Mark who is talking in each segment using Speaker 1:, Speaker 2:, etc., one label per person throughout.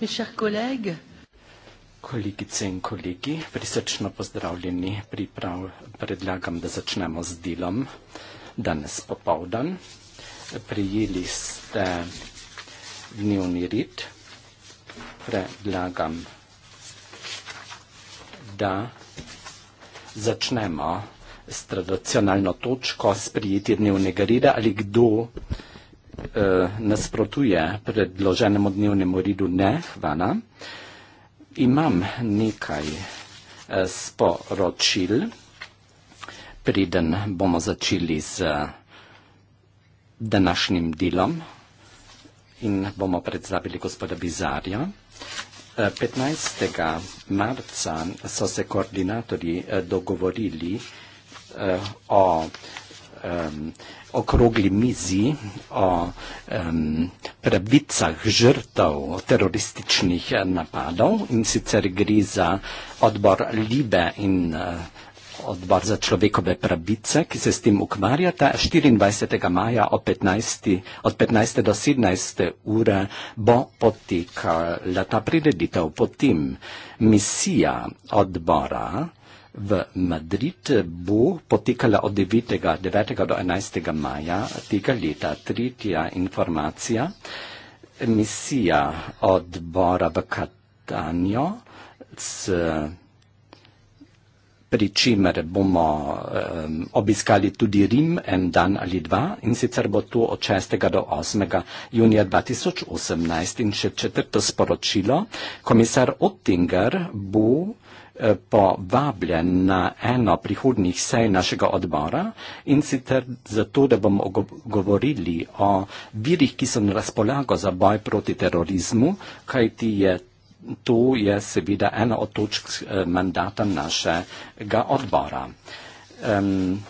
Speaker 1: Mes chers collègues,
Speaker 2: Kolegice in kolegi, prisrčno pozdravljeni. Priprav, predlagam, da začnemo z delom danes popovdan. Prijeli ste dnevni red. Predlagam, da začnemo s tradicionalno točko sprijeti dnevnega reda ali kdo Eh, nasprotuje predloženemu dnevnemu redu, ne, hvala. Imam nekaj eh, sporočil, preden bomo začeli z današnjim delom in bomo predstavili gospoda Bizarja. 15. Eh, marca so se koordinatorji dogovorili o um, okrogli mizi o um, pravicah žrtev terorističnih napadov in sicer gre za odbor Libe in uh, odbor za človekove pravice, ki se s tem ukvarjata, 24. maja od 15. Od 15 do 17. ure bo potekala ta prireditev. Potem misija odbora v Madrid bo potekala od 9. 9. do 11. maja tega leta. Tretja informacija, misija odbora v Katanjo, s, pri čimer bomo um, obiskali tudi Rim en dan ali dva in sicer bo to od 6. do 8. junija 2018 in še četrto sporočilo. Komisar Ottinger bo Eh, pa vabljen na eno prihodnih sej našega odbora in sicer zato, da bomo govorili o virih, ki so na razpolago za boj proti terorizmu, kajti je, to je seveda ena od točk eh, mandata našega odbora. Um,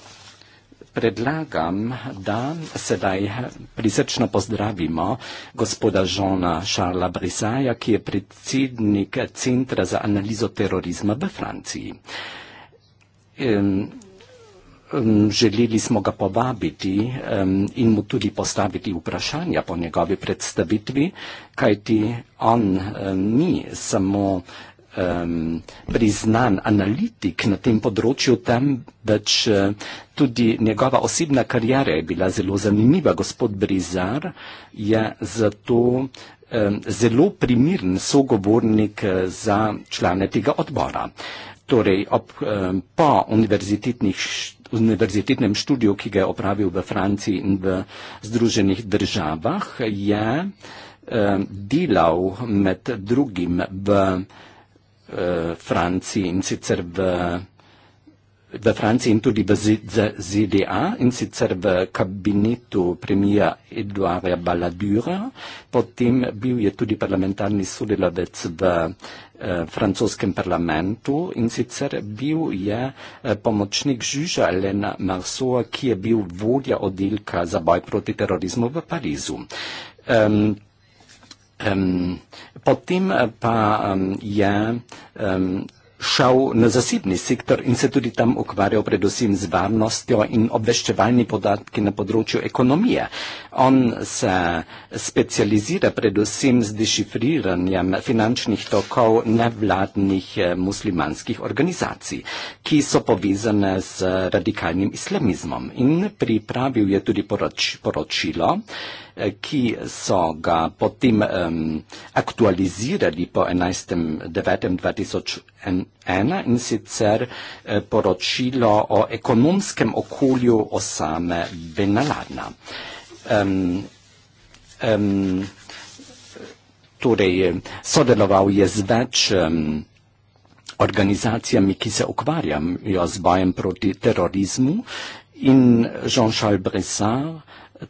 Speaker 2: predlagam, da sedaj prisrčno pozdravimo gospoda Žona Šarla Brisaja, ki je predsednik Centra za analizo terorizma v Franciji. Um, Želeli smo ga povabiti in mu tudi postaviti vprašanja po njegovi predstavitvi, kajti on ni samo um, priznan analitik na tem področju, temveč uh, tudi njegova osebna karijera je bila zelo zanimiva. Gospod Brizar je zato um, zelo primiren sogovornik eh, za člane tega odbora. Torej, ob, um, po univerzitetnih univerzitetnem študiju, ki ga je opravil v Franciji in v Združenih državah, je um, delal med drugim v Eh, Franciji in sicer v, v Franciji in tudi v ZDA in sicer v kabinetu premija Eduarda Balladura. Potem bil je tudi parlamentarni sodelavec v eh, francoskem parlamentu in sicer bil je eh, pomočnik Žuža Elena Marsoa, ki je bil vodja oddelka za boj proti terorizmu v Parizu. Um, um, Potem eh, pa je šel na zasebni sektor in se tudi tam ukvarjal predvsem z varnostjo in obveščevalni podatki na področju ekonomije. On se specializira predvsem z dešifriranjem finančnih tokov nevladnih eh, muslimanskih organizacij, ki so povezane z radikalnim islamizmom. In pripravil je tudi poroč, poročilo ki so ga potem um, aktualizirali po 11.9.2001 in sicer e, poročilo o ekonomskem okolju osame Benaladna. Um, um, torej, sodeloval je z več um, organizacijami, ki se ukvarjajo z bojem proti terorizmu in Jean-Charles Brissard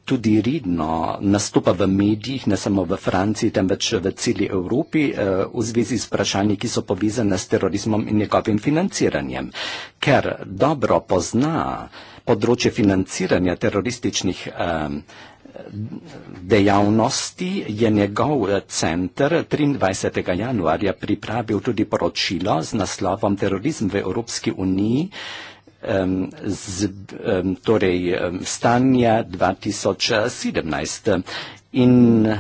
Speaker 2: tudi redno nastopa v medijih, ne samo v Franciji, temveč v celi Evropi, eh, v zvezi z vprašanji, ki so povezane s terorizmom in njegovim financiranjem. Ker dobro pozna področje financiranja terorističnih eh, dejavnosti, je njegov eh, center 23. januarja pripravil tudi poročilo z naslovom Terorizm v Evropski uniji um, z, um, torej, um, stanja 2017 in e,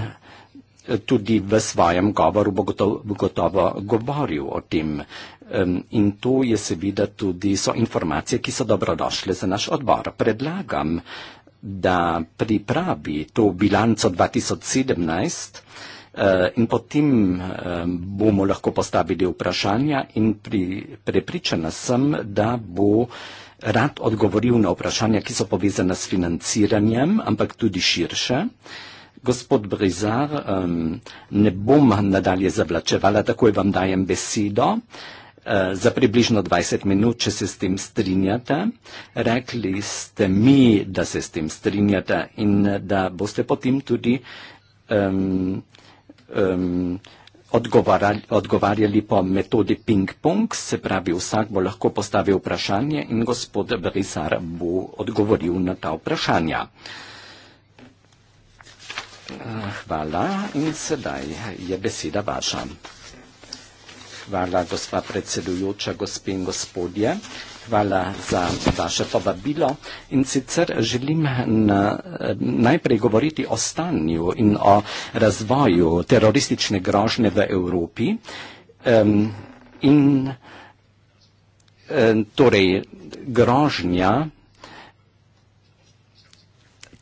Speaker 2: tudi v svojem govoru bo gotovo, gotovo govoril o tem. Um, in to je seveda tudi so informacije, ki so dobrodošle za naš odbor. Predlagam, da pripravi to bilanco 2017. Eh, in potem eh, bomo lahko postavili vprašanja in pri, prepričana sem, da bo rad odgovoril na vprašanja, ki so povezana s financiranjem, ampak tudi širše. Gospod Brizar, ne bom nadalje zavlačevala, takoj vam dajem besedo eh, za približno 20 minut, če se s tem strinjate. Rekli ste mi, da se s tem strinjate in da boste potem tudi um, um, odgovarjali, odgovarjali po metodi ping-pong, se pravi vsak bo lahko postavil vprašanje in gospod Brisar bo odgovoril na ta vprašanja. Eh, hvala in sedaj je beseda vaša. Hvala, gospa predsedujoča, gospe in gospodje hvala za vaše povabilo. In sicer želim na, najprej govoriti o stanju in o razvoju teroristične grožne v Evropi. Um, in um, torej grožnja,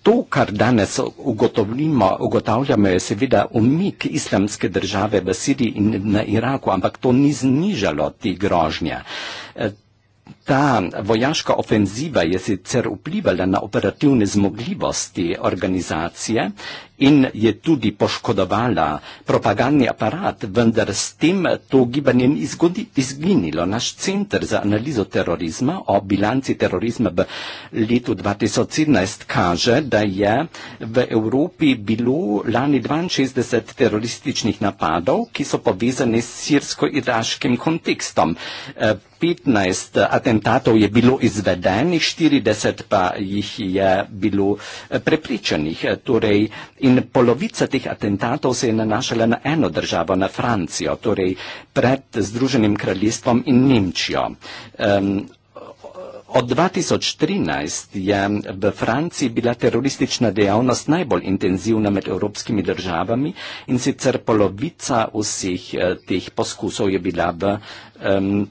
Speaker 2: to, kar danes ugotavljamo, je seveda umik islamske države v Siriji in na Iraku, ampak to ni znižalo te grožnje. Ta vojaška ofenziva je sicer vplivala na operativne zmogljivosti organizacije in je tudi poškodovala propagandni aparat, vendar s tem to gibanje ni izginilo. Naš centr za analizo terorizma o bilanci terorizma v letu 2017 kaže, da je v Evropi bilo lani 62 terorističnih napadov, ki so povezani s sirsko-iraškim kontekstom. 15 eh, atentatov atentatov je bilo izvedenih, 40 pa jih je bilo eh, prepričanih. Torej, in polovica teh atentatov se je nanašala na eno državo, na Francijo, torej pred Združenim kraljestvom in Nemčijo. Um, Od 2013 je v Franciji bila teroristična dejavnost najbolj intenzivna med evropskimi državami in sicer polovica vseh eh, teh poskusov je bila v um,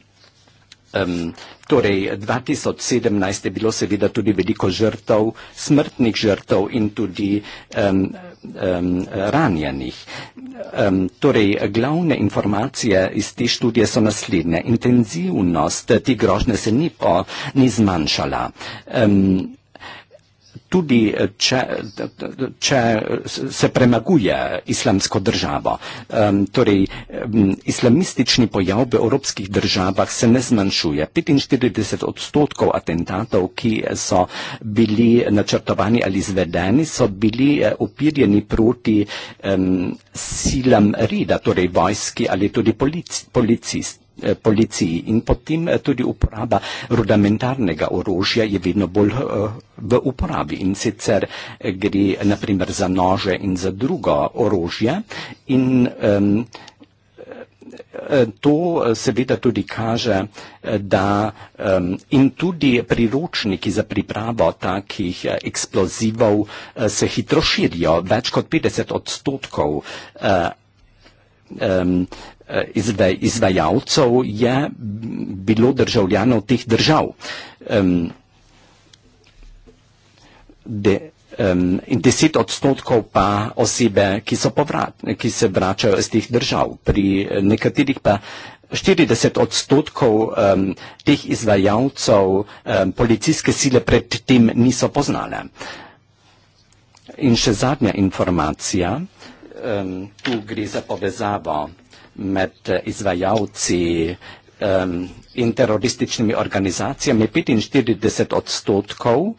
Speaker 2: Um, torej, 2017 je bilo seveda tudi veliko žrtev, smrtnih žrtev in tudi um, um, ranjenih. Um, torej, glavne informacije iz te študije so naslednje. Intenzivnost te grožne se ni, po, ni zmanjšala. Um, tudi eh, če, če se premaguje islamsko državo. Um, torej, um, islamistični pojav v evropskih državah se ne zmanjšuje. 45 odstotkov atentatov, ki so bili načrtovani ali izvedeni, so bili eh, upirjeni proti um, silam reda, torej vojski ali tudi polic, policist. Eh, policiji in potem eh, tudi uporaba rudimentarnega orožja je vedno bolj eh, v uporabi in sicer gre naprimer za nože in za drugo orožje in um, To seveda tudi kaže, da in tudi priročniki za pripravo takih eksplozivov se hitro širijo, več kot 50 odstotkov Eh, izve, izvajalcev je bilo državljanov teh držav. Um, de, um, in deset odstotkov pa osebe, ki, povrat, ki se vračajo iz teh držav, pri nekaterih pa 40 odstotkov um, teh izvajalcev um, policijske sile pred tem niso poznale. In še zadnja informacija, um, tu gre za povezavo med eh, izvajalci um, in terorističnimi organizacijami 45 odstotkov uh,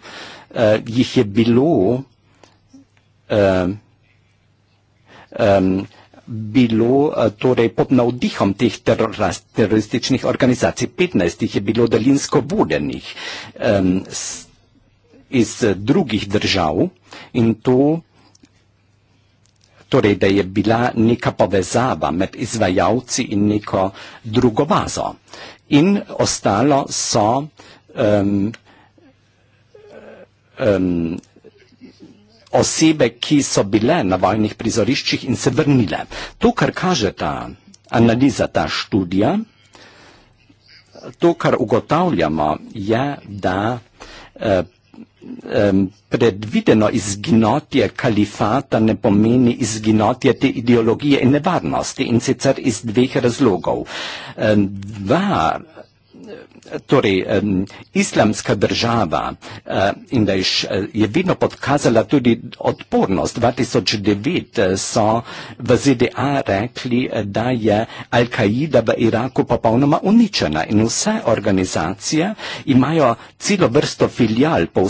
Speaker 2: jih je bilo um, bilo eh, torej pod navdihom teh terorističnih organizacij. 15 jih je bilo daljinsko vodenih um, iz drugih držav in to torej da je bila neka povezava med izvajalci in neko drugo vazo. In ostalo so um, um, osebe, ki so bile na vojnih prizoriščih in se vrnile. To, kar kaže ta analiza, ta študija, to, kar ugotavljamo, je, da eh, um, predvideno izginotje kalifata ne pomeni izginotje te ideologije in nevarnosti in sicer iz dveh razlogov. Um, dva, torej um, islamska država uh, in da je, eh, je vedno podkazala tudi odpornost. 2009 eh, so v ZDA rekli, da je Al-Kaida v Iraku popolnoma uničena in vse organizacije imajo celo vrsto filijal po,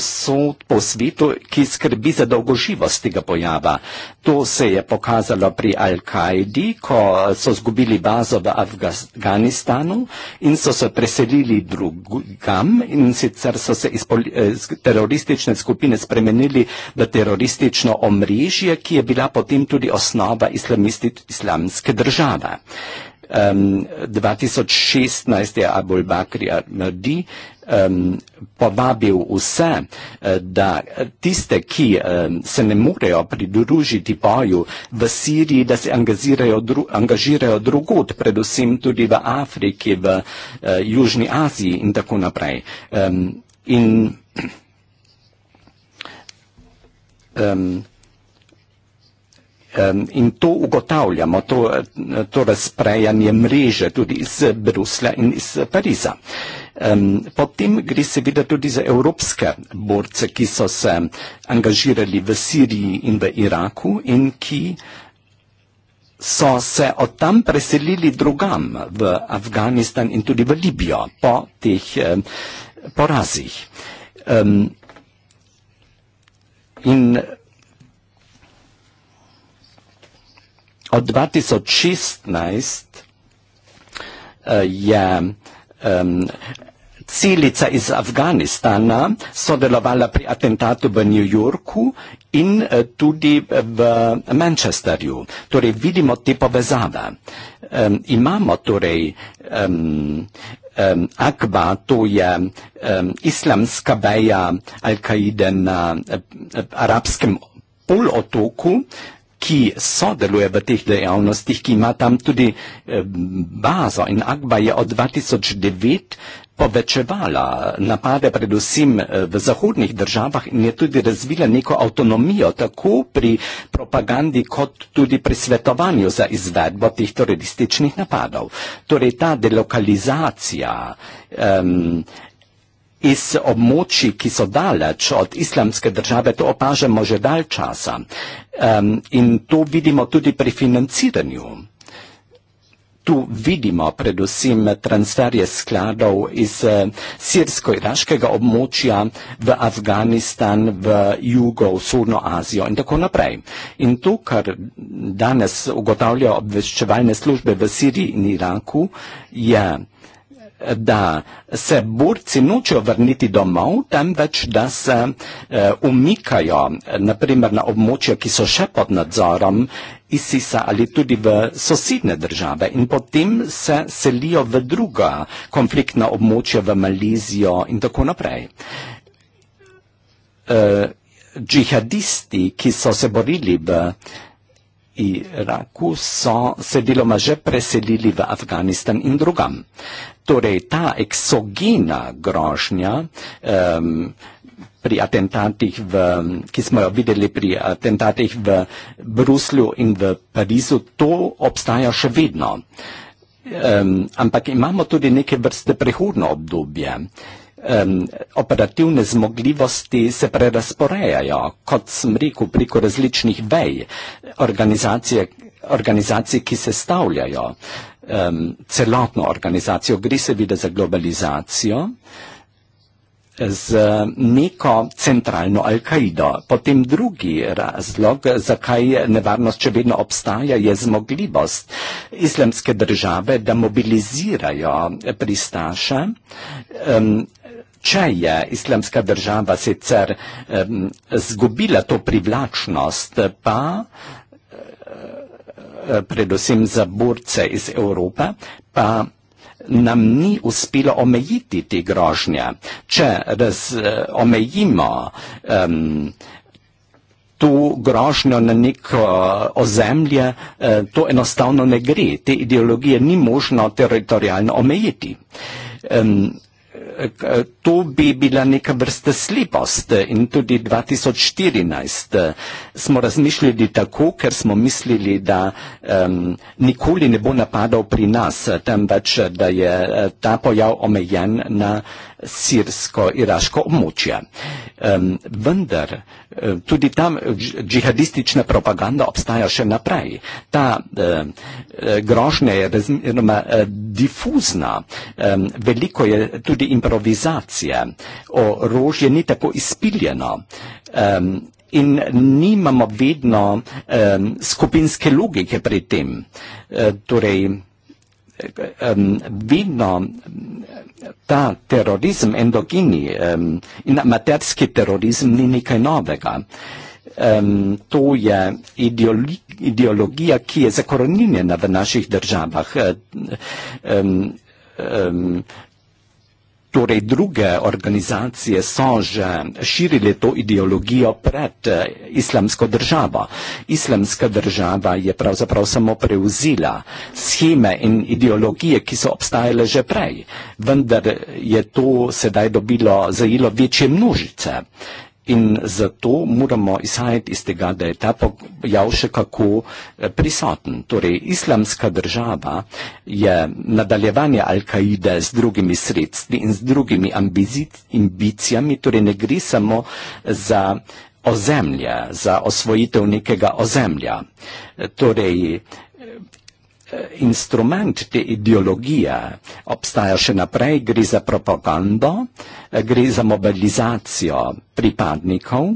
Speaker 2: po svetu, ki skrbi za dolgoživost tega pojava. To se je pokazalo pri Al-Kaidi, ko so zgubili bazo v Afganistanu in so se preselili drugam in sicer so se izpoli, eh, teroristične skupine spremenili v teroristično omrežje, ki je bila potem tudi osnova islamske države um, 2016 je Abul Bakri Ahmadi um, povabil vse, uh, da tiste, ki um, se ne morejo pridružiti boju v Siriji, da se angažirajo, dru angažirajo drugot, predvsem tudi v Afriki, v uh, Južni Aziji in tako naprej. Um, in, um, In to ugotavljamo, to, to razprejanje mreže tudi iz Bruslja in iz Pariza. Potem gre seveda tudi za evropske borce, ki so se angažirali v Siriji in v Iraku in ki so se od tam preselili drugam v Afganistan in tudi v Libijo po teh porazih. In od 2016 eh, je um, celica iz Afganistana sodelovala pri atentatu v New Yorku in eh, tudi eh, v Manchesterju. Torej vidimo te povezave. Um, imamo torej um, um, Akba, to je um, islamska veja Al-Kaide na um, arabskem polotoku, ki sodeluje v teh dejavnostih, ki ima tam tudi eh, bazo in Akba je od 2009 povečevala napade predvsem eh, v zahodnih državah in je tudi razvila neko avtonomijo tako pri propagandi kot tudi pri svetovanju za izvedbo teh terorističnih napadov. Torej ta delokalizacija um, iz območij, ki so daleč od islamske države, to opažamo že dalj časa. Um, in to vidimo tudi pri financiranju. Tu vidimo predvsem transferje skladov iz eh, sirsko-iraškega območja v Afganistan, v jugo, v Surno Azijo in tako naprej. In to, kar danes ugotavljajo obveščevalne službe v Siriji in Iraku, je da se borci nočejo vrniti domov, temveč da se uh, umikajo naprimer na območja, ki so še pod nadzorom ISIS-a ali tudi v sosedne države in potem se selijo v druga konfliktna območja, v Malizijo in tako naprej. Uh, džihadisti, ki so se borili v uh, Iraku so se deloma že preselili v Afganistan in drugam. Torej ta eksogena grožnja um, pri atentatih, v, ki smo jo videli pri atentatih v Bruslju in v Parizu, to obstaja še vedno. Um, ampak imamo tudi neke vrste prehodno obdobje um, operativne zmogljivosti se prerasporejajo, kot sem rekel, preko različnih vej organizacije, organizacij, ki se stavljajo, um, celotno organizacijo, gre seveda za globalizacijo z neko centralno Al-Kaido. Potem drugi razlog, zakaj nevarnost še vedno obstaja, je zmogljivost islamske države, da mobilizirajo pristaše. Um, Če je islamska država sicer um, zgubila to privlačnost, pa uh, predvsem za borce iz Evrope, pa nam ni uspelo omejiti te grožnje. Če raz, eh, omejimo um, to grožnjo na neko eh, ozemlje, uh, to enostavno ne gre. Te ideologije ni možno teritorijalno omejiti. Um, to bi bila neka vrsta slepost in tudi 2014 eh, smo razmišljali tako, ker smo mislili, da um, nikoli ne bo napadal pri nas, temveč, da je eh, ta pojav omejen na sirsko-iraško območje. Um, vendar, tudi tam džihadistična propaganda obstaja še naprej. Ta eh, eh grožnja je razmeroma eh, difuzna, eh, veliko je tudi improvizacije, orožje ni tako izpiljeno. Eh, In nimamo vedno eh, skupinske logike pri tem. Eh, torej, um, vidno ta terorizem endogini um, in amaterski terorizem ni nekaj novega. Um, to je ideologi, ideologija, ki je zakoreninjena v naših državah. Um, um, Torej druge organizacije so že širile to ideologijo pred eh, islamsko državo. Islamska država je pravzaprav samo preuzila scheme in ideologije, ki so obstajale že prej, vendar je to sedaj dobilo zajelo večje množice. In zato moramo izhajati iz tega, da je ta pojav še kako eh, prisoten. Torej, islamska država je nadaljevanje Al-Kaide z drugimi sredstvi in z drugimi ambicijami, torej ne gre samo za ozemlje, za osvojitev nekega ozemlja. Torej, instrument, te ideologije obstaja še naprej, gre za propagando, gre za mobilizacijo pripadnikov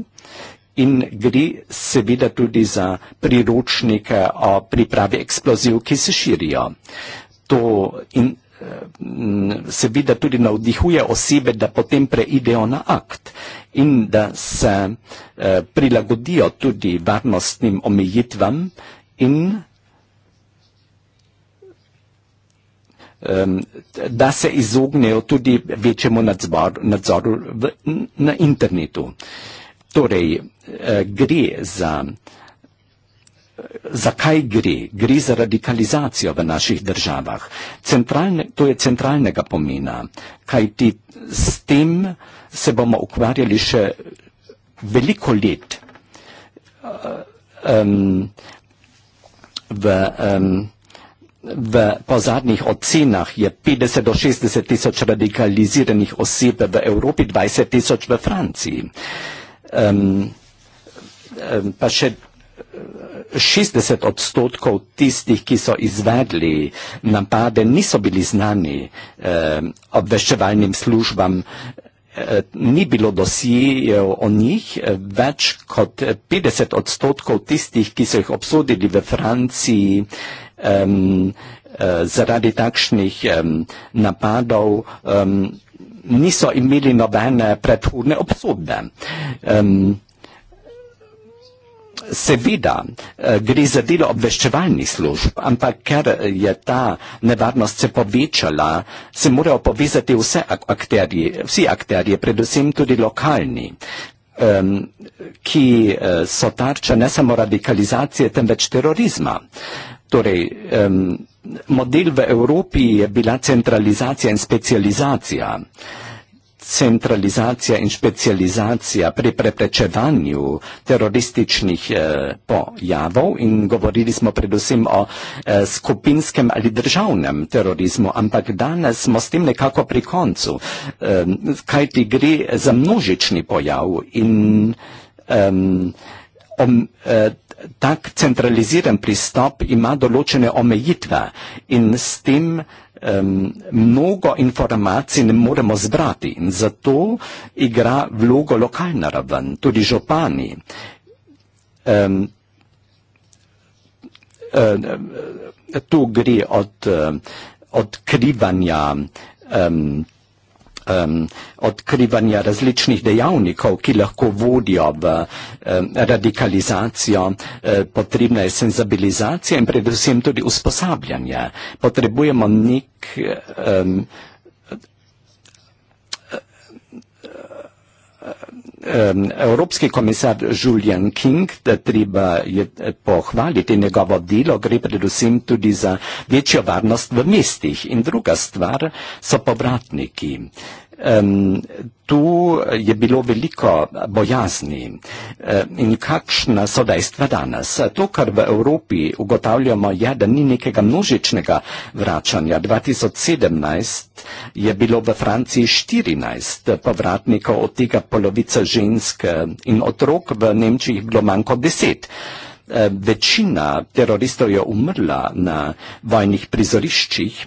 Speaker 2: in gre seveda tudi za priročnike o pripravi eksploziv, ki se širijo. To in eh, seveda tudi navdihuje osebe, da potem preidejo na akt in da se eh, prilagodijo tudi varnostnim omejitvam in um, da se izognejo tudi večjemu nadzor, nadzoru v, na internetu. Torej, uh, gre za. Eh, Zakaj gre? Gre za radikalizacijo v naših državah. Centralne, to je centralnega pomena, kajti s tem se bomo ukvarjali še veliko let. Uh, um, v, um, V po zadnjih ocenah je 50 do 60 tisoč radikaliziranih oseb v Evropi, 20 tisoč v Franciji. Um, um, pa še 60 eh, odstotkov tistih, ki so izvedli napade, niso bili znani um, obveščevalnim službam. Eh, ni bilo dosijev o njih, več kot 50 odstotkov tistih, ki so jih obsodili v Franciji, um, uh, zaradi takšnih um, napadov um, niso imeli nobene predhodne obsodbe. Um, Seveda uh, gre za delo obveščevalnih služb, ampak ker je ta nevarnost se povečala, se morajo povezati vse akterje, vsi akterje, predvsem tudi lokalni, um, ki uh, so tarča ne samo radikalizacije, temveč terorizma. Torej, um, model v Evropi je bila centralizacija in specializacija. Centralizacija in specializacija pri preprečevanju terorističnih eh, pojavov in govorili smo predvsem o eh, skupinskem ali državnem terorizmu, ampak danes smo s tem nekako pri koncu, eh, kaj ti gre za množični pojav in eh, om, eh, tak centraliziran pristop ima določene omejitve in s tem um, mnogo informacij ne moremo zbrati in zato igra vlogo lokalna raven, tudi župani. Um, Tu gre od eh, odkrivanja um, um, odkrivanja različnih dejavnikov, ki lahko vodijo v um, radikalizacijo, um, potrebna je senzibilizacija in predvsem tudi usposabljanje. Potrebujemo nek. Um, um, um, evropski komisar Julian King, da treba je eh, pohvaliti njegovo delo, gre predvsem tudi za večjo varnost v mestih. In druga stvar so povratniki um, tu je bilo veliko bojazni in kakšna so dejstva danes. To, kar v Evropi ugotavljamo, je, da ni nekega množičnega vračanja. 2017 je bilo v Franciji 14 povratnikov, od tega polovica žensk in otrok, v Nemčiji je bilo manj kot 10. Večina teroristov je umrla na vojnih prizoriščih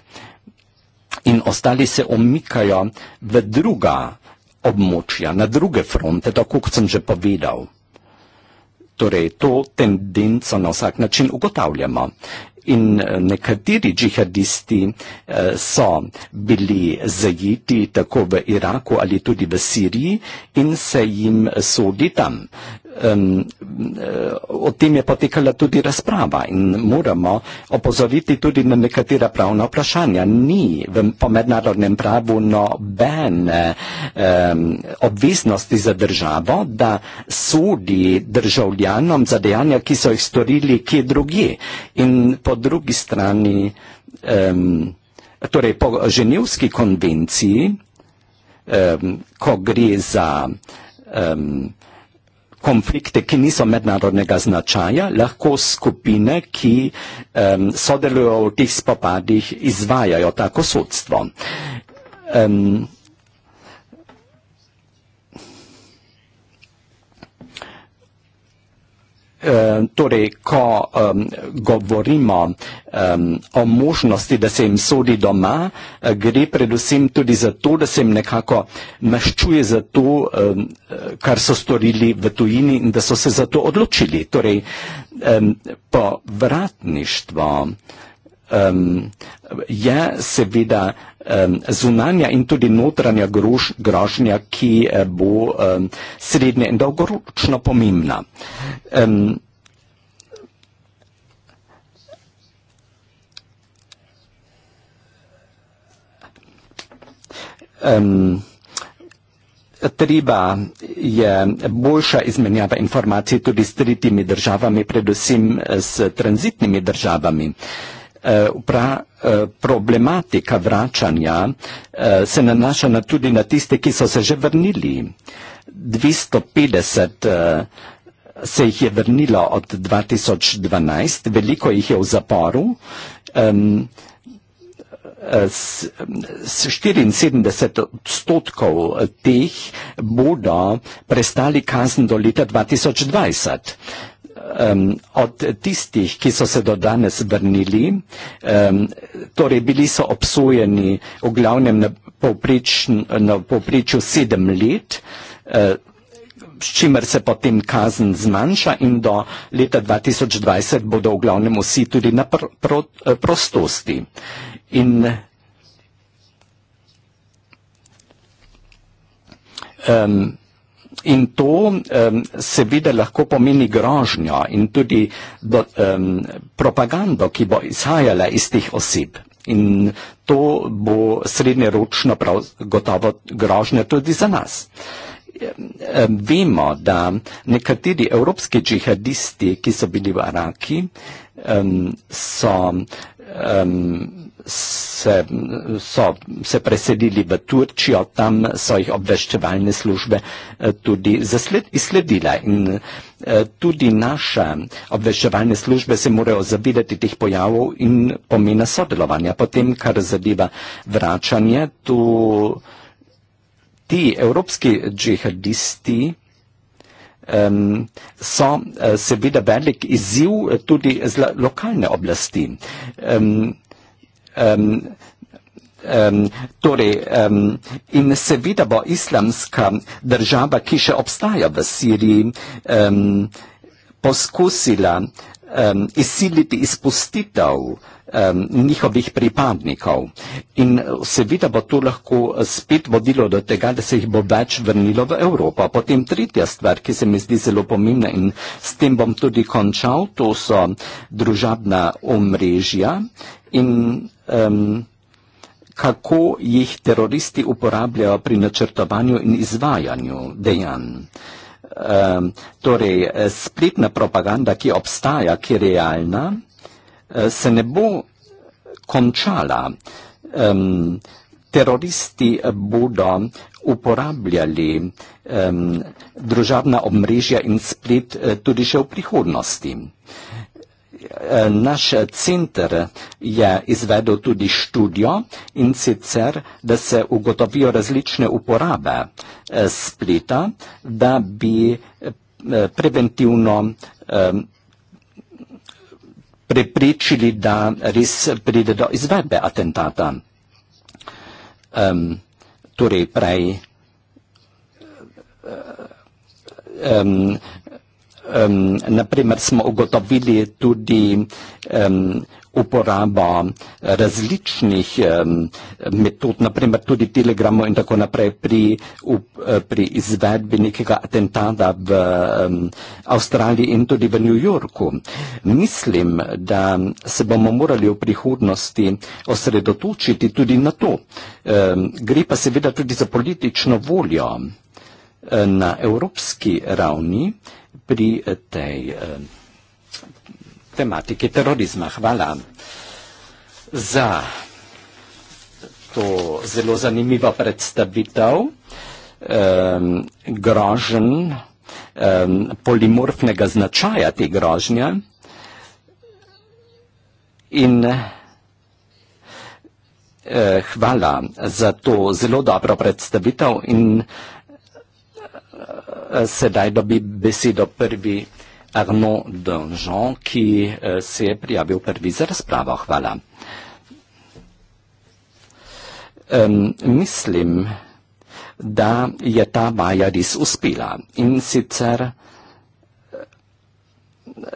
Speaker 2: in ostali se omikajo v druga območja, na druge fronte, tako kot sem že povedal. Torej, to tendenco na vsak način ugotavljamo. In eh, nekateri džihadisti eh, so bili zajeti tako v Iraku ali tudi v Siriji in se jim sodi tam um, o tem je potekala tudi razprava in moramo opozoriti tudi na nekatera pravna vprašanja. Ni v mednarodnem pravu nobene um, obveznosti za državo, da sodi državljanom za dejanja, ki so jih storili kje drugje. In po drugi strani, um, torej po Ženevski konvenciji, um, ko gre za um, konflikte, ki niso mednarodnega značaja, lahko skupine, ki um, sodelujo v teh spopadih, izvajajo tako sodstvo. Um, Eh, torej, ko um, govorimo um, o možnosti, da se jim sodi doma, eh, gre predvsem tudi za to, da se jim nekako maščuje za to, um, kar so storili v tujini in da so se za to odločili. Torej, um, po vratništvo um, je seveda um, zunanja in tudi notranja grož, grožnja, ki eh, bo um, srednje in dolgoročno pomembna. Um, Um, treba je boljša izmenjava informacij tudi s tretjimi državami, predvsem eh, s tranzitnimi državami. Uh, Eh, pra, eh, problematika vračanja eh, se nanaša na tudi na tiste, ki so se že vrnili. 250 se jih je vrnilo od 2012, veliko jih je v zaporu. Um, S, s 74 odstotkov teh bodo prestali kazen do leta 2020 um, od tistih, ki so se do danes vrnili, um, torej bili so obsojeni v glavnem na, poprič, na popričju sedem let, e, s uh, čimer se potem kazen zmanjša in do leta 2020 bodo v glavnem vsi tudi na pr, pro, e, prostosti. In, um, In to um, seveda lahko pomeni grožnjo in tudi do, um, propagando, ki bo izhajala iz teh oseb. In to bo srednjeročno prav gotovo grožnja tudi za nas. Vemo, da nekateri evropski džihadisti, ki so bili v Araki, so um, se, so se preselili v Turčijo, tam so jih obveščevalne službe eh, tudi izsledile. In eh, tudi naše obveščevalne službe se morajo zavedati teh pojavov in pomena sodelovanja. Potem, kar zadeva vračanje, tu ti evropski džihadisti, um, so uh, seveda velik izziv eh, tudi za lokalne oblasti. Um, um, Um, torej, um, in seveda bo islamska država, ki še obstaja v Siriji, um, poskusila uh, um, izsiliti izpustitev um, njihovih pripadnikov. In uh, seveda bo to lahko spet vodilo do tega, da se jih bo več vrnilo v Evropo. Potem tretja stvar, ki se mi zdi zelo pomembna in s tem bom tudi končal, to so družabna omrežja in um, kako jih teroristi uporabljajo pri načrtovanju in izvajanju dejanj um, torej eh, spletna propaganda, ki obstaja, ki je realna, eh, se ne bo končala. Um, teroristi eh, bodo uporabljali um, družabna omrežja in splet tudi še v prihodnosti. Uh, Eh, naš center je izvedel tudi študijo in sicer, da se ugotovijo različne uporabe eh, spleta, da bi eh, preventivno preprečili, da res pride do izvedbe atentata. Um, torej prej um, um, na primer smo ugotovili tudi um, uporaba različnih um, metod, naprimer tudi telegramo in tako naprej pri, up, eh, pri izvedbi nekega atentata v um, Avstraliji in tudi v New Yorku. Mislim, da se bomo morali v prihodnosti osredotočiti tudi na to. Um, gre pa seveda tudi za politično voljo eh, na evropski ravni, pri eh, tej eh, tematike terorizma. Hvala za to zelo zanimivo predstavitev ehm, grožen, ehm, polimorfnega značaja te grožnje in eh, hvala za to zelo dobro predstavitev in hvala sedaj dobi besedo prvi Arno Donžon, ki eh, se je prijavil prvi za razpravo. Hvala. Um, mislim, da je ta vaja res uspela in sicer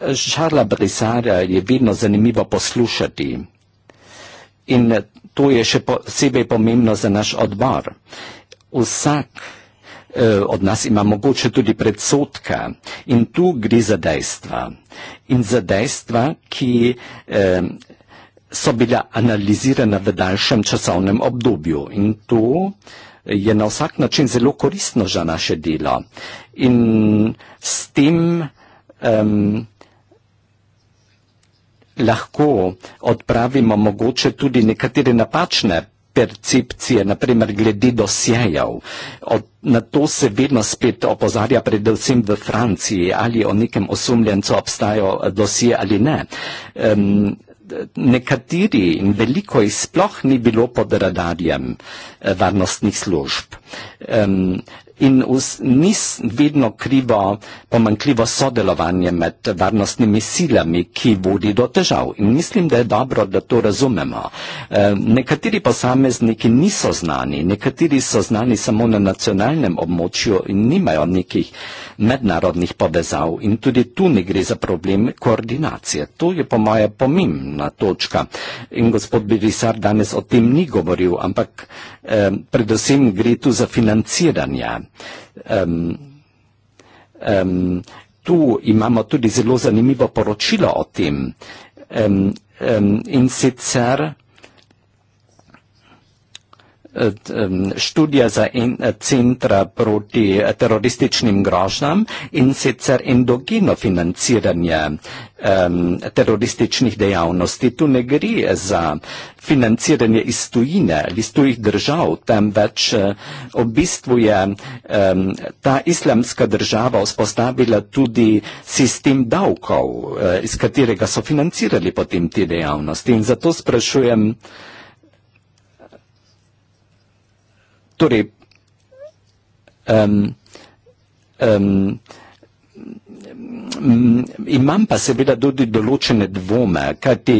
Speaker 2: Žarla eh, Brisarja je vedno zanimivo poslušati in to je še posebej pomembno za naš odbor. Vsak Eh, od nas ima mogoče tudi predsotka in tu gre za dejstva. In za dejstva, ki eh, so bila analizirana v daljšem časovnem obdobju in to je na vsak način zelo koristno za naše delo. In s tem um, lahko odpravimo mogoče tudi nekatere napačne percepcije, naprimer glede dosjejev. Na to se vedno spet opozarja, predvsem v Franciji, ali o nekem osumljencu obstajajo eh, dosje ali ne. Um, nekateri in veliko jih sploh ni bilo pod radarjem eh, varnostnih služb. Um, in vz, nis vedno krivo pomankljivo sodelovanje med varnostnimi silami, ki vodi do težav. In mislim, da je dobro, da to razumemo. E, nekateri posamezniki niso znani, nekateri so znani samo na nacionalnem območju in nimajo nekih mednarodnih povezav. In tudi tu ne gre za problem koordinacije. To je po moje pomembna točka. In gospod Birisar danes o tem ni govoril, ampak e, predvsem gre tu za financiranje. Um, um, tu imamo tudi zelo zanimivo poročilo o tem. Um, um, in sicer Eh, študija za in, eh, centra proti eh, terorističnim grožnjam in sicer endogeno financiranje um, terorističnih dejavnosti. Tu ne gre za financiranje iz tujine ali iz tujih držav, temveč v bistvu je um, ta islamska država vzpostavila tudi sistem davkov, iz katerega so financirali potem te dejavnosti. In zato sprašujem, Torej, um, um, imam pa seveda tudi določene dvome, kajti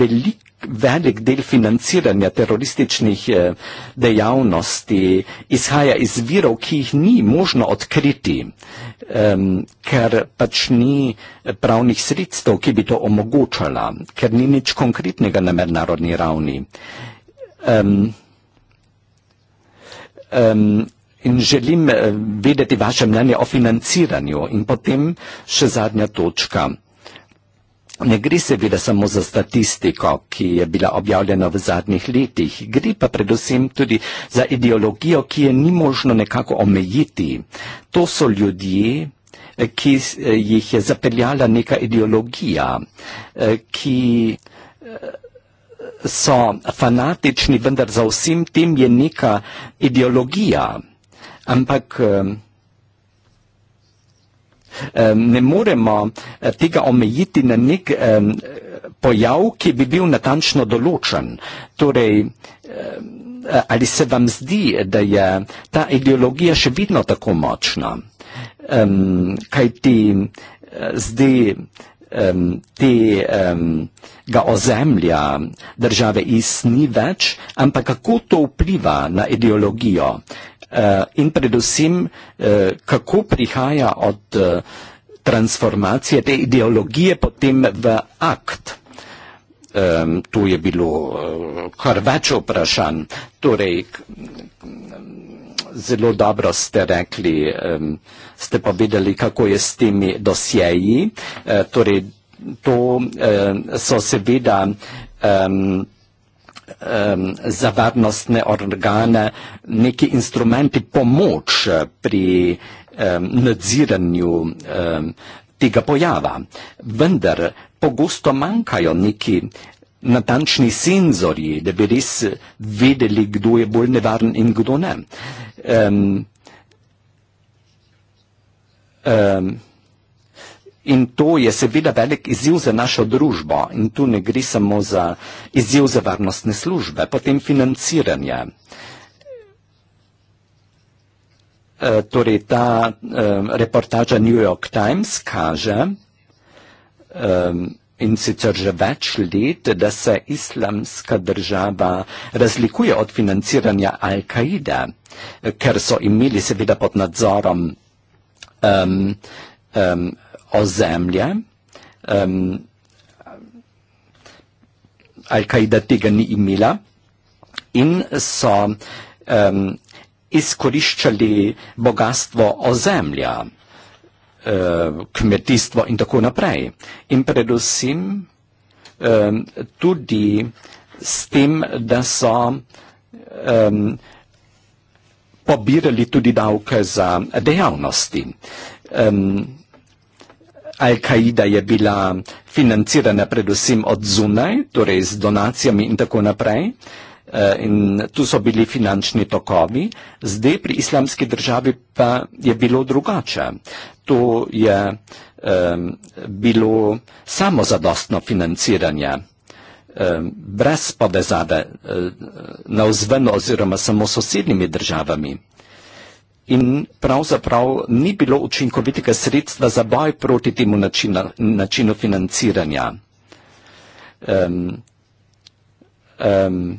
Speaker 2: velik, velik del financiranja terorističnih eh, dejavnosti izhaja iz virov, ki jih ni možno odkriti, um, ker pač ni pravnih sredstev, ki bi to omogočala, ker ni nič konkretnega na mednarodni ravni. Um, um, in želim äh, vedeti vaše mnenje o financiranju. In potem še zadnja točka. Ne gre seveda samo za statistiko, ki je bila objavljena v zadnjih letih, gre pa predvsem tudi za ideologijo, ki je ni možno nekako omejiti. To so ljudje, eh, ki eh, jih je zapeljala neka ideologija, eh, ki so fanatični, vendar za vsem tem je neka ideologija. Ampak ehm, ehm, ne moremo eh, tega omejiti na nek ehm, pojav, ki bi bil natančno določen. Torej, ali se vam zdi, da je ta ideologija še vedno tako močna? Kaj ti eh, zdaj? um, te, um, ga ozemlja države iz ni več, ampak kako to vpliva na ideologijo uh, in predvsem, uh, kako prihaja od uh, transformacije te ideologije potem v akt. Um, to je bilo uh, krvačo vprašanj. Torej, zelo dobro ste rekli, ste pa videli, kako je s temi dosjeji. E, torej, to e, so seveda za varnostne organe neki instrumenti pomoč pri nadziranju tega pojava. Vendar pogosto manjkajo neki natančni senzorji, da bi res eh, vedeli, kdo je bolj nevaren in kdo ne. Um, um, In to je seveda velik izziv za našo družbo in tu ne gre samo za izziv za varnostne službe, potem financiranje. E, torej ta e, reportaža New York Times kaže, e, In sicer že več let, da se islamska država razlikuje od financiranja Al-Kaide, ker so imeli seveda pod nadzorom um, um, ozemlje. Um, Al-Kaida tega ni imela in so um, izkoriščali bogatstvo ozemlja. Eh, kmetijstvo in tako naprej. In predvsem eh, tudi s tem, da so eh, pobirali tudi davke za dejavnosti. Al-Qaida je bila financirana predvsem od zunaj, torej z donacijami in tako naprej. Eh, in tu so bili finančni tokovi, zdaj pri islamski državi pa je bilo drugače. To je um, bilo samozadostno financiranje, um, brez povezave um, eh, na vzven oziroma samo sosednjimi državami. In pravzaprav ni bilo učinkovitega sredstva za boj proti temu načinu, načinu financiranja. Um, um,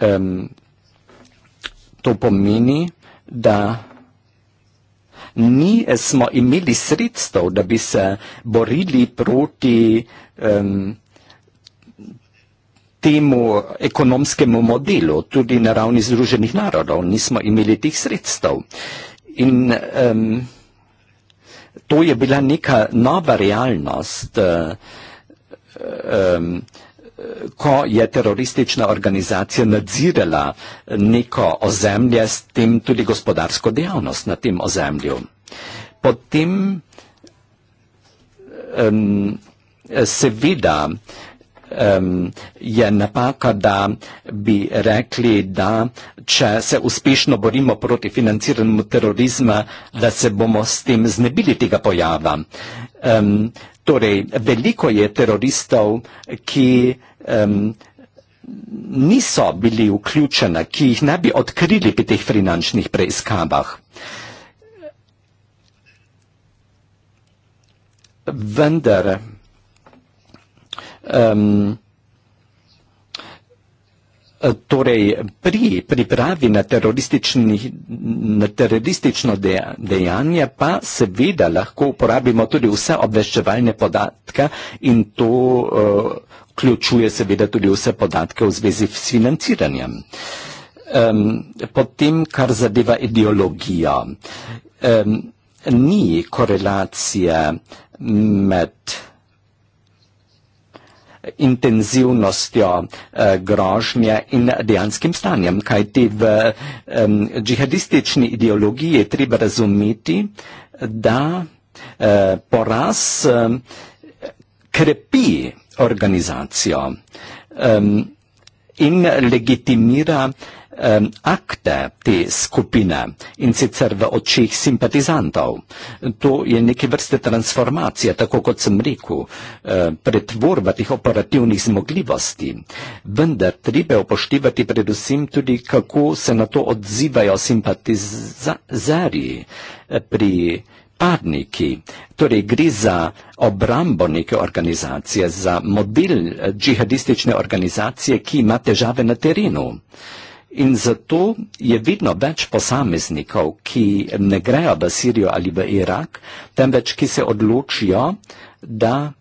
Speaker 2: Um, to pomeni, da mi smo imeli sredstev, da bi se borili proti um, temu ekonomskemu modelu, tudi na ravni Združenih narodov, nismo imeli teh sredstev. In um, to je bila neka nova realnost. Uh, um, ko je teroristična organizacija nadzirala neko ozemlje s tem tudi gospodarsko dejavnost na tem ozemlju. Potem um, seveda um, je napaka, da bi rekli, da če se uspešno borimo proti financiranju terorizma, da se bomo s tem znebili tega pojava. Um, torej, veliko je teroristov, ki um, niso bili vključene, ki jih ne bi odkrili pri teh finančnih preiskavah. Vendar um, torej pri pripravi na, na teroristično dejanje pa seveda lahko uporabimo tudi vse obveščevalne podatke in to uh, vključuje seveda tudi vse podatke v zvezi s financiranjem. Um, potem, kar zadeva ideologijo, um, ni korelacije med intenzivnostjo eh, grožnje in dejanskim stanjem, kajti v eh, džihadistični ideologiji je treba razumeti, da eh, poraz eh, krepi organizacijo um, in legitimira um, akte te skupine in sicer v očih simpatizantov. To je neke vrste transformacije, tako kot sem rekel, uh, pretvorba tih operativnih zmogljivosti. Vendar treba upoštevati predvsem tudi, kako se na to odzivajo simpatizerji pri napadniki, torej gre za obrambo neke organizacije, za model eh, džihadistične organizacije, ki ima težave na terenu. In zato je vedno več posameznikov, ki ne grejo v Sirijo ali v Irak, temveč ki se odločijo, da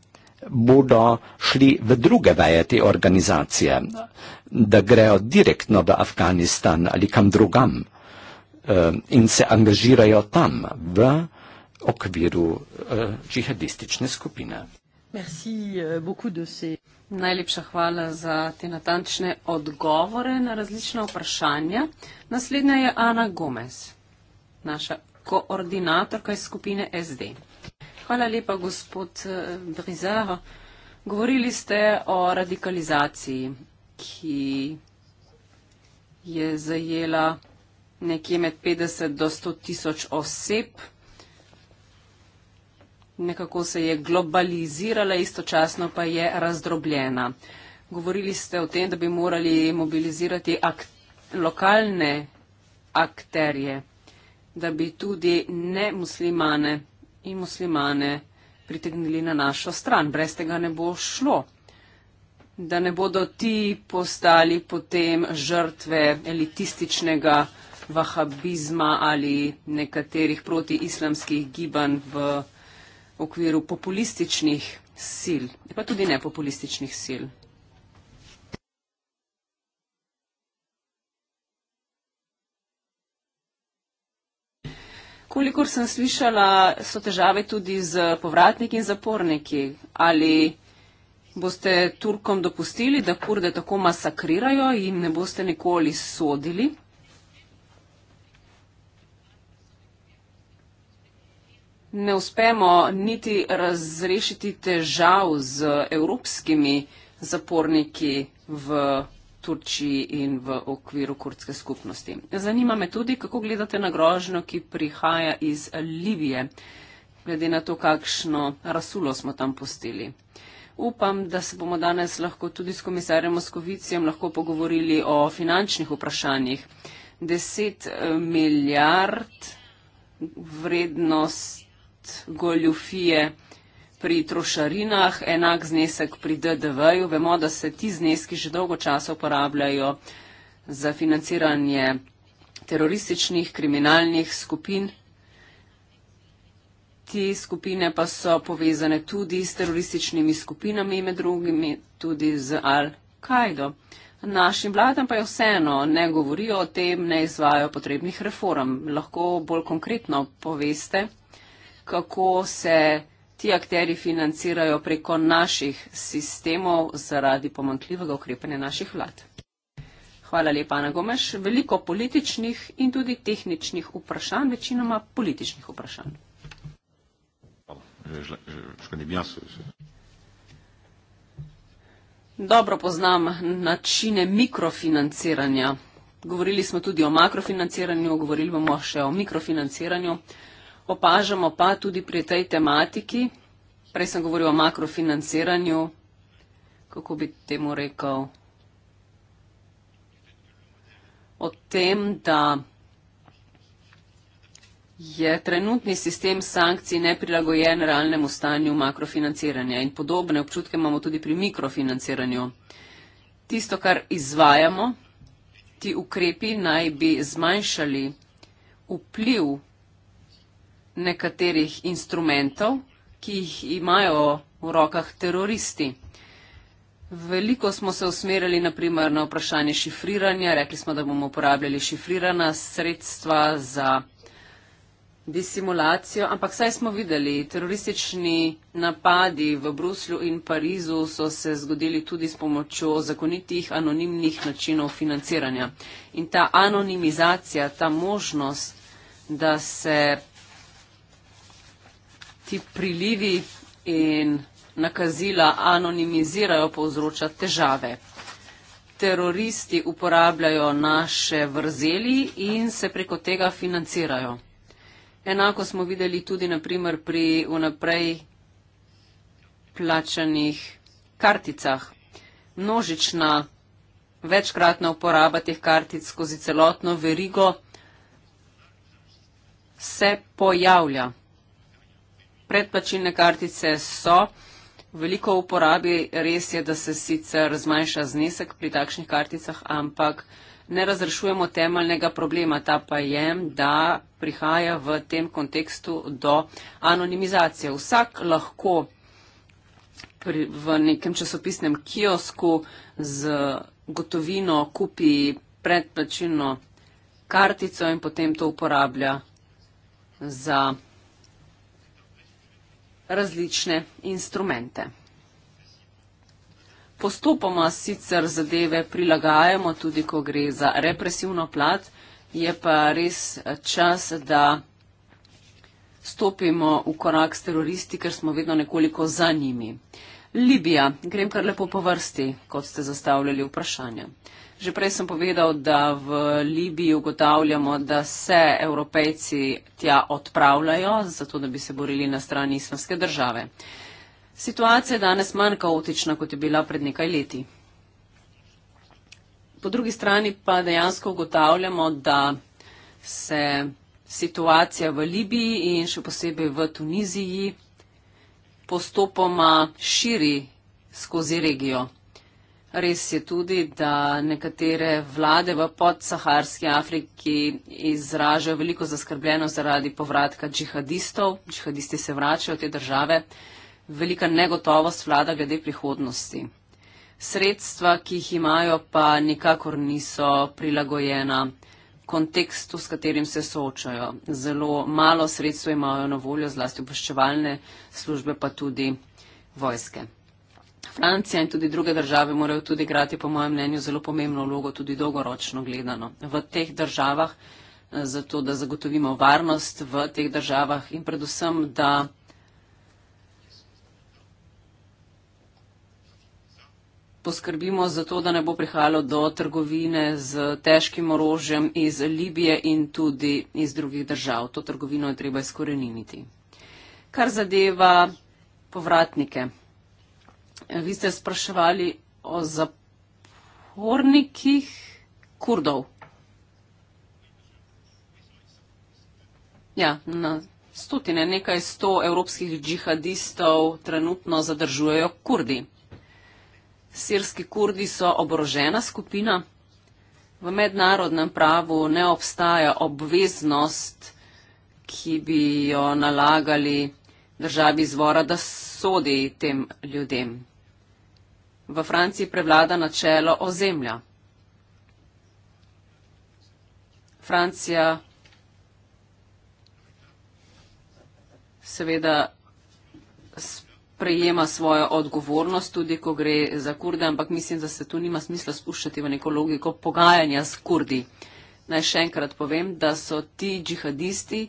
Speaker 2: bodo šli v druge veje te organizacije, da grejo direktno v Afganistan ali kam drugam eh, in se angažirajo tam v okviru uh, džihadistične skupine.
Speaker 3: Merci, eh, Najlepša hvala za te natančne odgovore na različna vprašanja. Naslednja je Ana Gomez, naša koordinatorka iz skupine SD. Hvala lepa, gospod eh, Brizaro. Govorili ste o radikalizaciji, ki je zajela nekje med 50 do 100 tisoč oseb nekako se je globalizirala, istočasno pa je razdrobljena. Govorili ste o tem, da bi morali mobilizirati ak lokalne akterje, da bi tudi ne muslimane in muslimane pritegnili na našo stran. Brez tega ne bo šlo. Da ne bodo ti postali potem žrtve elitističnega vahabizma ali nekaterih protiislamskih gibanj v v okviru populističnih sil, pa tudi nepopulističnih sil. Kolikor sem slišala, so težave tudi z povratniki in zaporniki. Ali boste Turkom dopustili, da kurde tako masakrirajo in ne boste nikoli sodili? ne uspemo niti razrešiti težav z evropskimi zaporniki v Turčiji in v okviru kurdske skupnosti. Zanima me tudi, kako gledate na grožnjo, ki prihaja iz Libije, glede na to, kakšno rasulo smo tam postili. Upam, da se bomo danes lahko tudi s komisarjem Moskovicijem lahko pogovorili o finančnih vprašanjih. 10 eh, milijard vrednost goljufije pri trošarinah, enak znesek pri DDV-ju. Vemo, da se ti zneski že dolgo časa uporabljajo za financiranje terorističnih, kriminalnih skupin. Ti skupine pa so povezane tudi s terorističnimi skupinami, med drugimi tudi z Al-Kaido. Našim vladam pa je vseeno, ne govorijo o tem, ne izvajo potrebnih reform. Lahko bolj konkretno poveste, kako se ti akteri financirajo preko naših sistemov zaradi pomankljivega ukrepanja naših vlad. Hvala lepa, Ana Gomeš. Veliko političnih in tudi tehničnih vprašanj, večinoma političnih vprašanj. Dobro poznam načine mikrofinanciranja. Govorili smo tudi o makrofinanciranju, govorili bomo še o mikrofinanciranju opažamo pa tudi pri tej tematiki, prej sem govoril o makrofinanciranju, kako bi temu rekel, o tem, da je trenutni sistem sankcij neprilagojen realnemu stanju makrofinanciranja in podobne občutke imamo tudi pri mikrofinanciranju. Tisto, kar izvajamo, ti ukrepi naj bi zmanjšali vpliv nekaterih instrumentov, ki jih imajo v rokah teroristi. Veliko smo se usmerili naprimer na vprašanje šifriranja, rekli smo, da bomo uporabljali šifrirana sredstva za disimulacijo, ampak saj smo videli, teroristični napadi v Bruslju in Parizu so se zgodili tudi s pomočjo zakonitih anonimnih načinov financiranja. In ta anonimizacija, ta možnost, da se ti prilivi in nakazila anonimizirajo, povzroča težave. Teroristi uporabljajo naše vrzeli in se preko tega financirajo. Enako smo videli tudi naprimer pri vnaprej plačanih karticah. Množična večkratna uporaba teh kartic skozi celotno verigo se pojavlja predplačilne kartice so veliko uporabi, res je, da se sicer zmanjša znesek pri takšnih karticah, ampak ne razrešujemo temeljnega problema, ta pa je, da prihaja v tem kontekstu do anonimizacije. Vsak lahko pri, v nekem časopisnem kiosku z gotovino kupi predplačilno kartico in potem to uporablja za različne instrumente. Postopoma sicer zadeve prilagajamo, tudi ko gre za represivno plat, je pa res eh, čas, da stopimo v korak s teroristi, ker smo vedno nekoliko za njimi. Libija, grem kar lepo po vrsti, kot ste zastavljali vprašanje. Že prej sem povedal, da v Libiji ugotavljamo, da se evropejci tja odpravljajo, zato da bi se borili na strani islamske države. Situacija je danes manj kaotična, kot je bila pred nekaj leti. Po drugi strani pa dejansko ugotavljamo, da se situacija v Libiji in še posebej v Tuniziji postopoma širi skozi regijo. Res je tudi, da nekatere vlade v podsaharski Afriki izražajo veliko zaskrbljenost zaradi povratka džihadistov. Džihadisti se vračajo v te države. Velika negotovost vlada glede prihodnosti. Sredstva, ki jih imajo, pa nikakor niso prilagojena kontekstu, s katerim se soočajo. Zelo malo sredstva imajo na voljo, zlasti obveščevalne službe, pa tudi vojske. Francija in tudi druge države morajo tudi igrati, po mojem mnenju, zelo pomembno vlogo, tudi dolgoročno gledano. V teh državah, eh, zato da zagotovimo varnost v teh državah in predvsem, da. Poskrbimo za to, da ne bo prihajalo do trgovine z težkim orožjem iz Libije in tudi iz drugih držav. To trgovino je treba izkoreniniti. Kar zadeva povratnike vi ste spraševali o zapornikih kurdov. Ja, na stotine, nekaj sto evropskih džihadistov trenutno zadržujejo kurdi. Sirski kurdi so oborožena skupina. V mednarodnem pravu ne obstaja obveznost, ki bi jo nalagali državi izvora, da sodi tem ljudem. V Franciji prevlada načelo ozemlja. Francija seveda prejema svojo odgovornost tudi, ko gre za kurde, ampak mislim, da se tu nima smisla spuščati v neko logiko pogajanja s kurdi. Naj še enkrat povem, da so ti džihadisti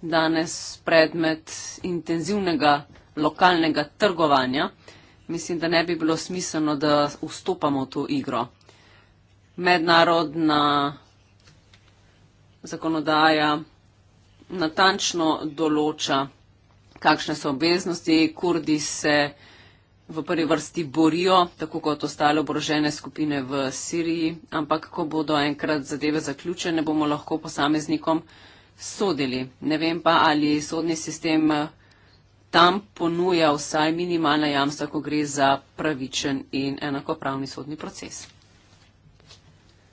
Speaker 3: danes predmet intenzivnega lokalnega trgovanja mislim, da ne bi bilo smiselno, da vstopamo v to igro. Mednarodna zakonodaja natančno določa, kakšne so obveznosti. Kurdi se v prvi vrsti borijo, tako kot ostale oborožene skupine v Siriji, ampak ko bodo enkrat zadeve zaključene, bomo lahko posameznikom sodili. Ne vem pa, ali sodni sistem tam ponuja vsaj minimalna jamstva, ko gre za pravičen in enakopravni sodni proces.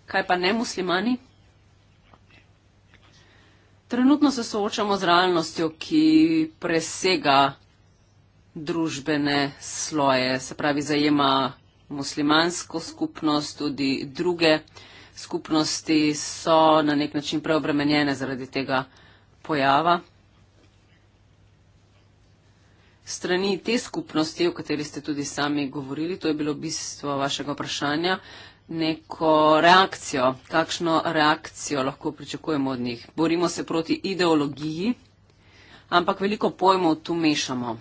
Speaker 3: Kaj pa ne muslimani? Trenutno se soočamo z realnostjo, ki presega družbene sloje, se pravi zajema muslimansko skupnost, tudi druge skupnosti so na nek način preobremenjene zaradi tega pojava strani te skupnosti, o kateri ste tudi sami govorili, to je bilo bistvo vašega vprašanja, neko reakcijo, kakšno reakcijo lahko pričakujemo od njih. Borimo se proti ideologiji, ampak veliko pojmov tu mešamo.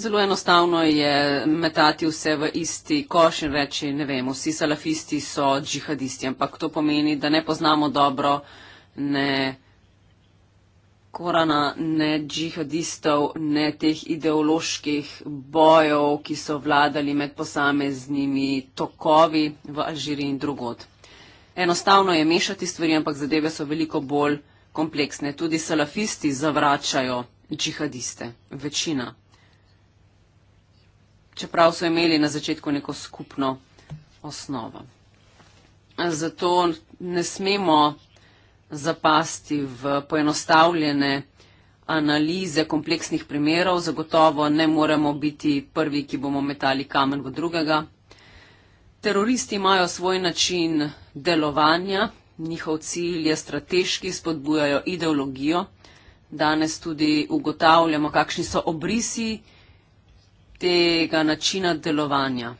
Speaker 3: Zelo enostavno je metati vse v isti koš in reči, ne vem, vsi salafisti so džihadisti, ampak to pomeni, da ne poznamo dobro, ne. Korana, ne džihadistov, ne teh ideoloških bojev, ki so vladali med posameznimi tokovi v Alžiriji in drugod. Enostavno je mešati stvari, ampak zadeve so veliko bolj kompleksne. Tudi salafisti zavračajo džihadiste, večina. Čeprav so imeli na začetku neko skupno osnovo. Zato ne smemo zapasti v poenostavljene analize kompleksnih primerov. Zagotovo ne moremo biti prvi, ki bomo metali kamen v drugega. Teroristi imajo svoj način delovanja, njihov cilj je strateški, spodbujajo ideologijo. Danes tudi ugotavljamo, kakšni so obrisi tega načina delovanja.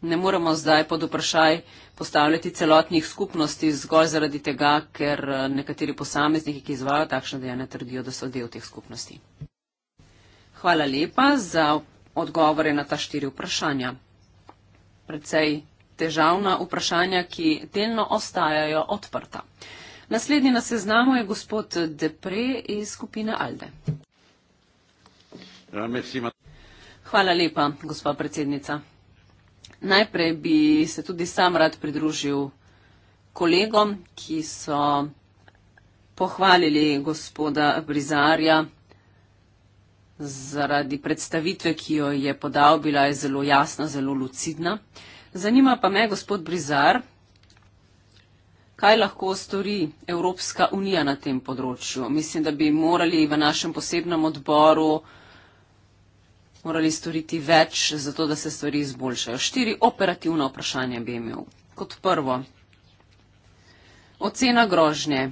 Speaker 3: Ne moremo zdaj pod vprašaj, postavljati celotnih skupnosti zgolj zaradi tega, ker eh, nekateri posamezniki, ki izvajo takšne dejanja, trdijo, da so del teh skupnosti. Hvala lepa za odgovore na ta štiri vprašanja. Predvsej težavna vprašanja, ki delno ostajajo odprta. Naslednji na seznamu je gospod Depre iz skupine Alde. Ja, Hvala lepa, gospa predsednica. Najprej bi se tudi sam rad pridružil kolegom, ki so pohvalili gospoda Brizarja zaradi predstavitve, ki jo je podal, bila je zelo jasna, zelo lucidna. Zanima pa me, gospod Brizar, kaj lahko stori Evropska unija na tem področju. Mislim, da bi morali v našem posebnem odboru morali storiti več, zato da se stvari izboljšajo. Štiri operativna vprašanja bi imel. Kot prvo, ocena grožnje.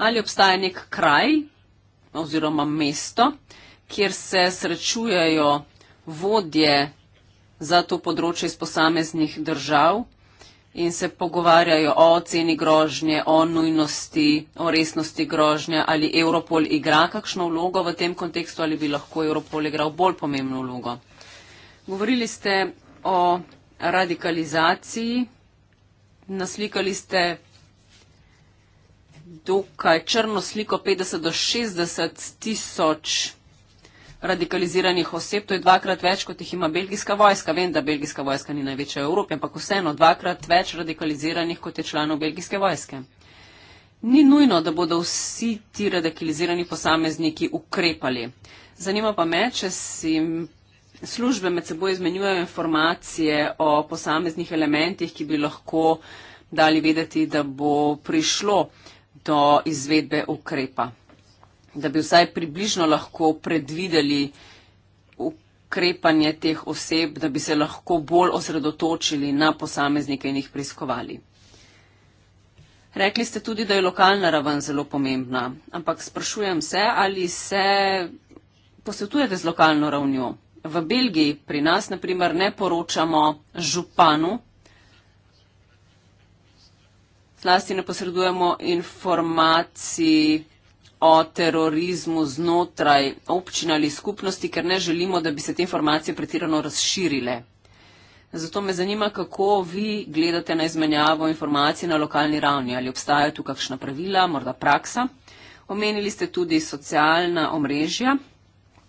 Speaker 3: Ali obstaja nek kraj oziroma mesto, kjer se srečujejo vodje za to področje iz posameznih držav? in se pogovarjajo o ceni grožnje, o nujnosti, o resnosti grožnje, ali Europol igra kakšno vlogo v tem kontekstu ali bi lahko Europol igral bolj pomembno vlogo. Govorili ste o radikalizaciji, naslikali ste dokaj črno sliko 50 do 60 tisoč radikaliziranih oseb, to je dvakrat več, kot jih ima belgijska vojska. Vem, da belgijska vojska ni največja v Evropi, ampak vseeno dvakrat več radikaliziranih, kot je članov belgijske vojske. Ni nujno, da bodo vsi ti radikalizirani posamezniki ukrepali. Zanima pa me, če si službe med seboj izmenjujejo informacije o posameznih elementih, ki bi lahko dali vedeti, da bo prišlo do izvedbe ukrepa da bi vsaj približno lahko predvideli ukrepanje teh oseb, da bi se lahko bolj osredotočili na posameznike in jih preiskovali. Rekli ste tudi, da je lokalna raven zelo pomembna, ampak sprašujem se, ali se posvetujete z lokalno ravnjo. V Belgiji pri nas, na primer, ne poročamo županu, zlasti ne posredujemo informacij o terorizmu znotraj občina ali skupnosti, ker ne želimo, da bi se te informacije pretirano razširile. Zato me zanima, kako vi gledate na izmenjavo informacij na lokalni ravni. Ali obstajajo tu kakšna pravila, morda praksa? Omenili ste tudi socialna omrežja.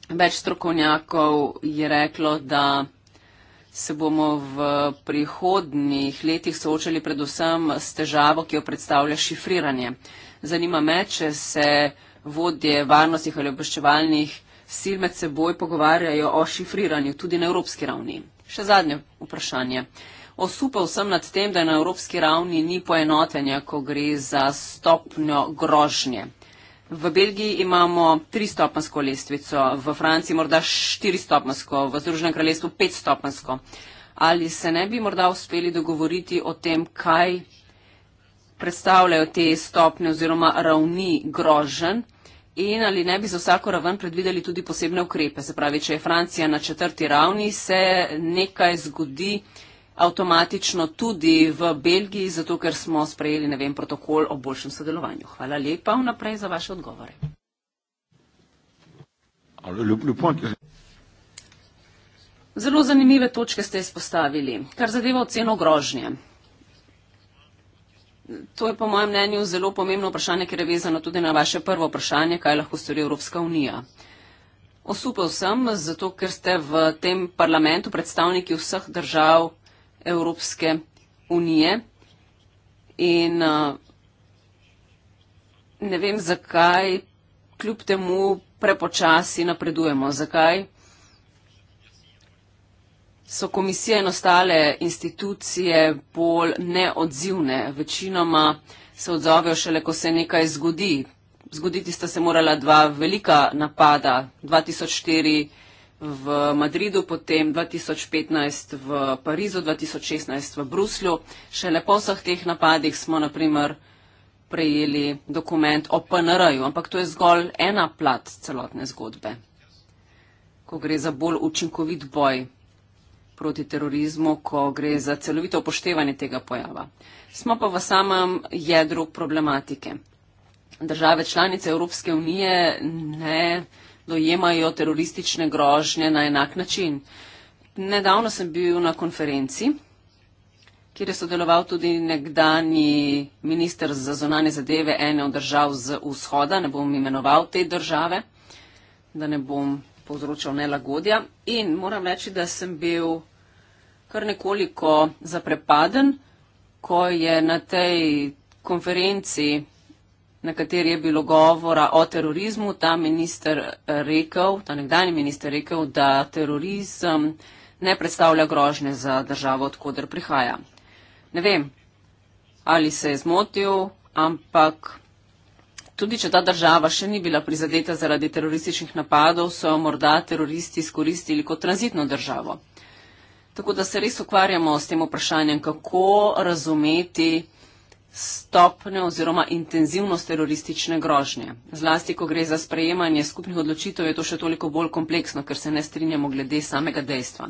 Speaker 3: Več strokovnjakov je reklo, da se bomo v prihodnjih letih soočali predvsem s težavo, ki jo predstavlja šifriranje. Zanima me, če se vodje varnostnih ali obveščevalnih sil med seboj pogovarjajo o šifriranju tudi na evropski ravni. Še zadnje vprašanje. Osupal sem nad tem, da na evropski ravni ni poenotenja, ko gre za stopnjo grožnje. V Belgiji imamo tristopansko lestvico, v Franciji morda štiristopansko, v Združenem kraljestvu petstopansko. Ali se ne bi morda uspeli dogovoriti o tem, kaj predstavljajo te stopnje oziroma ravni grožen in ali ne bi za vsako raven predvideli tudi posebne ukrepe. Se pravi, če je Francija na četrti ravni, se nekaj zgodi avtomatično tudi v Belgiji, zato ker smo sprejeli, ne vem, protokol o boljšem sodelovanju. Hvala lepa vnaprej za vaše odgovore. Zelo zanimive točke ste izpostavili, kar zadeva oceno grožnje. To je po mojem mnenju zelo pomembno vprašanje, ker je vezano tudi na vaše prvo vprašanje, kaj lahko stori Evropska unija. Osupel sem, zato ker ste v tem parlamentu predstavniki vseh držav Evropske unije. In uh, ne vem, zakaj kljub temu prepočasi napredujemo, zakaj so komisije in ostale institucije bolj neodzivne. Večinoma se odzovejo šele, ko se nekaj zgodi. Zgoditi sta se morala dva velika napada, 2004 v Madridu, potem 2015 v Parizu, 2016 v Bruslju. Šele po vseh teh napadih smo naprimer prejeli dokument o PNR-ju, ampak to je zgolj ena plat celotne zgodbe, ko gre za bolj učinkovit boj proti terorizmu, ko gre za celovito upoštevanje tega pojava. Smo pa v samem jedru problematike. Države članice Evropske unije ne dojemajo teroristične grožnje na enak način. Nedavno sem bil na konferenci, kjer je sodeloval tudi nekdani minister za zonane zadeve ene od držav z vzhoda, ne bom imenoval te države, da ne bom povzročal nelagodja. In moram reči, da sem bil kar nekoliko zaprepaden, ko je na tej konferenci na kateri je bilo govora o terorizmu, ta minister rekel, ta nekdani minister rekel, da terorizem ne predstavlja grožnje za državo, odkuder prihaja. Ne vem, ali se je zmotil, ampak tudi če ta država še ni bila prizadeta zaradi terorističnih napadov, so jo morda teroristi izkoristili kot tranzitno državo. Tako da se res ukvarjamo s tem vprašanjem, kako razumeti stopne oziroma intenzivnost teroristične grožnje. Zlasti, ko gre za sprejemanje skupnih odločitev, je to še toliko bolj kompleksno, ker se ne strinjamo glede samega dejstva.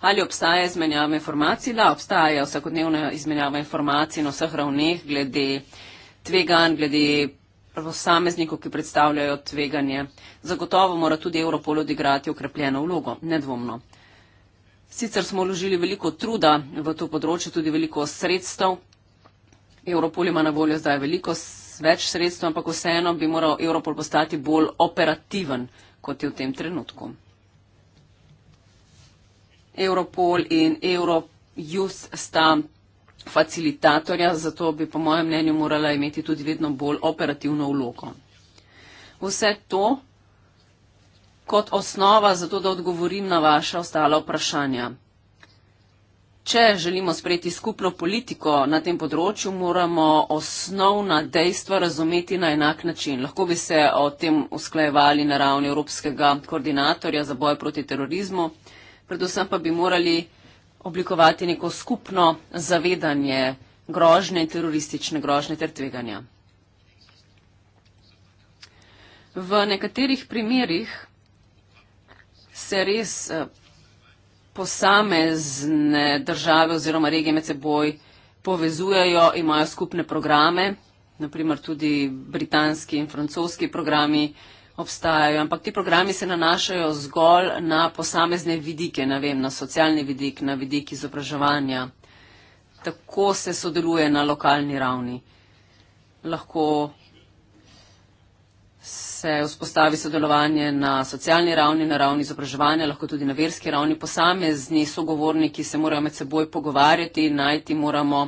Speaker 3: Ali obstaja izmenjava informacij? Da, obstaja vsakodnevna izmenjava informacij na vseh ravneh, glede tvegan, glede posameznikov, ki predstavljajo tveganje. Zagotovo mora tudi Europol odigrati ukrepljeno vlogo, nedvomno. Sicer smo vložili veliko truda v to področje, tudi veliko sredstev, Europol ima na voljo zdaj veliko več sredstev, ampak vseeno bi moral Europol postati bolj operativen, kot je v tem trenutku. Europol in Eurojust sta facilitatorja, zato bi po mojem mnenju morala imeti tudi vedno bolj operativno vlogo. Vse to kot osnova za to, da odgovorim na vaše ostale vprašanja. Če želimo sprejeti skupno politiko na tem področju, moramo osnovna dejstva razumeti na enak način. Lahko bi se o tem usklajevali na ravni Evropskega koordinatorja za boj proti terorizmu, predvsem pa bi morali oblikovati neko skupno zavedanje grožne in teroristične grožne ter tveganja. V nekaterih primerjih se res eh, posamezne države oziroma regije med seboj povezujejo, imajo skupne programe, naprimer tudi britanski in francoski programi obstajajo, ampak ti programi se nanašajo zgolj na posamezne vidike, na, vem, na socialni vidik, na vidik izobraževanja. Tako se sodeluje na lokalni ravni. Lahko se vzpostavi sodelovanje na socialni ravni, na ravni izobraževanja, lahko tudi na verski ravni. Posamezni sogovorniki se morajo med seboj pogovarjati, najti moramo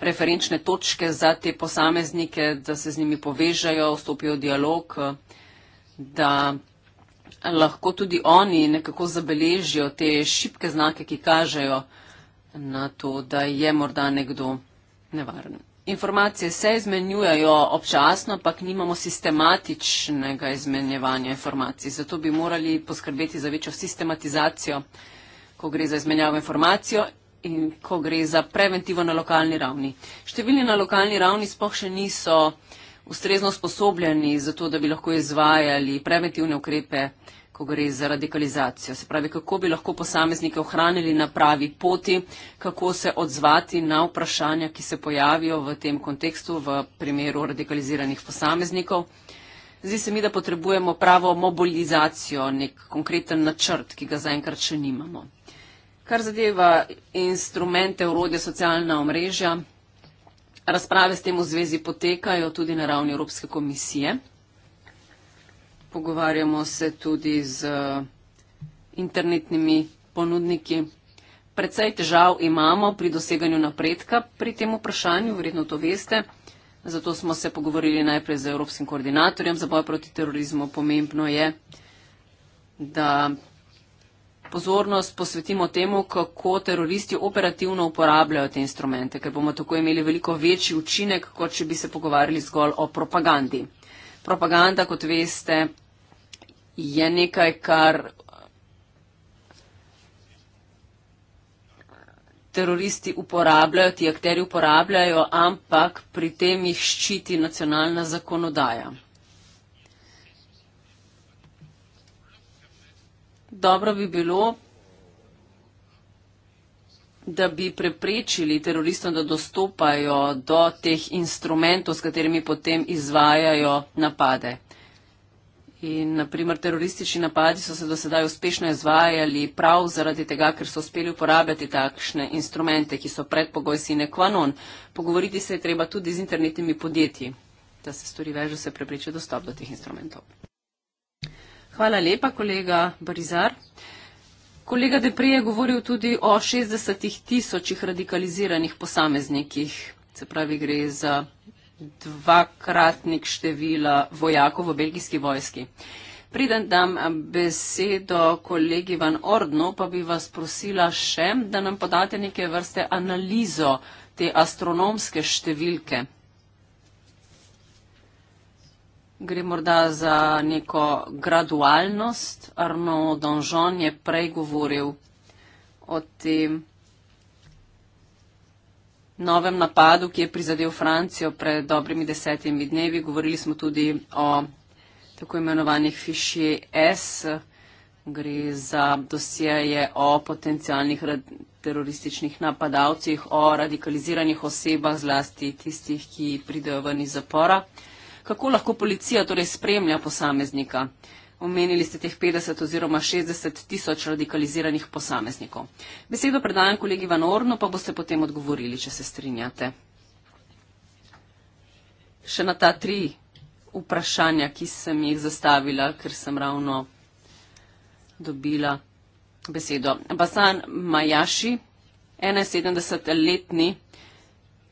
Speaker 3: referenčne točke za te posameznike, da se z njimi povežajo, vstopijo v dialog, da lahko tudi oni nekako zabeležijo te šibke znake, ki kažejo na to, da je morda nekdo nevaren. Informacije se izmenjujejo občasno, ampak nimamo sistematičnega izmenjevanja informacij. Zato bi morali poskrbeti za večjo sistematizacijo, ko gre za izmenjavo informacijo in ko gre za preventivo na lokalni ravni. Številni na lokalni ravni sploh še niso ustrezno sposobljeni za to, da bi lahko izvajali preventivne ukrepe ko gre za radikalizacijo. Se pravi, kako bi lahko posameznike ohranili na pravi poti, kako se odzvati na vprašanja, ki se pojavijo v tem kontekstu v primeru radikaliziranih posameznikov. Zdi se mi, da potrebujemo pravo mobilizacijo, nek konkreten načrt, ki ga zaenkrat še nimamo. Kar zadeva instrumente, urodje, socialna omrežja, razprave s tem v zvezi potekajo tudi na ravni Evropske komisije pogovarjamo se tudi z eh, internetnimi ponudniki. Predvsej težav imamo pri doseganju napredka pri tem vprašanju, verjetno to veste. Zato smo se pogovorili najprej z Evropskim koordinatorjem za boj proti terorizmu. Pomembno je, da pozornost posvetimo temu, kako teroristi operativno uporabljajo te instrumente, ker bomo tako imeli veliko večji učinek, kot če bi se pogovarjali zgolj o propagandi. Propaganda, kot veste, je nekaj, kar teroristi uporabljajo, ti akteri uporabljajo, ampak pri tem jih ščiti nacionalna zakonodaja. Dobro bi bilo, da bi preprečili teroristom, da dostopajo do teh instrumentov, s katerimi potem izvajajo napade. In naprimer teroristični napadi so se do sedaj uspešno izvajali prav zaradi tega, ker so uspeli uporabljati takšne instrumente, ki so predpogoj sine qua non. Pogovoriti se je treba tudi z internetnimi podjetji, da se stori več, da se prepreče dostop do teh instrumentov. Hvala lepa, kolega Barizar. Kolega Depri je govoril tudi o 60 tisočih radikaliziranih posameznikih, se pravi gre za dvakratnik števila vojakov v belgijski vojski. Preden dam eh, besedo kolegi Van Ordno, pa bi vas prosila še, da nam podate neke vrste analizo te astronomske številke. Gre morda za neko gradualnost. Arno Donžon je prej govoril o tem novem napadu, ki je prizadel Francijo pred dobrimi desetimi dnevi. Govorili smo tudi o tako imenovanih fiši S. Gre za dosjeje o potencijalnih terorističnih napadalcih, o radikaliziranih osebah, zlasti tistih, ki pridejo ven iz zapora. Kako lahko policija torej spremlja posameznika? Omenili ste teh 50 oziroma 60 tisoč radikaliziranih posameznikov. Besedo predajam kolegi Van Orno, pa boste potem odgovorili, če se strinjate. Še na ta tri vprašanja, ki sem jih zastavila, ker sem ravno dobila besedo. Basan Majaši, 71-letni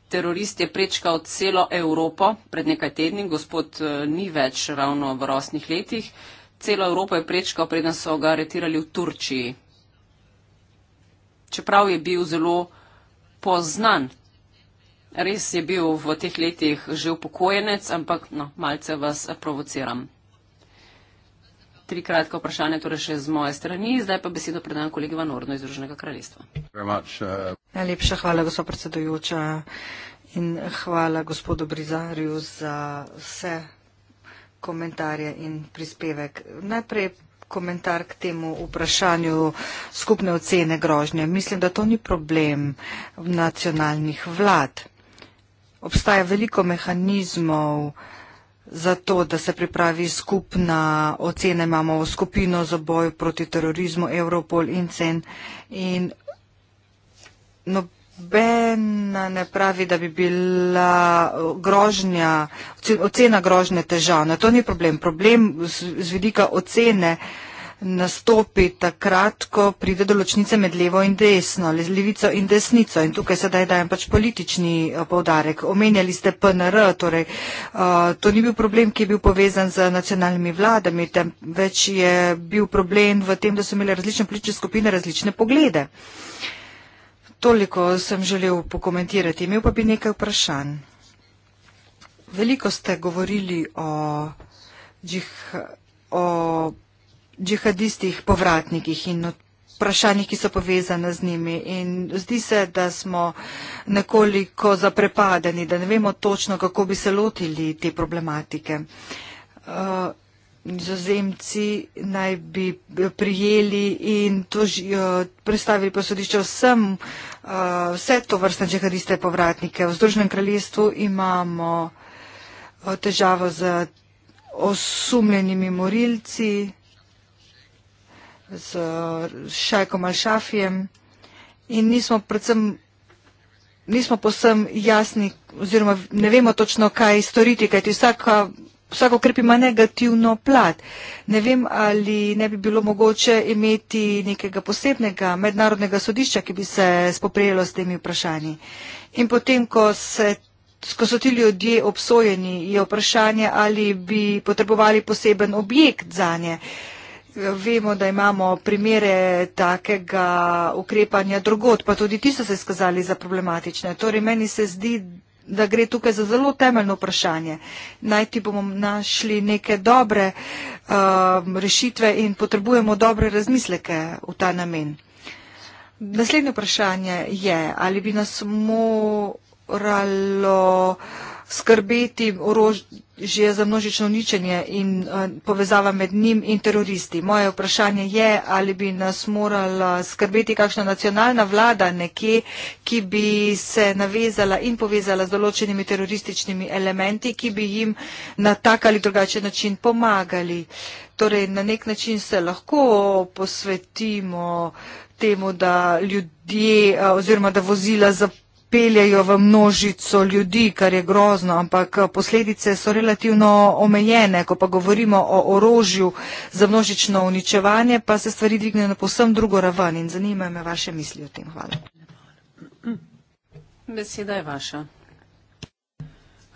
Speaker 3: terorist je prečkal celo Evropo pred nekaj tedni, gospod eh, ni več ravno v rosnih letih celo Evropo je prečkal, preden so ga aretirali v Turčiji. Čeprav je bil zelo poznan. Res je bil v teh letih že upokojenec, ampak no, malce vas provociram. Tri kratka vprašanja, torej še z moje strani. Zdaj pa besedo predam kolegi Van Ordno iz Združenega kraljestva.
Speaker 1: Much, uh... Najlepša hvala, gospod predsedujoča. In hvala gospodu Brizarju za vse komentarje in prispevek. Najprej komentar k temu vprašanju skupne ocene grožnje. Mislim, da to ni problem nacionalnih vlad. Obstaja veliko mehanizmov za to, da se pripravi skupna ocena. Imamo skupino za boj proti terorizmu, Europol in CEN. In no, noben ne pravi, da bi bila grožnja, ocena grožnje težavna. To ni problem. Problem z, z vidika ocene nastopi takrat, ko pride do ločnice med levo in desno, levico in desnico. In tukaj sedaj dajem pač politični eh, povdarek. Omenjali ste PNR, torej uh, to ni bil problem, ki je bil povezan z nacionalnimi vladami, temveč je bil problem v tem, da so imeli različne politične skupine različne poglede. Uh, Toliko sem želel pokomentirati. Imel pa bi nekaj vprašanj. Veliko ste govorili o, džih, o džihadistih, povratnikih in o vprašanjih, ki so povezane z njimi. In zdi se, da smo nekoliko zaprepadeni, da ne vemo točno, kako bi se lotili te problematike. Uh, Nizozemci naj bi prijeli in eh, predstavili pa sodišče vsem, eh, vse to vrstne džihadiste povratnike. V Združenem kraljestvu imamo eh, težavo z osumljenimi morilci, z Šajkom Al-Šafijem in nismo predvsem nismo posem jasni oziroma ne vemo točno, kaj storiti, kajti vsaka vsak ukrep ima negativno plat. Ne vem, ali ne bi bilo mogoče imeti nekega posebnega mednarodnega sodišča, ki bi se spoprijelo s temi vprašanji. In potem, ko, se, ko so ti ljudje obsojeni, je vprašanje, ali bi potrebovali poseben objekt za nje. Vemo, da imamo primere takega ukrepanja drugot, pa tudi ti so se skazali za problematične. Torej, meni se zdi, da gre tukaj za zelo temeljno vprašanje. Naj ti bomo našli neke dobre uh, rešitve in potrebujemo dobre razmisleke v ta namen. Naslednje vprašanje je, ali bi nas moralo uh, skrbeti orožje za množično uničenje in eh, povezava med njim in teroristi. Moje vprašanje je, ali bi nas morala skrbeti kakšna nacionalna vlada nekje, ki bi se navezala in povezala z določenimi terorističnimi elementi, ki bi jim na tak ali drugačen način pomagali. Torej, na nek način se lahko posvetimo temu, da ljudje eh, oziroma da vozila zaprejo peljajo v množico ljudi, kar je grozno, ampak eh, posledice so relativno omejene. Ko pa govorimo o orožju za množično uničevanje, pa se stvari dvignejo na posem drugo raven in zanimajo me vaše misli o tem. Hvala.
Speaker 3: Beseda je vaša.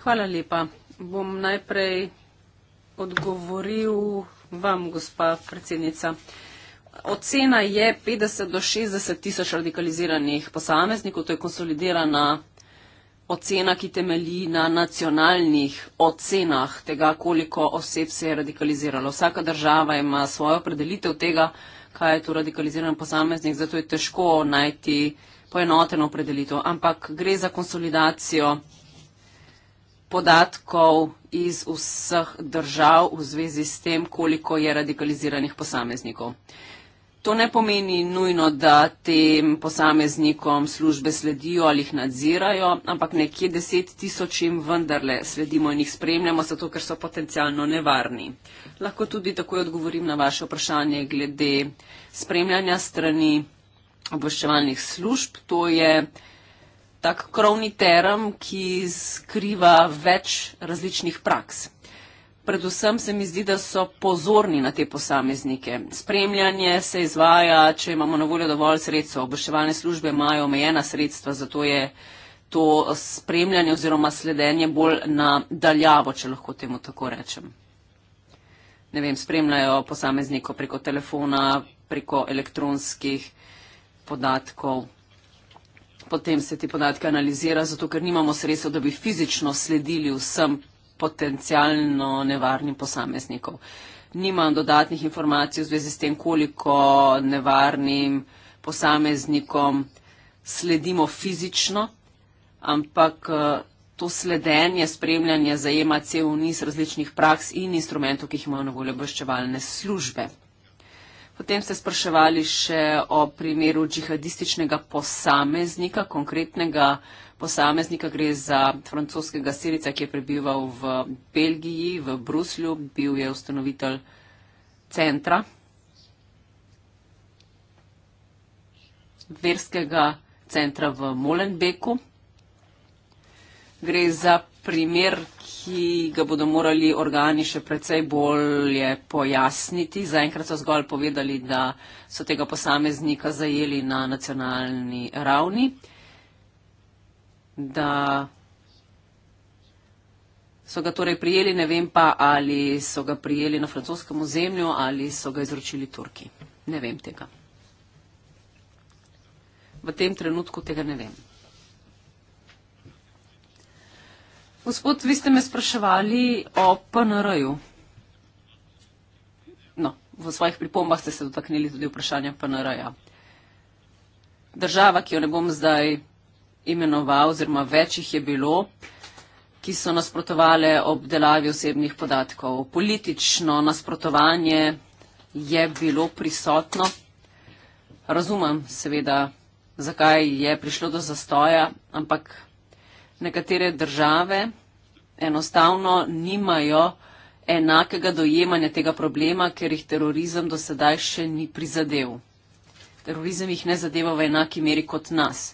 Speaker 3: Hvala lepa. Bom najprej odgovoril vam, gospa predsednica ocena je 50 do 60 tisoč radikaliziranih posameznikov, to je konsolidirana ocena, ki temelji na nacionalnih ocenah tega, koliko oseb se je radikaliziralo. Vsaka država ima svojo predelitev tega, kaj je tu radikaliziran posameznik, zato je težko najti poenoteno predelitev, ampak gre za konsolidacijo podatkov iz vseh držav v zvezi s tem, koliko je radikaliziranih posameznikov. To ne pomeni nujno, da tem posameznikom službe sledijo ali jih nadzirajo, ampak nekje deset tisočim vendarle sledimo in jih spremljamo, zato ker so potencialno nevarni. Lahko tudi takoj odgovorim na vaše vprašanje glede spremljanja strani obveščevalnih služb. To je tak krovni term, ki skriva več različnih praks predvsem se mi zdi, da so pozorni na te posameznike. Spremljanje se izvaja, če imamo na voljo dovolj sredstev. Obveščevalne službe imajo omejena sredstva, zato je to spremljanje oziroma sledenje bolj nadaljavo, če lahko temu tako rečem. Ne vem, spremljajo posameznikov preko telefona, preko elektronskih podatkov. Potem se ti podatki analizira, zato ker nimamo sredstva, da bi fizično sledili vsem potencialno nevarnim posameznikom. Nimam dodatnih informacij v zvezi s tem, koliko nevarnim posameznikom sledimo fizično, ampak eh, to sledenje, spremljanje zajema cel niz različnih praks in instrumentov, ki jih imajo na voljo obveščevalne službe. Potem ste spraševali še o primeru džihadističnega posameznika, konkretnega uh, posameznika, gre za francoskega gasilca, ki je prebival v Belgiji, v Bruslju, bil je ustanovitelj centra verskega centra v Molenbeku. Gre za primer, ki ga bodo morali organi še precej bolje pojasniti. Zaenkrat so zgolj povedali, da so tega posameznika zajeli na nacionalni ravni da so ga torej prijeli, ne vem pa, ali so ga prijeli na francoskem ozemlju ali so ga izročili Turki. Ne vem tega. V tem trenutku tega ne vem. Gospod, vi ste me spraševali o PNR-ju. No, v svojih pripombah ste se dotaknili tudi vprašanja PNR-ja. Država, ki jo ne bom zdaj imenoval, oziroma več jih je bilo, ki so nasprotovali obdelavi osebnih podatkov. Politično nasprotovanje je bilo prisotno. Razumem seveda, zakaj je prišlo do zastoja, ampak nekatere države enostavno nimajo enakega dojemanja tega problema, ker jih terorizem do sedaj še ni prizadel. Terorizem jih ne zadeva v enaki meri kot nas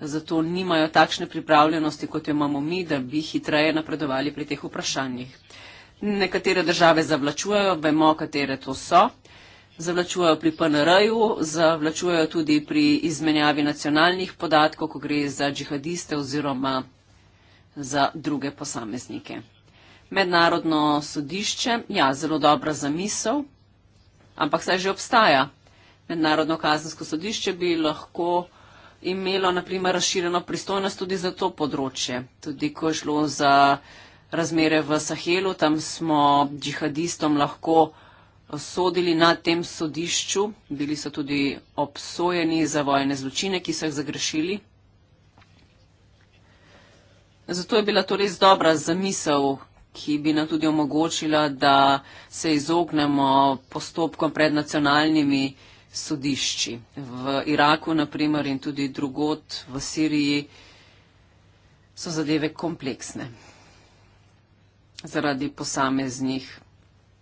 Speaker 3: zato nimajo takšne pripravljenosti, kot jo imamo mi, da bi hitreje napredovali pri teh vprašanjih. Nekatere države zavlačujejo, vemo, katere to so. Zavlačujejo pri PNR-ju, zavlačujejo tudi pri izmenjavi nacionalnih podatkov, ko gre za džihadiste oziroma za druge posameznike. Mednarodno sodišče, ja, zelo dobra zamisel, ampak saj že obstaja. Mednarodno kazensko sodišče bi lahko imelo naprimer razširjeno pristojnost tudi za to področje. Tudi ko je šlo za razmere v Sahelu, tam smo džihadistom lahko sodili na tem sodišču, bili so tudi obsojeni za vojne zločine, ki so jih zagrešili. Zato je bila to res dobra zamisel, ki bi nam tudi omogočila, da se izognemo postopkom pred nacionalnimi sodišči. V Iraku, naprimer, in tudi drugot v Siriji so zadeve kompleksne zaradi posameznih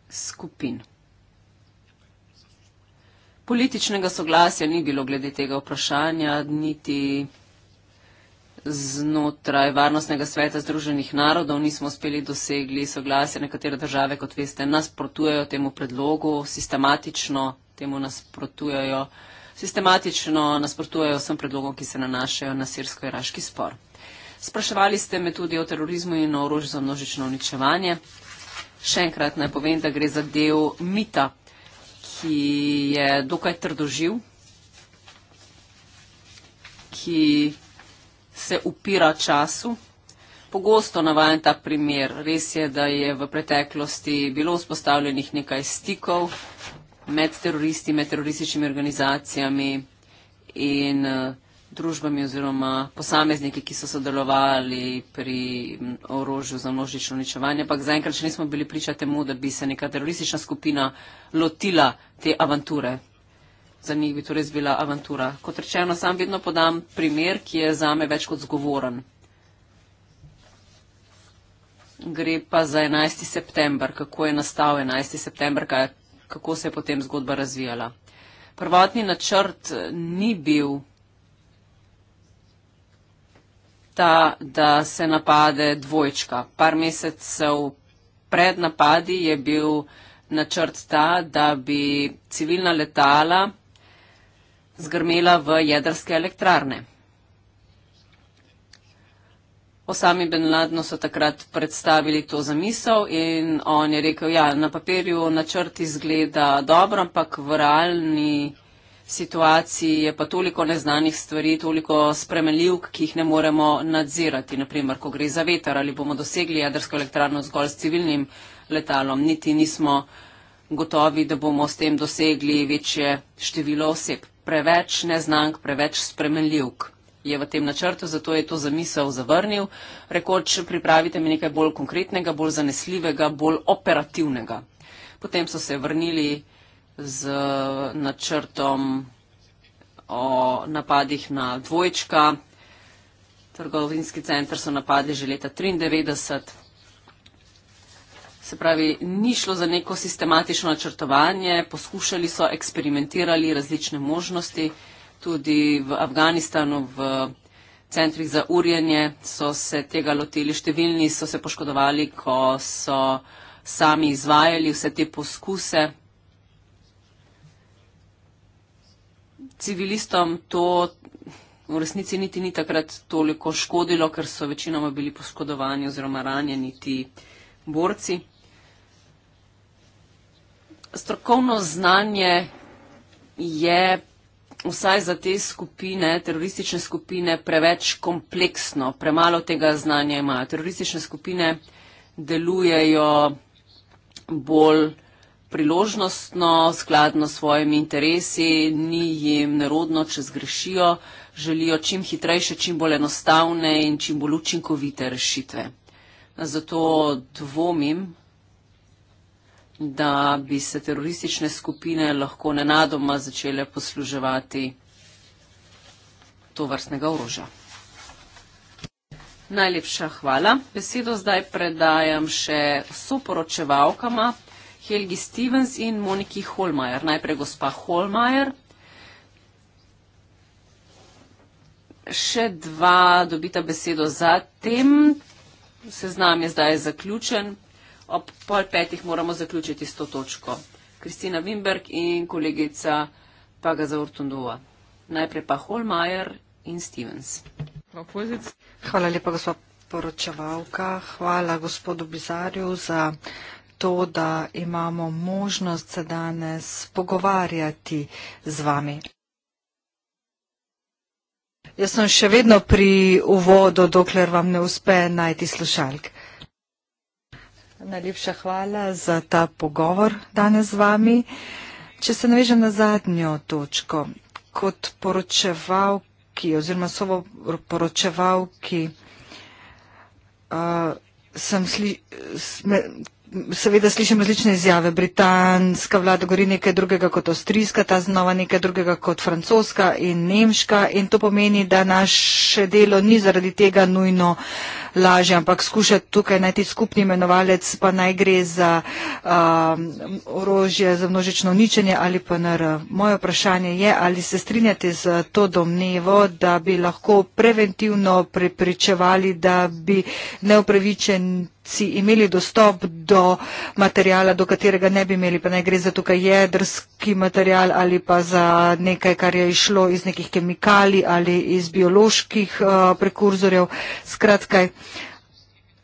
Speaker 3: skupin. Političnega soglasja ni bilo glede tega vprašanja, niti znotraj Varnostnega sveta Združenih narodov nismo uspeli dosegli soglasja. Nekatere države, kot veste, nasprotujejo temu predlogu, sistematično temu nasprotujejo, sistematično nasprotujejo vsem predlogom, ki se nanašajo na sirsko-iraški spor. Spraševali ste me tudi o terorizmu in o orožju za množično uničevanje. Še enkrat naj povem, da gre za del mita, ki je dokaj trdoživ, ki se upira času. Pogosto navajam ta primer. Res je, da je v preteklosti bilo vzpostavljenih nekaj stikov, med teroristi, med terorističnimi organizacijami in eh, družbami oziroma posamezniki, ki so sodelovali pri orožju za množično uničevanje. Ampak zaenkrat še nismo bili priča temu, da bi se neka teroristična skupina lotila te avanture. Za njih bi torej bila avantura. Kot rečeno, sam vedno podam primer, ki je zame več kot zgovoren. Gre pa za 11. september, kako je nastal 11. september, kaj je kako se je potem zgodba razvijala. Prvotni načrt eh, ni bil ta, da se napade dvojčka. Par mesecev pred napadi je bil načrt ta, da bi civilna letala zgrmela v jedrske elektrarne. Osami Ben Ladno so takrat predstavili to zamisel in on je rekel, ja, na papirju načrt izgleda dobro, ampak v realni situaciji je pa toliko neznanih stvari, toliko spremenljivk, ki jih ne moremo nadzirati. Naprimer, ko gre za veter ali bomo dosegli jedrsko elektrarno zgolj s civilnim letalom, niti nismo gotovi, da bomo s tem dosegli večje število oseb. Preveč neznank, preveč spremenljivk je v tem načrtu, zato je to zamisel zavrnil, rekoč pripravite mi nekaj bolj konkretnega, bolj zanesljivega, bolj operativnega. Potem so se vrnili z načrtom o napadih na dvojčka. Trgovinski center so napadli že leta 1993. Se pravi, ni šlo za neko sistematično načrtovanje, poskušali so, eksperimentirali različne možnosti tudi v Afganistanu v centrih za urjenje so se tega lotili, številni so se poškodovali, ko so sami izvajali vse te poskuse. Civilistom to v resnici niti ni takrat toliko škodilo, ker so večinoma bili poškodovani oziroma ranjeni ti borci. Strokovno znanje je vsaj za te skupine, teroristične skupine, preveč kompleksno, premalo tega znanja imajo. Teroristične skupine delujejo bolj priložnostno, skladno s svojimi interesi, ni jim nerodno, če zgrešijo, želijo čim hitrejše, čim bolj enostavne in čim bolj učinkovite rešitve. Zato dvomim, da bi se teroristične skupine lahko nenadoma začele posluževati to vrstnega orožja. Najlepša hvala. Besedo zdaj predajam še soporočevalkama Helgi Stevens in Moniki Holmajer. Najprej gospa Holmajer. Še dva dobita besedo za tem. Seznam je zdaj zaključen ob pol petih moramo zaključiti s to točko. Kristina Wimberg in kolegica Paga Zaurtundova. Najprej pa Holmajer in Stevens.
Speaker 1: Hvala lepa, gospa poročevalka. Hvala gospodu Bizarju za to, da imamo možnost se danes pogovarjati z vami. Jaz sem še vedno pri uvodu, dokler vam ne uspe najti slušalk. Najlepša hvala za ta pogovor danes z vami. Če se navežem na zadnjo točko, kot poročevalki oziroma sovo poročevalki, uh, sem sli, sme, seveda slišim različne izjave. Britanska vlada govori nekaj drugega kot avstrijska, ta znova nekaj drugega kot francoska in nemška in to pomeni, da naše delo ni zaradi tega nujno lažje, ampak skušati tukaj najti skupni imenovalec, pa naj gre za um, orožje za množično uničenje ali pa nr. Moje vprašanje je, ali se strinjate z to domnevo, da bi lahko preventivno prepričevali, da bi neupravičen si imeli dostop do materiala, do katerega ne bi imeli, pa naj gre za tukaj jedrski material ali pa za nekaj, kar je išlo iz nekih kemikalij ali iz bioloških uh, prekurzorjev. Skratka,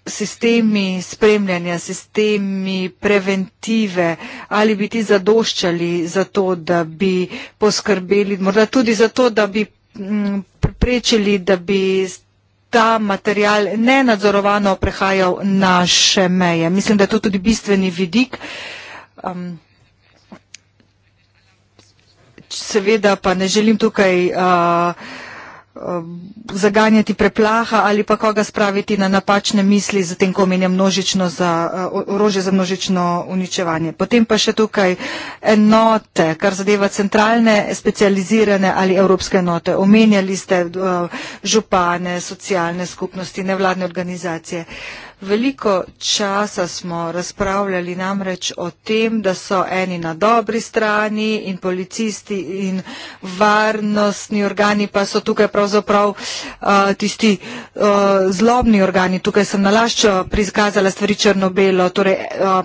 Speaker 1: sistemi spremljanja, sistemi preventive, ali bi ti zadoščali za to, da bi poskrbeli, morda tudi za to, da bi mm, preprečili, da bi ta material nenadzorovano prehajal naše meje. Mislim, da je to tudi bistveni vidik. Um, seveda pa ne želim tukaj uh, Eh, zaganjati preplaha ali pa koga spraviti na napačne misli, zatem ko menja množično za, eh, orože za množično uničevanje. Potem pa še tukaj enote, kar zadeva centralne, specializirane ali evropske enote. Omenjali ste eh, župane, socialne skupnosti, nevladne organizacije. Uh, Veliko časa smo razpravljali namreč o tem, da so eni na dobri strani in policisti in varnostni organi pa so tukaj pravzaprav uh, tisti uh, zlobni organi. Tukaj sem nalaščo prikazala stvari črno-belo. Torej, uh,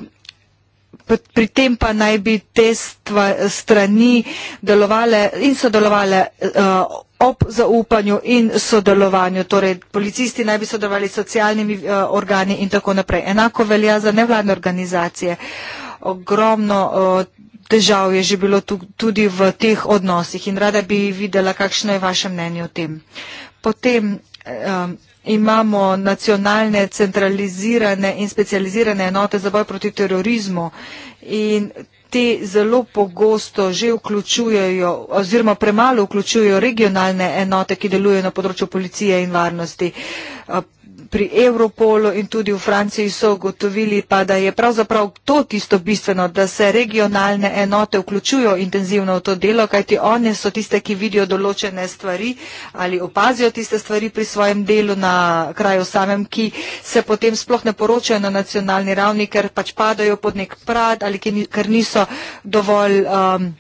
Speaker 1: pri tem pa naj bi te stva, strani delovale in sodelovale uh, ob zaupanju in sodelovanju. Torej, policisti naj bi sodelovali s socialnimi uh, organi in tako naprej. Enako velja za nevladne organizacije. Ogromno uh, težav je že bilo tu, tudi v teh odnosih in rada bi videla, kakšno je vaše mnenje o tem. Potem, uh, imamo nacionalne centralizirane in specializirane enote za boj proti terorizmu in te zelo pogosto že vključujejo oziroma premalo vključujejo regionalne enote, ki delujejo na področju policije in varnosti pri Europolu in tudi v Franciji so ugotovili pa, da je pravzaprav to tisto bistveno, da se regionalne enote vključujo intenzivno v to delo, kajti one so tiste, ki vidijo določene stvari ali opazijo tiste stvari pri svojem delu na kraju samem, ki se potem sploh ne poročajo na nacionalni ravni, ker pač padajo pod nek prad ali ker niso dovolj. Um,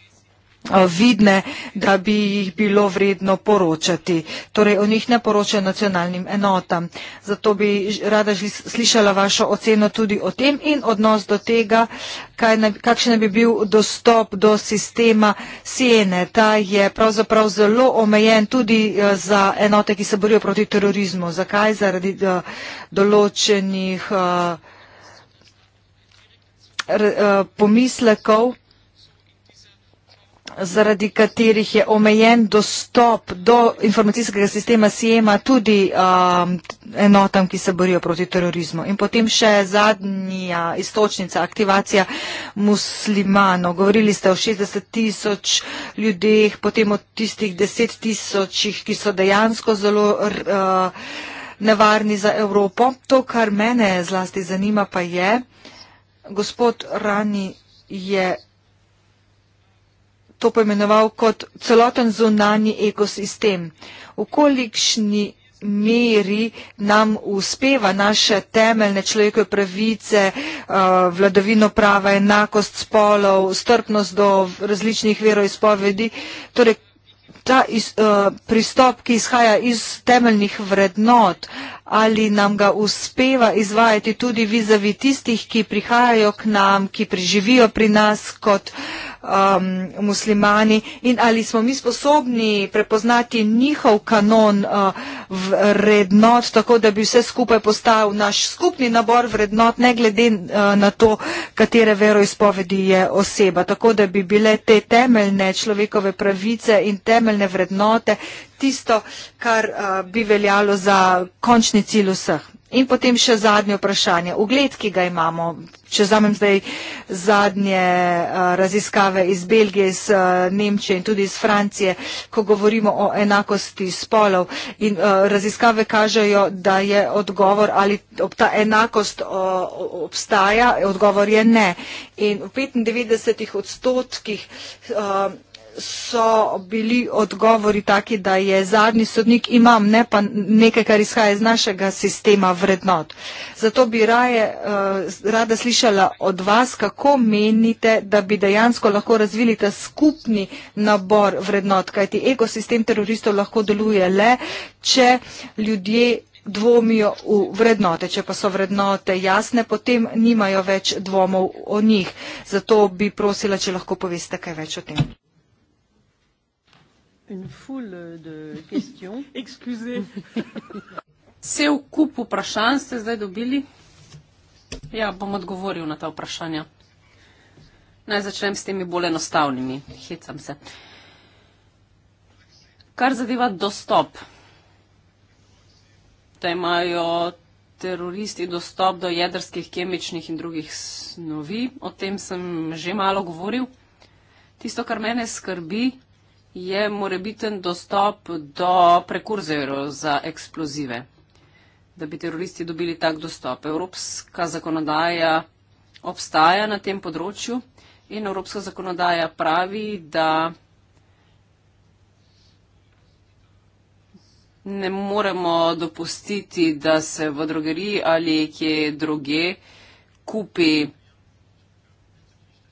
Speaker 1: vidne, da bi jih bilo vredno poročati. Torej, o njih ne poročajo nacionalnim enotam. Zato bi rada slišala vašo oceno tudi o tem in odnos do tega, ne, kakšen bi bil dostop do sistema Siene. Ta je pravzaprav zelo omejen tudi eh, za enote, ki se borijo proti terorizmu. Zakaj? Zaradi eh, določenih eh, pomislekov zaradi katerih je omejen dostop do informacijskega sistema SIEMA tudi um, enotam, ki se borijo proti terorizmu. In potem še zadnja istočnica, aktivacija muslimanov. Govorili ste o 60 tisoč ljudeh, potem o tistih 10 tisočih, ki so dejansko zelo. Uh, nevarni za Evropo. To, kar mene zlasti zanima, pa je, gospod Rani je to poimenoval kot celoten zunani ekosistem. V kolikšni meri nam uspeva naše temeljne človekove pravice, uh, vladavino prava, enakost spolov, strpnost do različnih veroizpovedi. Torej, ta uh, pristop, ki izhaja iz temeljnih vrednot, ali nam ga uspeva izvajati tudi vizavi tistih, ki prihajajo k nam, ki preživijo pri nas kot um, muslimani in ali smo mi sposobni prepoznati njihov kanon uh, vrednot, tako da bi vse skupaj postal naš skupni nabor vrednot, ne glede uh, na to, katere veroizpovedi je oseba. Tako da bi bile te temeljne človekove pravice in temeljne vrednote tisto, kar eh, bi veljalo za končni cilj vseh. In potem še zadnje vprašanje. Ugled, ki ga imamo, če zamem zdaj zadnje eh, raziskave iz Belgije, iz eh, Nemčije in tudi iz Francije, ko govorimo o enakosti spolov. In raziskave kažejo, da je odgovor, ali ta enakost obstaja, odgovor je ne. In v 95 odstotkih so bili odgovori taki, da je zadnji sodnik imam, ne pa nekaj, kar izhaja iz našega sistema vrednot. Zato bi raje, eh, rada slišala od vas, kako menite, da bi dejansko lahko razvili ta skupni nabor vrednot, kajti ekosistem teroristov lahko deluje le, če ljudje dvomijo v vrednote. Če pa so vrednote jasne, potem nimajo več dvomov o njih. Zato bi prosila, če lahko poveste kaj več o tem
Speaker 3: une foule de questions. Excusez. Se v kup vprašanj ste zdaj dobili? Ja, bom odgovoril na ta vprašanja. Naj začnem s temi bolj enostavnimi. Hecam se. Kar zadeva dostop, da imajo teroristi dostop do jedrskih, kemičnih in drugih snovi, o tem sem že malo govoril. Tisto, kar mene skrbi, je morebiten dostop do prekurzerov za eksplozive, da bi teroristi dobili tak dostop. Evropska zakonodaja obstaja na tem področju in Evropska zakonodaja pravi, da ne moremo dopustiti, da se v drogeriji ali kje druge kupi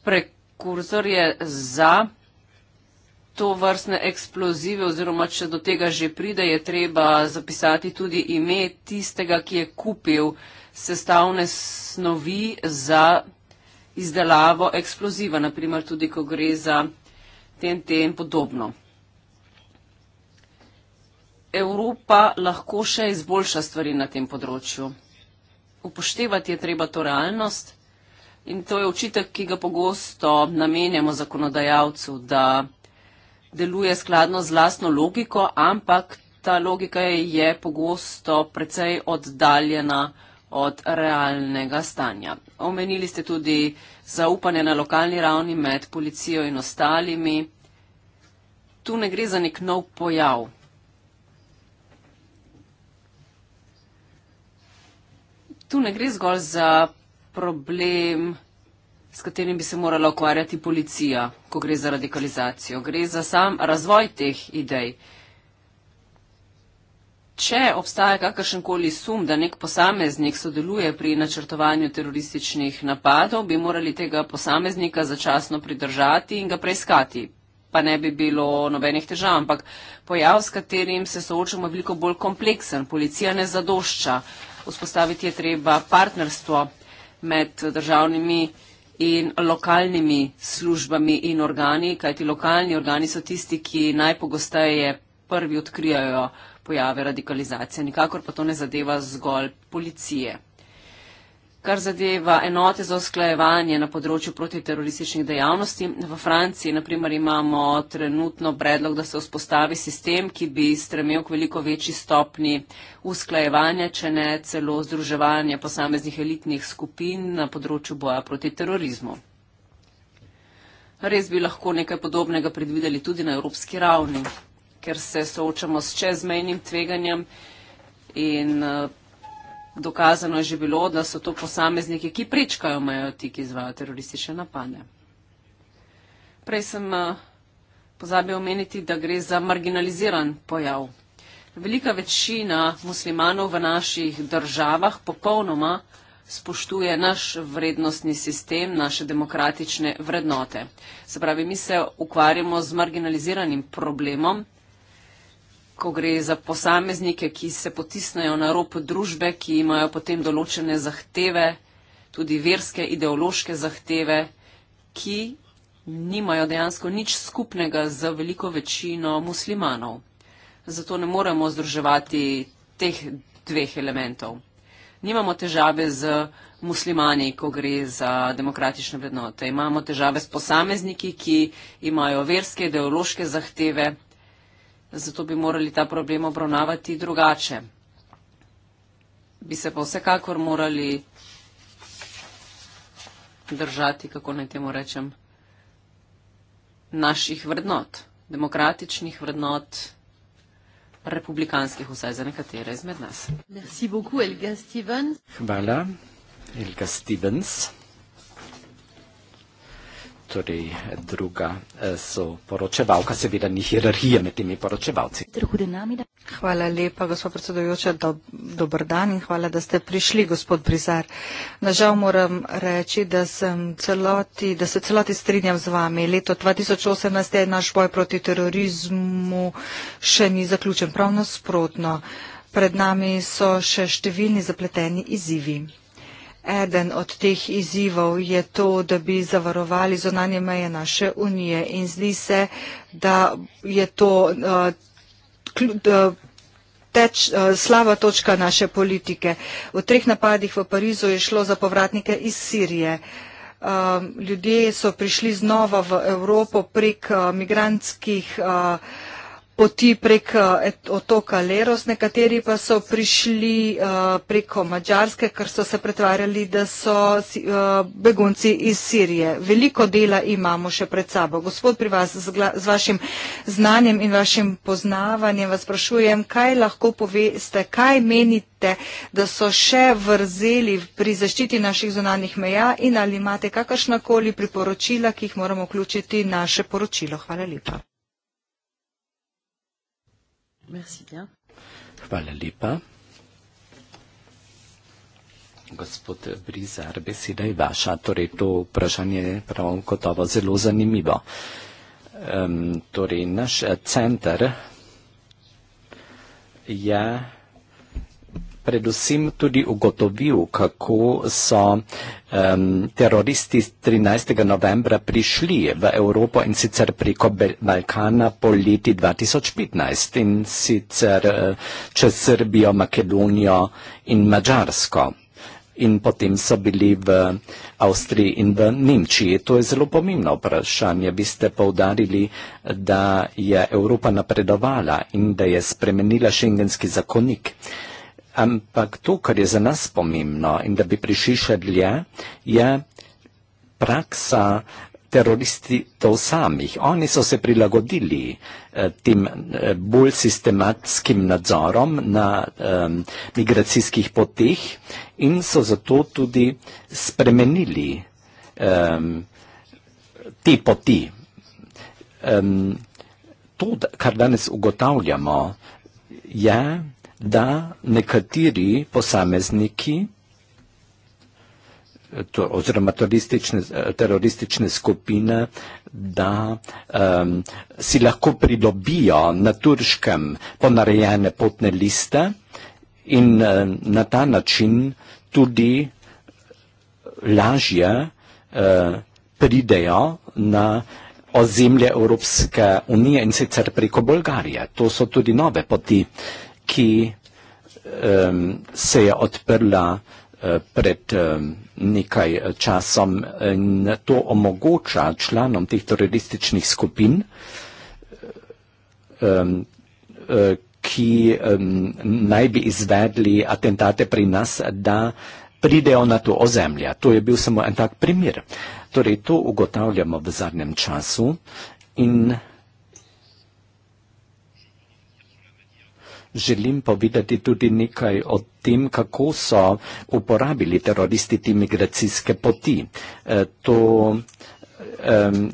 Speaker 3: prekurzorje za to vrstne eksplozive oziroma če do tega že pride, je treba zapisati tudi ime tistega, ki je kupil sestavne snovi za izdelavo eksploziva, naprimer tudi, ko gre za TNT in podobno. Evropa lahko še izboljša stvari na tem področju. Upoštevati je treba to realnost in to je očitek, ki ga pogosto namenjamo zakonodajalcu, da deluje skladno z lastno logiko, ampak ta logika je pogosto precej oddaljena od realnega stanja. Omenili ste tudi zaupanje na lokalni ravni med policijo in ostalimi. Tu ne gre za nek nov pojav. Tu ne gre zgolj za problem s katerim bi se morala ukvarjati policija, ko gre za radikalizacijo. Gre za sam razvoj teh idej. Če obstaja kakršenkoli sum, da nek posameznik sodeluje pri načrtovanju terorističnih napadov, bi morali tega posameznika začasno pridržati in ga preiskati. Pa ne bi bilo nobenih težav, ampak pojav, s katerim se soočamo, je veliko bolj kompleksen. Policija ne zadošča. Vzpostaviti je treba partnerstvo med državnimi in lokalnimi službami in organi, kajti lokalni organi so tisti, ki najpogosteje prvi odkrijajo pojave radikalizacije. Nikakor pa to ne zadeva zgolj policije kar zadeva enote za usklajevanje na področju protiterorističnih dejavnosti. V Franciji, naprimer, imamo trenutno predlog, da se vzpostavi sistem, ki bi stremel k veliko večji stopni usklajevanja, če ne celo združevanja posameznih elitnih skupin na področju boja proti terorizmu. Res bi lahko nekaj podobnega predvideli tudi na evropski ravni, ker se soočamo s čezmejnim tveganjem in eh, dokazano je že bilo, da so to posamezniki, ki prečkajo mejo ti, ki izvajo teroristične napade. Prej sem eh, pozabil omeniti, da gre za marginaliziran pojav. Velika večina muslimanov v naših državah popolnoma spoštuje naš vrednostni sistem, naše demokratične vrednote. Se pravi, mi se ukvarjamo z marginaliziranim problemom, ko gre za posameznike, ki se potisnejo na rob družbe, ki imajo potem določene zahteve, tudi verske, ideološke zahteve, ki nimajo dejansko nič skupnega z veliko večino muslimanov. Zato ne moremo združevati teh dveh elementov. Nimamo težave z muslimani, ko gre za demokratične vrednote. Imamo težave s posamezniki, ki imajo verske, ideološke zahteve, zato bi morali ta problem obravnavati drugače. Bi se pa vsekakor morali držati, kako naj temu rečem, naših vrednot, demokratičnih vrednot, republikanskih, vsaj za nekatere izmed nas.
Speaker 2: Hvala, Elga Stevens tudi torej, druga eh, so poročevalka, seveda ni hierarhije med temi poročevalci.
Speaker 1: Hvala lepa, gospod predsedujoča, do, dober dan in hvala, da ste prišli, gospod Brizar. Nažal moram reči, da, celoti, da se celoti strinjam z vami. Leto 2018 je naš boj proti terorizmu še ni zaključen. Prav nasprotno, pred nami so še številni zapleteni izzivi. Eden od teh izzivov je to, da bi zavarovali zonanje meje naše unije in zdi se, da je to eh, teč, eh, slava točka naše politike. V treh napadih v Parizu je šlo za povratnike iz Sirije. Eh, ljudje so prišli znova v Evropo prek migrantskih poti prek eh, otoka Leros, nekateri pa so prišli eh, preko Mačarske, ker so se pretvarjali, da so eh, begunci iz Sirije. Veliko dela imamo še pred sabo. Gospod pri vas, z vašim znanjem in vašim poznavanjem vas sprašujem, kaj lahko poveste, kaj menite, da so še vrzeli pri zaščiti naših zonalnih meja in ali imate kakršnakoli priporočila, ki jih moramo vključiti v naše poročilo. Hvala lepa.
Speaker 3: Merci bien.
Speaker 2: Hvala lepa. Gospod Brizar, beseda je vaša. Torej, to vprašanje je prav gotovo zelo zanimivo. Um, torej, naš eh, center je predvsem tudi ugotovil, kako so um, teroristi 13. novembra prišli v Evropo in sicer preko Balkana po leti 2015 in sicer uh, čez Srbijo, Makedonijo in Mačarsko in potem so bili v Avstriji in v Nemčiji. To je zelo pomembno vprašanje. Vi ste povdarili, da je Evropa napredovala in da je spremenila šengenski zakonik. Uh, Ampak to, kar je za nas pomembno in da bi prišli še dlje, je praksa teroristov samih. Oni so se prilagodili eh, tem eh, bolj sistematskim nadzorom na eh, migracijskih poteh in so zato tudi spremenili eh, te poti. Eh, to, kar danes ugotavljamo, je da nekateri posamezniki oziroma teroristične, teroristične skupine, da um, si lahko pridobijo na turškem ponarejene potne liste in uh, na ta način tudi lažje uh, pridejo na ozemlje Evropske unije in sicer preko Bolgarije. To so tudi nove poti. Uh, ki um, se je odprla e, pred nekaj časom in to omogoča članom teh terorističnih skupin, e, ki naj bi izvedli atentate pri nas, da pridejo na to ozemlje. To je bil samo en tak primer. Torej, to ugotavljamo v zadnjem času in Želim povedati tudi nekaj o tem, kako so uporabili teroristi te migracijske poti. E, to um,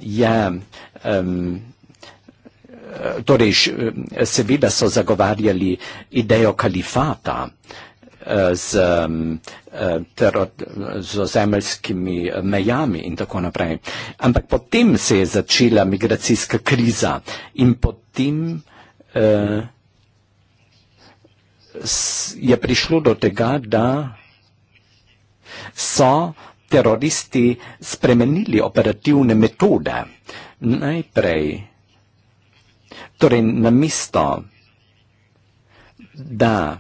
Speaker 2: je. Um, Torej, e, seveda so zagovarjali idejo kalifata e, z, z ozemeljskimi mejami in tako naprej. Ampak potem se je začela migracijska kriza in potem. Uh, je prišlo do tega, da so teroristi spremenili operativne metode. Najprej, torej na mesto, da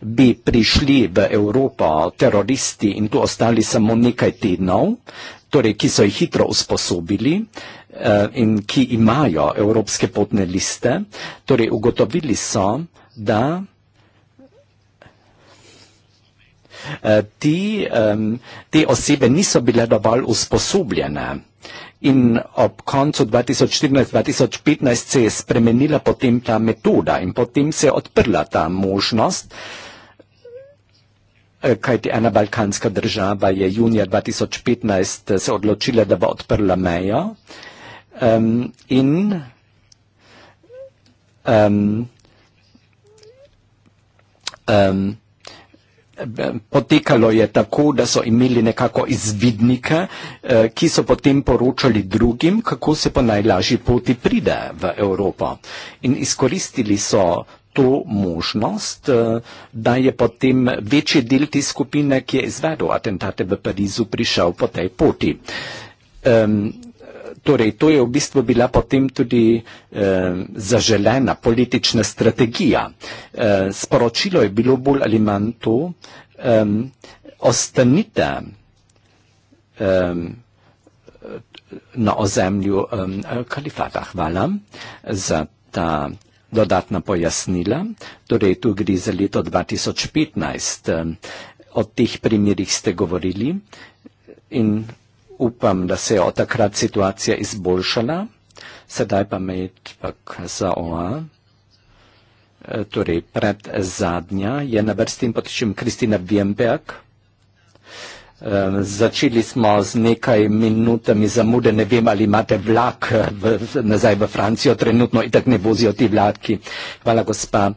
Speaker 2: bi prišli v Evropo teroristi in tu ostali samo nekaj tednov, torej, ki so jih hitro usposobili eh, in ki imajo evropske potne liste, torej ugotovili so, da Eh, ti, um, te osebe niso bile dovolj usposobljene. In ob koncu 2014-2015 se je spremenila potem ta metoda in potem se je odprla ta možnost, eh, kajti ena balkanska država je junija 2015 eh, se odločila, da bo odprla mejo um, in um, um, Potekalo je tako, da so imeli nekako izvidnike, eh, ki so potem poročali drugim, kako se po najlažji poti pride v Evropo. In izkoristili so to možnost, eh, da je potem večji del te skupine, ki je izvedel atentate v Parizu, prišel po tej poti. Torej, to je v bistvu bila potem tudi eh, zaželena politična strategija. Eh, sporočilo je bilo bolj ali manj to, eh, ostanite eh, na ozemlju eh, kalifata. Hvala za ta dodatna pojasnila. Torej, tu gre za leto 2015. Eh, o teh primerih ste govorili. In upam, da se je od takrat situacija izboljšala, sedaj pa med pak za OA, e, torej pred zadnja, je na vrsti in potičem Kristina Vjemberg. E, začeli smo z nekaj minutami zamude, ne vem, ali imate vlak e, v, nazaj v Francijo, trenutno itak ne vozijo ti vlaki. Hvala, gospa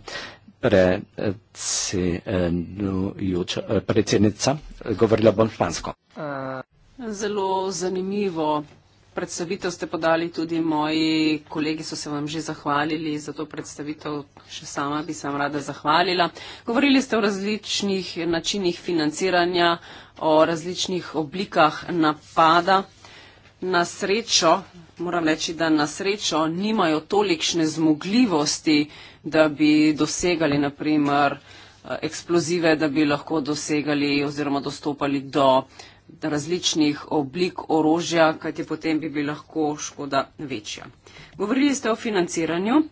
Speaker 2: predsednica. Govorila bom špansko.
Speaker 3: Uh. Zelo zanimivo. Predstavitev ste podali tudi moji kolegi, so se vam že zahvalili za to predstavitev, še sama bi se vam rada zahvalila. Govorili ste o različnih načinih financiranja, o različnih oblikah napada. Na srečo, moram reči, da na srečo nimajo tolikšne zmogljivosti, da bi dosegali naprimer eh, eksplozive, da bi lahko dosegali oziroma dostopali do različnih oblik orožja, kajti potem bi bila lahko škoda večja. Govorili ste o financiranju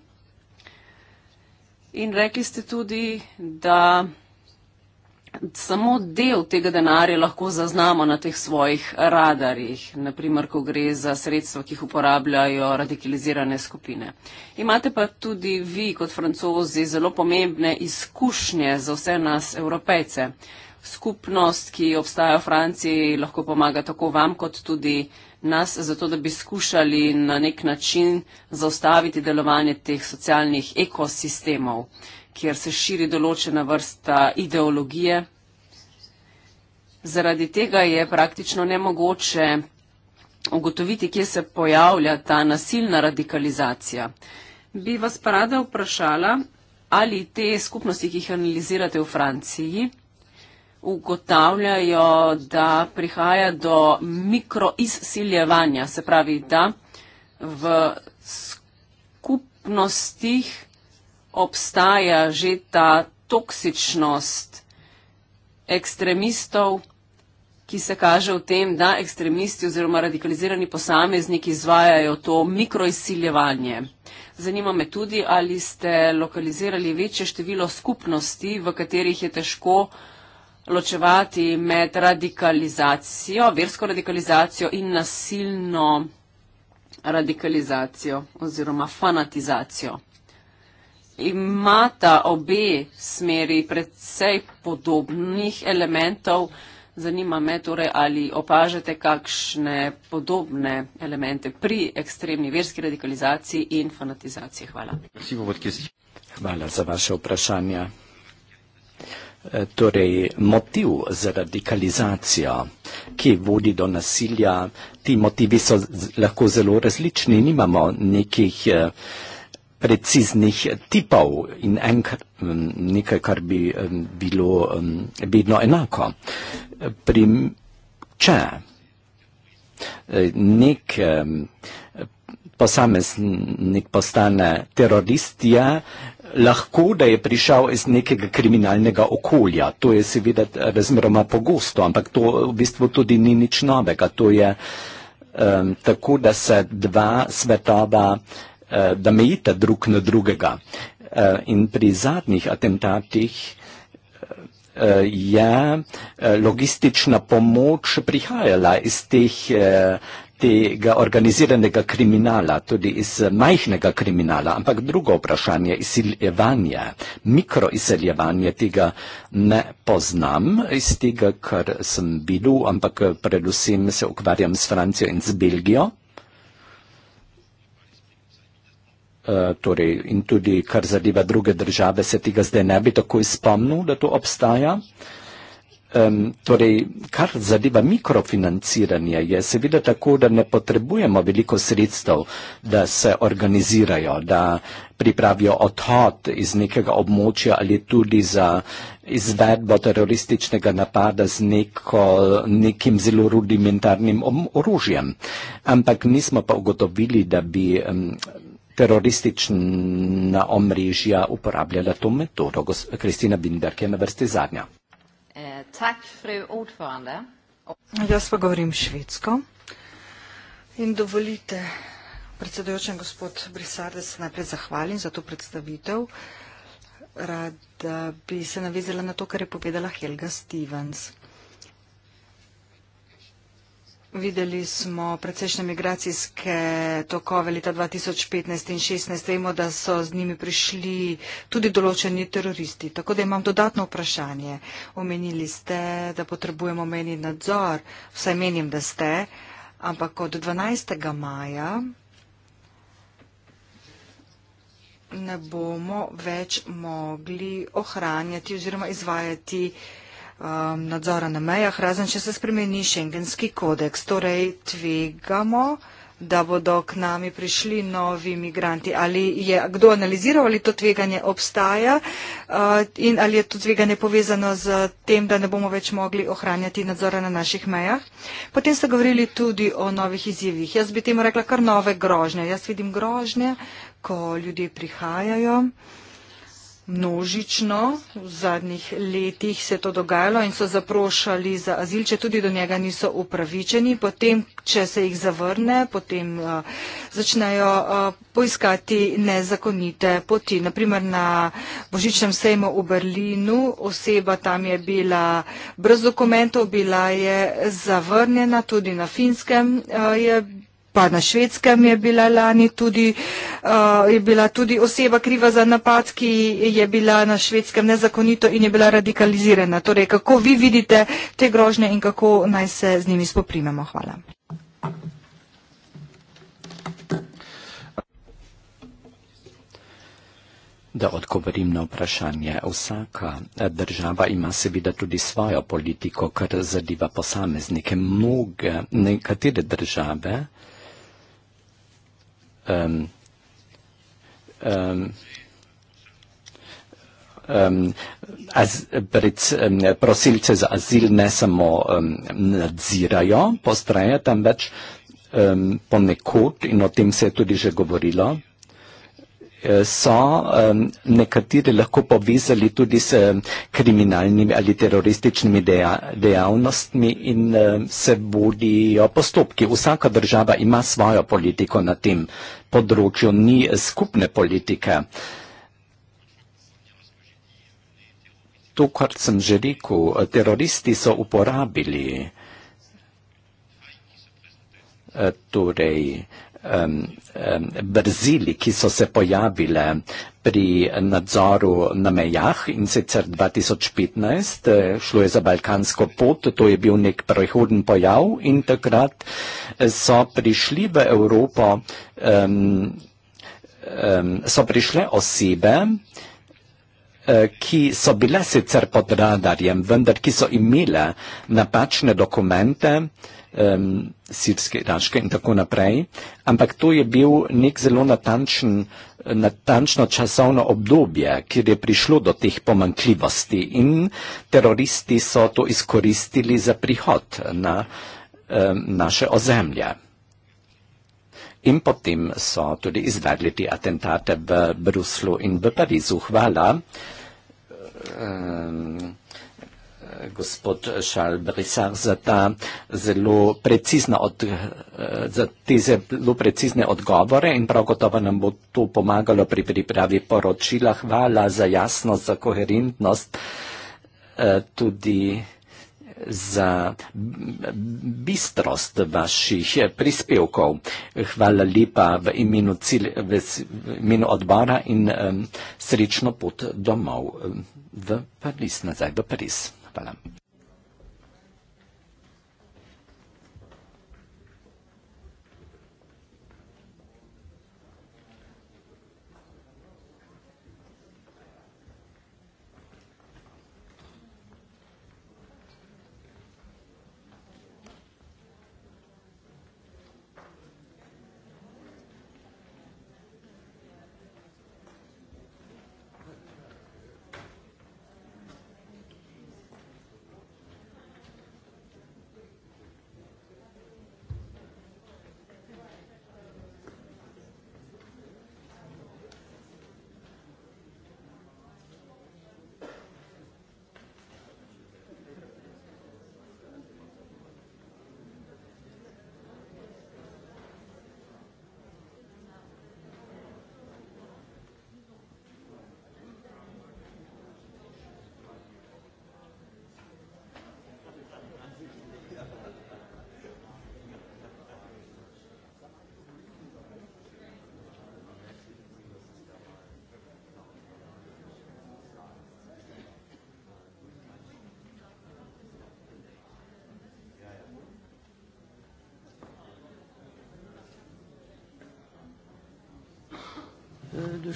Speaker 3: in rekli ste tudi, da samo del tega denarja lahko zaznamo na teh svojih radarjih, naprimer, ko gre za sredstva, ki jih uporabljajo radikalizirane skupine. Imate pa tudi vi kot francozi zelo pomembne izkušnje za vse nas, evropejce skupnost, ki obstaja v Franciji, lahko pomaga tako vam, kot tudi nas, zato da bi skušali na nek način zaustaviti delovanje teh socialnih ekosistemov, kjer se širi določena vrsta ideologije. Zaradi tega je praktično nemogoče ugotoviti, kje se pojavlja ta nasilna radikalizacija. Bi vas pa rada vprašala, ali te skupnosti, ki jih analizirate v Franciji, ugotavljajo, da prihaja do mikroizsiljevanja, se pravi, da v skupnostih obstaja že ta toksičnost ekstremistov, ki se kaže v tem, da ekstremisti oziroma radikalizirani posamezniki izvajajo to mikroizsiljevanje. Zanima me tudi, ali ste lokalizirali večje število skupnosti, v katerih je težko uh, ločevati med radikalizacijo, versko radikalizacijo in nasilno radikalizacijo oziroma fanatizacijo. Imata obe smeri predvsej podobnih elementov. Zanima me torej, ali opažate kakšne podobne elemente pri ekstremni verski radikalizaciji in fanatizaciji. Hvala.
Speaker 2: Hvala za vaše vprašanje. Eh, torej, motiv za radikalizacijo, ki vodi do nasilja, ti motivi so lahko zelo različni, nimamo nekih eh, preciznih tipov in enkr, mm, nekaj, kar bi mm, bilo mm, vedno enako. Eh, Prim, če nek posameznik postane terorist, je lahko, da je prišel iz nekega kriminalnega okolja. To je seveda razmeroma pogosto, ampak to v bistvu tudi ni nič novega. To je um, tako, da se dva svetova, uh, da mejita drug na drugega. Uh, in pri zadnjih atentatih uh, je uh, logistična pomoč prihajala iz teh uh, tega organiziranega kriminala, tudi iz majhnega kriminala, ampak drugo vprašanje, izseljevanje, mikroizseljevanje tega ne poznam iz tega, kar sem videl, ampak predvsem se ukvarjam s Francijo in z Belgijo. E, torej, in tudi, kar zadeva druge države, se tega zdaj ne bi tako izpomnil, da to obstaja. Uh, Um, torej, kar zadeva mikrofinanciranje, je seveda tako, da ne potrebujemo veliko sredstev, da se organizirajo, da pripravijo odhod iz nekega območja ali tudi za izvedbo terorističnega napada z neko, nekim zelo rudimentarnim orožjem. Ampak nismo pa ugotovili, da bi. Um, teroristična omrežja uporabljala to metodo. Kristina Binderk je na vrsti zadnja.
Speaker 1: Tak, fru ordförande. Jaz pa govorim švedsko in dovolite, predsedujoči in gospod Brisar, da se najprej zahvalim za to predstavitev. Rada bi se navezala na to, kar je povedala Helga Stevens. Videli smo precejšnje migracijske tokove leta 2015 in 2016. Vemo, da so z njimi prišli tudi določeni teroristi. Tako da imam dodatno vprašanje. Omenili ste, da potrebujemo meni nadzor. Vsaj menim, da ste. Ampak od 12. maja ne bomo več mogli ohranjati oziroma izvajati um, nadzora na mejah, razen če se spremeni šengenski kodeks. Torej, tvegamo, da bodo k nami prišli novi imigranti. Ali je kdo analiziral, ali to tveganje obstaja uh, in ali je to tveganje povezano z tem, da ne bomo več mogli ohranjati nadzora na naših mejah. Potem ste govorili tudi o novih izjivih. Jaz bi temu rekla kar nove grožnje. Jaz vidim grožnje, ko ljudje prihajajo množično. V zadnjih letih se je to dogajalo in so zaprošali za azil, če tudi do njega niso upravičeni. Potem, če se jih zavrne, potem uh, začnejo uh, poiskati nezakonite poti. Naprimer, na božičnem sejmu v Berlinu oseba tam je bila brez dokumentov, bila je zavrnjena, tudi na finskem uh, je pa na švedskem je bila lani tudi, uh, je bila tudi oseba kriva za napad, ki je bila na švedskem nezakonito in je bila radikalizirana. Torej, kako vi vidite te grožnje in kako naj se z njimi spoprimemo? Hvala.
Speaker 2: Da odgovorim na vprašanje. Vsaka država ima seveda tudi svojo politiko, kar zadeva posameznike. Mnoge, nekatere države um, um, Um, az, pred um, prosilce za azil ne samo um, nadzirajo postraje, temveč um, ponekod, in o tem se je tudi že govorilo, Eh, so um, nekateri lahko povezali tudi s kriminalnimi ali terorističnimi deja, dejavnostmi in um, se vodijo postopki. Vsaka država ima svojo politiko na tem področju, ni skupne politike. To, kar sem že rekel, eh, teroristi so uporabili eh, torej, um, um, brzili, ki so se pojavile pri nadzoru na mejah in sicer 2015, eh, šlo je za balkansko pot, to je bil nek prehoden pojav in takrat eh, so prišli v Evropo, um, um, so prišle osebe, Eh, ki so bile sicer pod radarjem, vendar ki so imele napačne dokumente, um, sirske, iraške in tako naprej, ampak to je bil nek zelo natančen, natančno časovno obdobje, kjer je prišlo do teh pomankljivosti in teroristi so to izkoristili za prihod na um, naše ozemlje. In potem so tudi izvedli te atentate v Bruslu in v Parizu. Hvala. Um, gospod Šal Brisar za ta zelo precizna od, eh, za te zelo precizne odgovore in prav gotovo nam bo to pomagalo pri pripravi poročila. Hvala za jasnost, za koherentnost, eh, tudi za bistrost vaših prispevkov. Hvala lepa v imenu, cilj, v imenu odbora in um, srečno pot domov в Париж, назад в Париж. Hvala.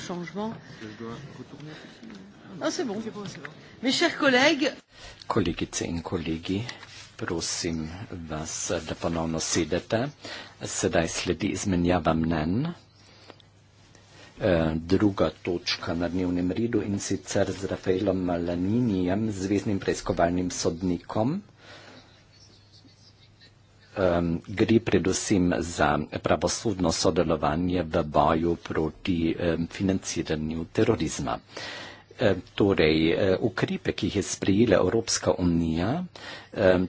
Speaker 2: changement.
Speaker 1: Ah, c'est bon. Mes chers collègues.
Speaker 2: Collegice in collegi, prosim vas da ponovno sedete. Sedaj sledi izmenjava mnen. Eh, druga točka na dnevnem redu in sicer z Rafaelom Laninijem, zvezdnim preiskovalnim sodnikom um, gre predvsem za pravosodno sodelovanje v boju proti um, financiranju terorizma. Torej, e, ukrepe, ki jih je sprejela Evropska unija,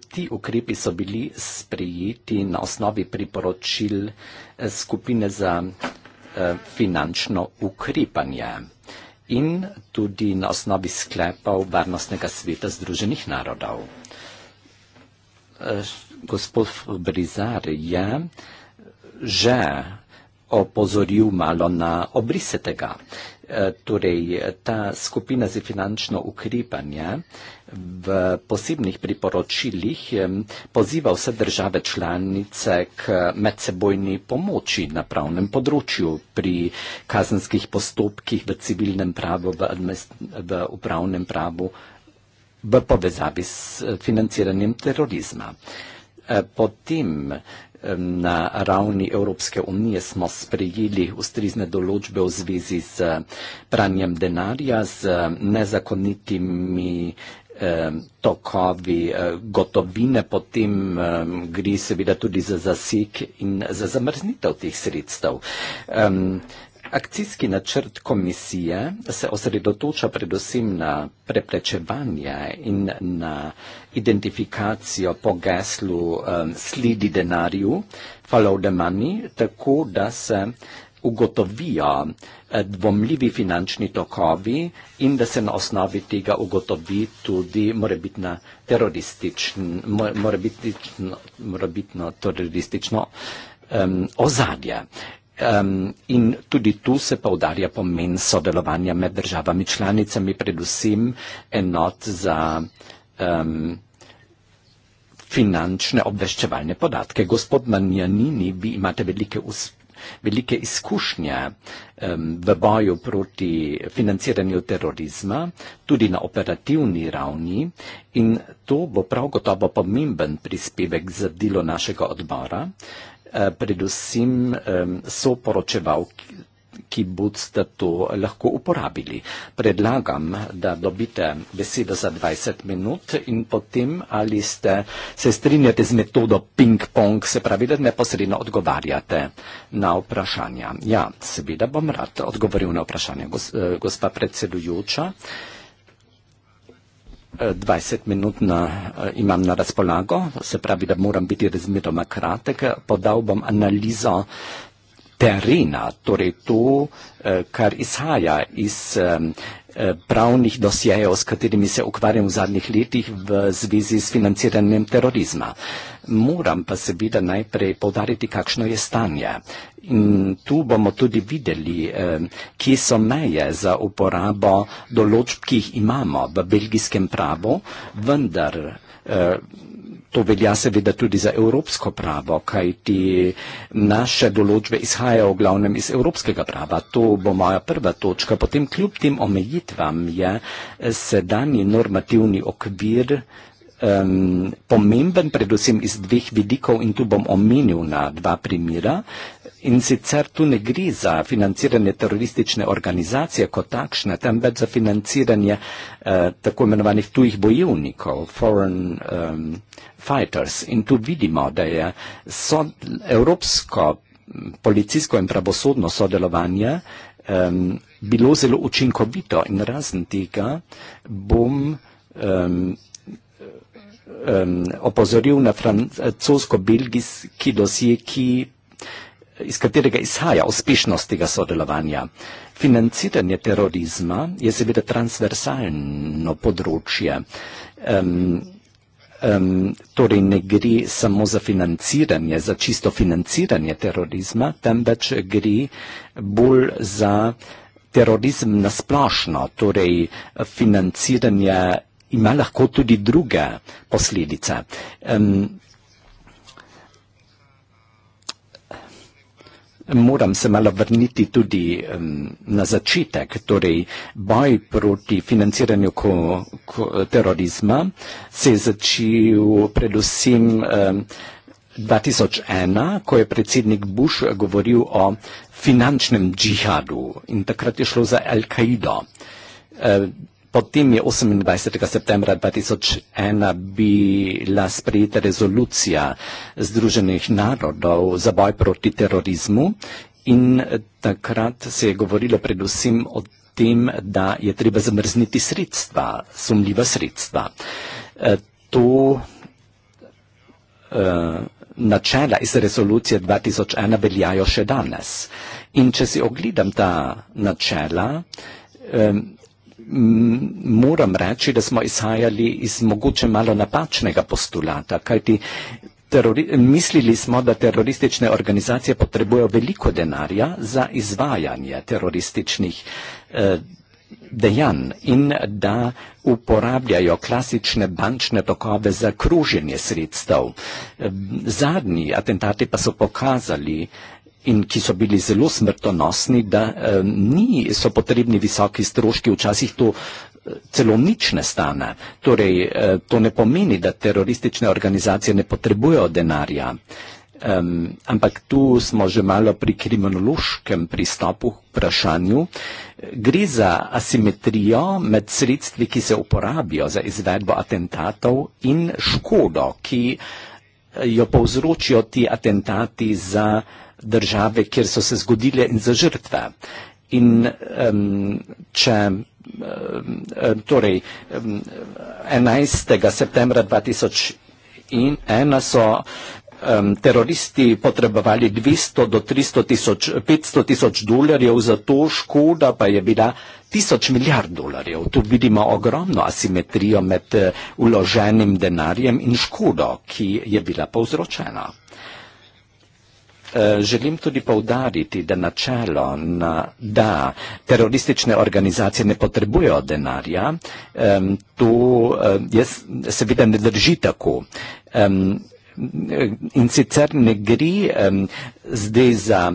Speaker 2: ti ukrepi so bili sprejeti na osnovi priporočil e, skupine za e, finančno ukrepanje in tudi na osnovi sklepov Varnostnega sveta Združenih narodov gospod Brizar je že opozoril malo na obrise tega. E, torej, ta skupina za finančno ukrepanje v posebnih priporočilih e, poziva vse države članice k medsebojni pomoči na pravnem področju pri kazenskih postopkih v civilnem pravu, v, v upravnem pravu, v povezavi s e, financiranjem terorizma. Uh, Potem na ravni Evropske unije smo sprejeli ustrizne določbe v zvezi z pranjem denarja, z nezakonitimi tokovi eh, gotovine, potem gre seveda tudi za zasek in za zamrznitev teh sredstev. Akcijski načrt komisije se osredotoča predvsem na preprečevanje in na identifikacijo po geslu um, sledi denarju, follow the money, tako da se ugotovijo eh, dvomljivi finančni tokovi in da se na osnovi tega ugotovi tudi morebitna terorističn, morebitno, morebitno teroristično um, ozadje. Um, in tudi tu se povdarja pomen sodelovanja med državami članicami, predvsem enot za um, finančne obveščevalne podatke. Gospod Manjanini, vi imate velike, velike izkušnje um, v boju proti financiranju terorizma, tudi na operativni ravni in to bo prav gotovo pomemben prispevek za delo našega odbora. Eh, predvsem soporočevalki ki boste to lahko uporabili. Predlagam, da dobite besedo za 20 minut in potem, ali ste, se strinjate z metodo ping-pong, se pravi, da neposredno odgovarjate na vprašanja. Ja, seveda bom rad odgovoril na vprašanje, eh, gospa predsedujoča. 20 minut na, eh, imam na razpolago, se pravi, da moram biti razmeroma kratek. Podal bom analizo terena, torej to, eh, kar izhaja iz eh, pravnih dosjejev, s katerimi se ukvarjam v zadnjih letih v zvezi s financiranjem terorizma. Moram pa seveda najprej povdariti, kakšno je stanje. In tu bomo tudi videli, kje so meje za uporabo določb, ki jih imamo v belgijskem pravu, vendar eh, To velja seveda tudi za evropsko pravo, kajti naše določbe izhajajo v glavnem iz evropskega prava. To bo moja prva točka. Potem kljub tem omejitvam je sedanji normativni okvir um, pomemben predvsem iz dveh vidikov in tu bom omenil na dva primera. Uh, In sicer tu ne gre za financiranje teroristične organizacije kot takšne, temveč za financiranje eh, tako imenovanih tujih bojevnikov, foreign um, fighters. In tu vidimo, da je sod, evropsko policijsko in pravosodno sodelovanje um, bilo zelo učinkovito in razen tega bom. Um, Um, opozoril na francosko-belgijski dosje, ki iz katerega izhaja uspešnost tega sodelovanja. Financiranje terorizma je seveda transversalno področje. Um, um, torej ne gre samo za financiranje, za čisto financiranje terorizma, temveč gre bolj za terorizem nasplošno, torej financiranje ima lahko tudi druge posledice. Um, moram se malo vrniti tudi um, na začetek, torej boj proti financiranju ko, ko, terorizma se je začel predvsem um, 2001, ko je predsednik Bush govoril o finančnem džihadu in takrat je šlo za Al-Qaido. Uh, Potem je 28. septembra 2001 bila sprejeta rezolucija Združenih narodov za boj proti terorizmu in takrat se je govorilo predvsem o tem, da je treba zamrzniti sredstva, sumljiva sredstva. E, to e, načela iz rezolucije 2001 veljajo še danes. In če si ogledam ta načela, moram reči, da smo izhajali iz mogoče malo napačnega postulata, kajti mislili smo, da teroristične organizacije potrebujejo veliko denarja za izvajanje terorističnih eh, dejanj in da uporabljajo klasične bančne tokove za kruženje sredstev. Zadnji atentati pa so pokazali, in ki so bili zelo smrtonosni, da eh, ni, so potrebni visoki stroški, včasih to eh, celo nič ne stane. Torej, eh, to ne pomeni, da teroristične organizacije ne potrebujejo denarja. Um, ampak tu smo že malo pri kriminološkem pristopu k vprašanju. Gre za asimetrijo med sredstvi, ki se uporabijo za izvedbo atentatov in škodo, ki eh, jo povzročijo ti atentati za države, kjer so se zgodile in za žrtve. In um, če um, torej um, 11. septembra 2001 so um, teroristi potrebovali 200 do 300 tisoč, 500 tisoč dolarjev, za to škoda pa je bila tisoč milijard dolarjev. Tu vidimo ogromno asimetrijo med uloženim eh, denarjem in škodo, ki je bila povzročena. Eh, želim tudi povdariti, da načelo, da teroristične organizacije ne potrebujejo denarja, tu eh, seveda ne drži tako. In sicer ne gre zdaj za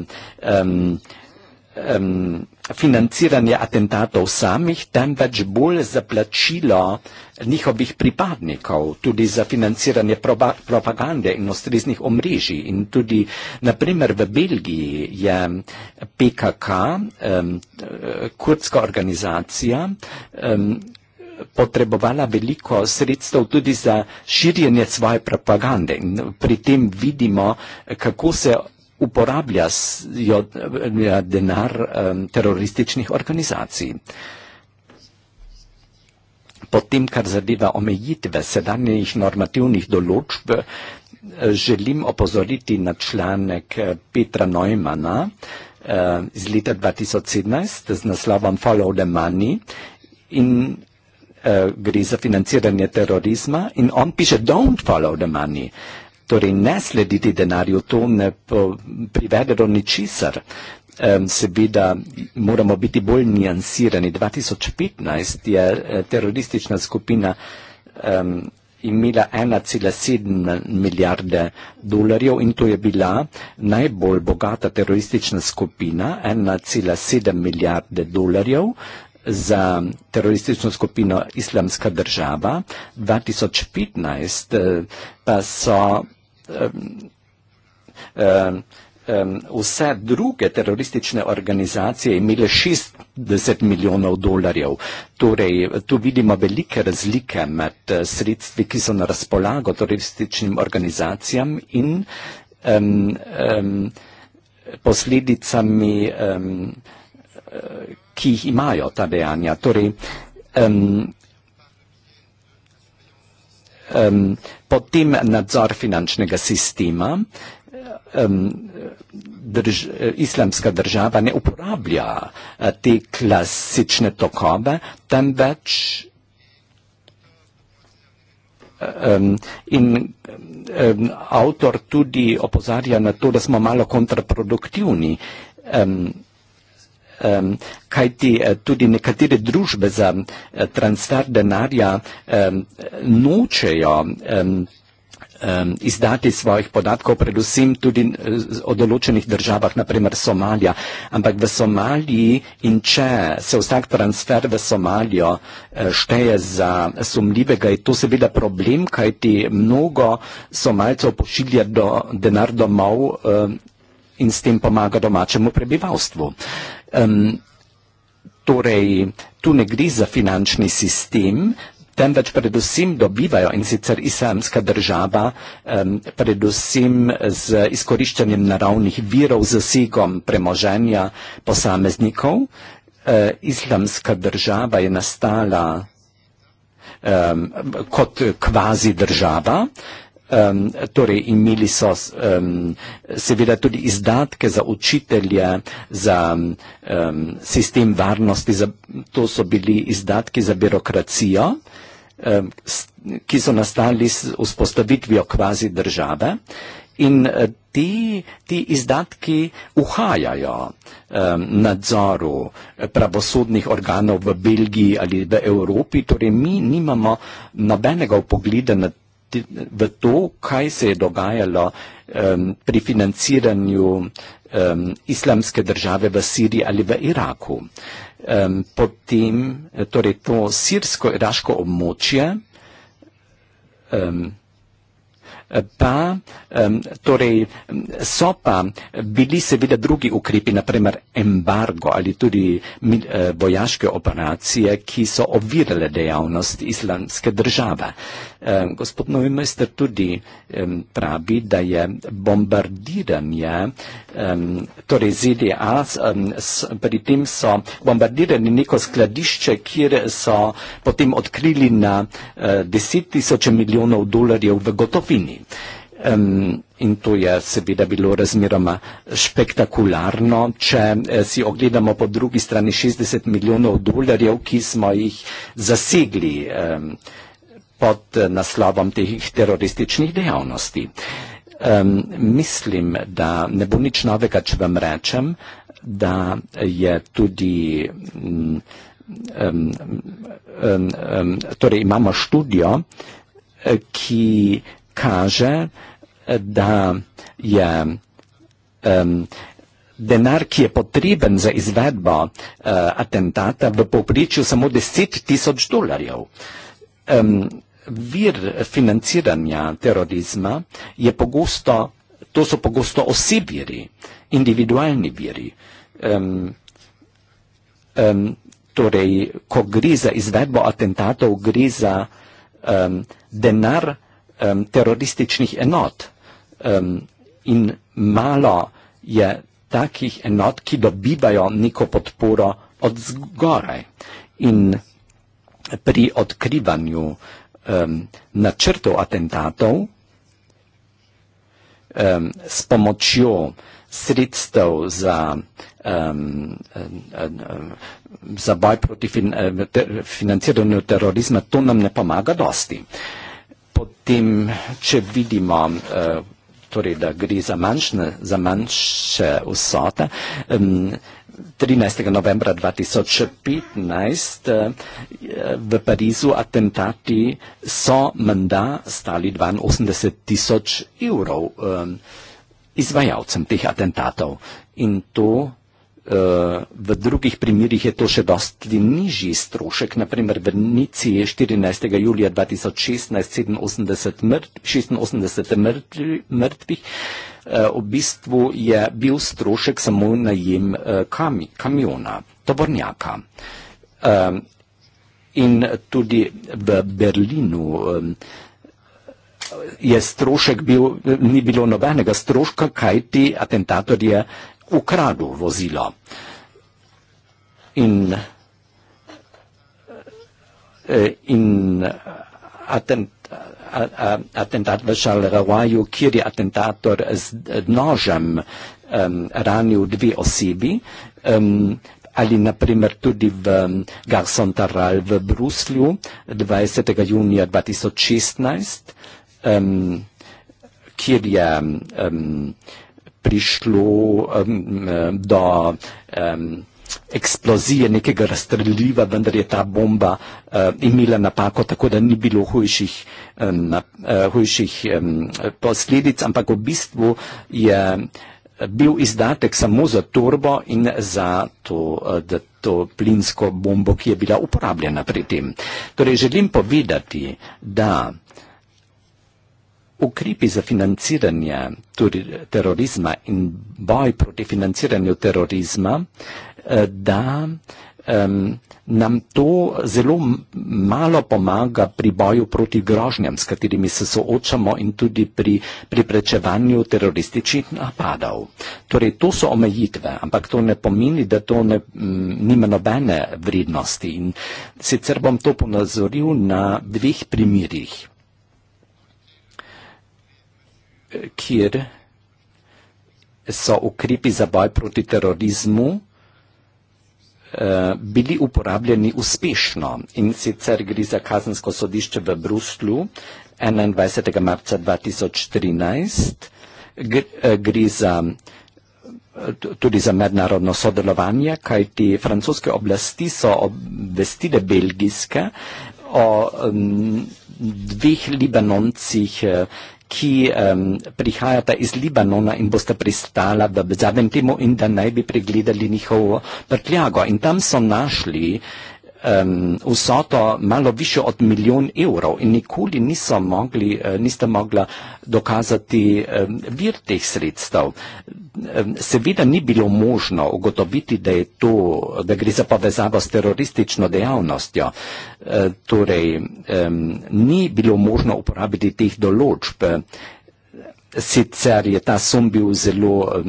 Speaker 2: financiranje atentatov samih, temveč bolj za plačilo njihovih pripadnikov, tudi za financiranje propagande in ustreznih omrežij. In tudi, naprimer, v Belgiji je PKK, um, kurdska organizacija, um, potrebovala veliko sredstev tudi za širjenje svoje propagande. In pri tem vidimo, kako se uporabljajo eh, denar terorističnih organizacij. Potem, kar zadeva omejitve sedanjih normativnih določb, eh, želim opozoriti na članek eh, Petra Neumana iz leta 2017 z naslovom Follow the money in gre za financiranje terorizma in on piše Don't follow the money torej ne slediti denarju, to ne privede do ničesar. Seveda moramo biti bolj nijansirani. 2015 je eh, teroristična skupina um, imela 1,7 milijarde dolarjev in to je bila najbolj bogata teroristična skupina, 1,7 milijarde dolarjev za teroristično skupino Islamska država. 2015 eh, pa so um, um, vse druge teroristične organizacije imele 60 milijonov dolarjev. Torej, tu vidimo velike razlike med eh, sredstvi, ki so na razpolago terorističnim organizacijam in um, um, posledicami, um, ki jih imajo ta dejanja. Torej, um, um, potem nadzor finančnega sistema. Um, drž, islamska država ne uporablja eh, te klasične tokove, temveč um, in um, avtor tudi opozarja na to, da smo malo kontraproduktivni. Um, um, kajti eh, tudi nekatere družbe za eh, transfer denarja um, nočejo um, izdati svojih podatkov, predvsem tudi eh, o določenih državah, naprimer Somalija. Ampak v Somaliji in če se vsak transfer v Somalijo šteje za sumljivega, je to seveda problem, kajti mnogo Somalcev pošilja do, denar domov in s tem pomaga domačemu prebivalstvu. Um, torej, tu ne gre za finančni sistem, temveč predvsem dobivajo in sicer islamska država, um, predvsem z izkoriščanjem naravnih virov, z segom premoženja posameznikov. Uh, islamska država je nastala um, kot kvazi država. Uh, Um, torej imeli so um, seveda tudi izdatke za učitelje, za um, sistem varnosti, za, to so bili izdatki za birokracijo, um, ki so nastali s vzpostavitvijo kvazi države. In eh, ti, ti izdatki uhajajo um, nadzoru pravosodnih organov v Belgiji ali v Evropi, torej mi nimamo nobenega upogleda na v to, kaj se je dogajalo um, pri financiranju um, islamske države v Siriji ali v Iraku. Um, potem, eh, torej to sirsko-iraško območje, um, pa, um, torej, so pa bili seveda drugi ukrepi, naprimer embargo ali tudi eh, vojaške operacije, ki so ovirale dejavnost islamske države. Gospod novi mester tudi pravi, da je bombardiranje, torej ZDA, pri tem so bombardirali neko skladišče, kjer so potem odkrili na 10 eh, tisoč milijonov dolarjev v gotovini. In to je seveda bilo razmeroma špektakularno, če eh, si ogledamo po drugi strani 60 milijonov dolarjev, ki smo jih zasegli pod naslovom teh terorističnih dejavnosti. Um, mislim, da ne bo nič novega, če vam rečem, da je tudi. Um, um, um, torej imamo študijo, ki kaže, da je um, denar, ki je potreben za izvedbo uh, atentata, v povprečju samo 10 tisoč dolarjev. Um, vir financiranja terorizma je pogosto, to so pogosto osebiri, individualni viri. Um, um, torej, ko gre za izvedbo atentatov, gre za um, denar um, terorističnih enot um, in malo je takih enot, ki dobivajo neko podporo od zgoraj. In pri odkrivanju uh, um, načrtov atentatov um, s pomočjo sredstev za, um, um, um za boj proti fin, um, ter, financiranju terorizma, to nam ne pomaga dosti. Potem, če vidimo, uh, torej da gre za, manjšne, za manjše vsote. 13. novembra 2015 eh, v Parizu atentati so menda stali 82 tisoč evrov izvajalcem teh atentatov in to v drugih primerjih je to še dosti nižji strošek, naprimer v Nici je 14. julija 2016 86 mrtvih, mrtvih. E, v bistvu je bil strošek samo najem e, kami, kamiona, tovornjaka. E, in tudi v Berlinu je strošek bil, ni bilo nobenega stroška, kajti atentator je ukradel vozilo. In, eh, in atent, atentat v Šalerawaju, kjer je atentator z nožem um, ranil dve osebi, um, ali naprimer tudi v Garson Taral v Bruslju 20. junija 2016, um, kjer je um, prišlo um, do um, eksplozije nekega razstreljiva, vendar je ta bomba uh, imela napako, tako da ni bilo hujših, um, na, uh, hujših um, posledic, ampak v bistvu je bil izdatek samo za torbo in za to, e, da to plinsko bombo, ki je bila uporabljena pri tem. Torej, želim povedati, da uh, ukrepi za financiranje tudi terorizma in boj proti financiranju terorizma, eh, da um, nam to zelo malo pomaga pri boju proti grožnjam, s katerimi se soočamo in tudi pri preprečevanju terorističnih napadov. Torej, to so omejitve, ampak to ne pomeni, da to ne, nima nobene vrednosti. In sicer bom to ponazoril na dveh primirjih kjer so ukrepi za boj proti terorizmu eh, bili uporabljeni uspešno in sicer gre za kazensko sodišče v Bruslu 21. marca 2013, eh, gre za tudi za mednarodno sodelovanje, kaj ti francoske oblasti so obvestile belgijske o mm, dveh libanoncih, eh, ki um, prihajata iz Libanona in boste pristala v zadnjem timu in da naj bi pregledali njihovo prtljago. In tam so našli um, vsoto malo više od milijon evrov in nikoli mogli, eh, niste mogli dokazati um, vir teh sredstev. Um, seveda ni bilo možno ugotoviti, da, to, da gre za povezavo s teroristično dejavnostjo. Uh, torej, um, ni bilo možno uporabiti teh določb. Uh, sicer je ta sum bil zelo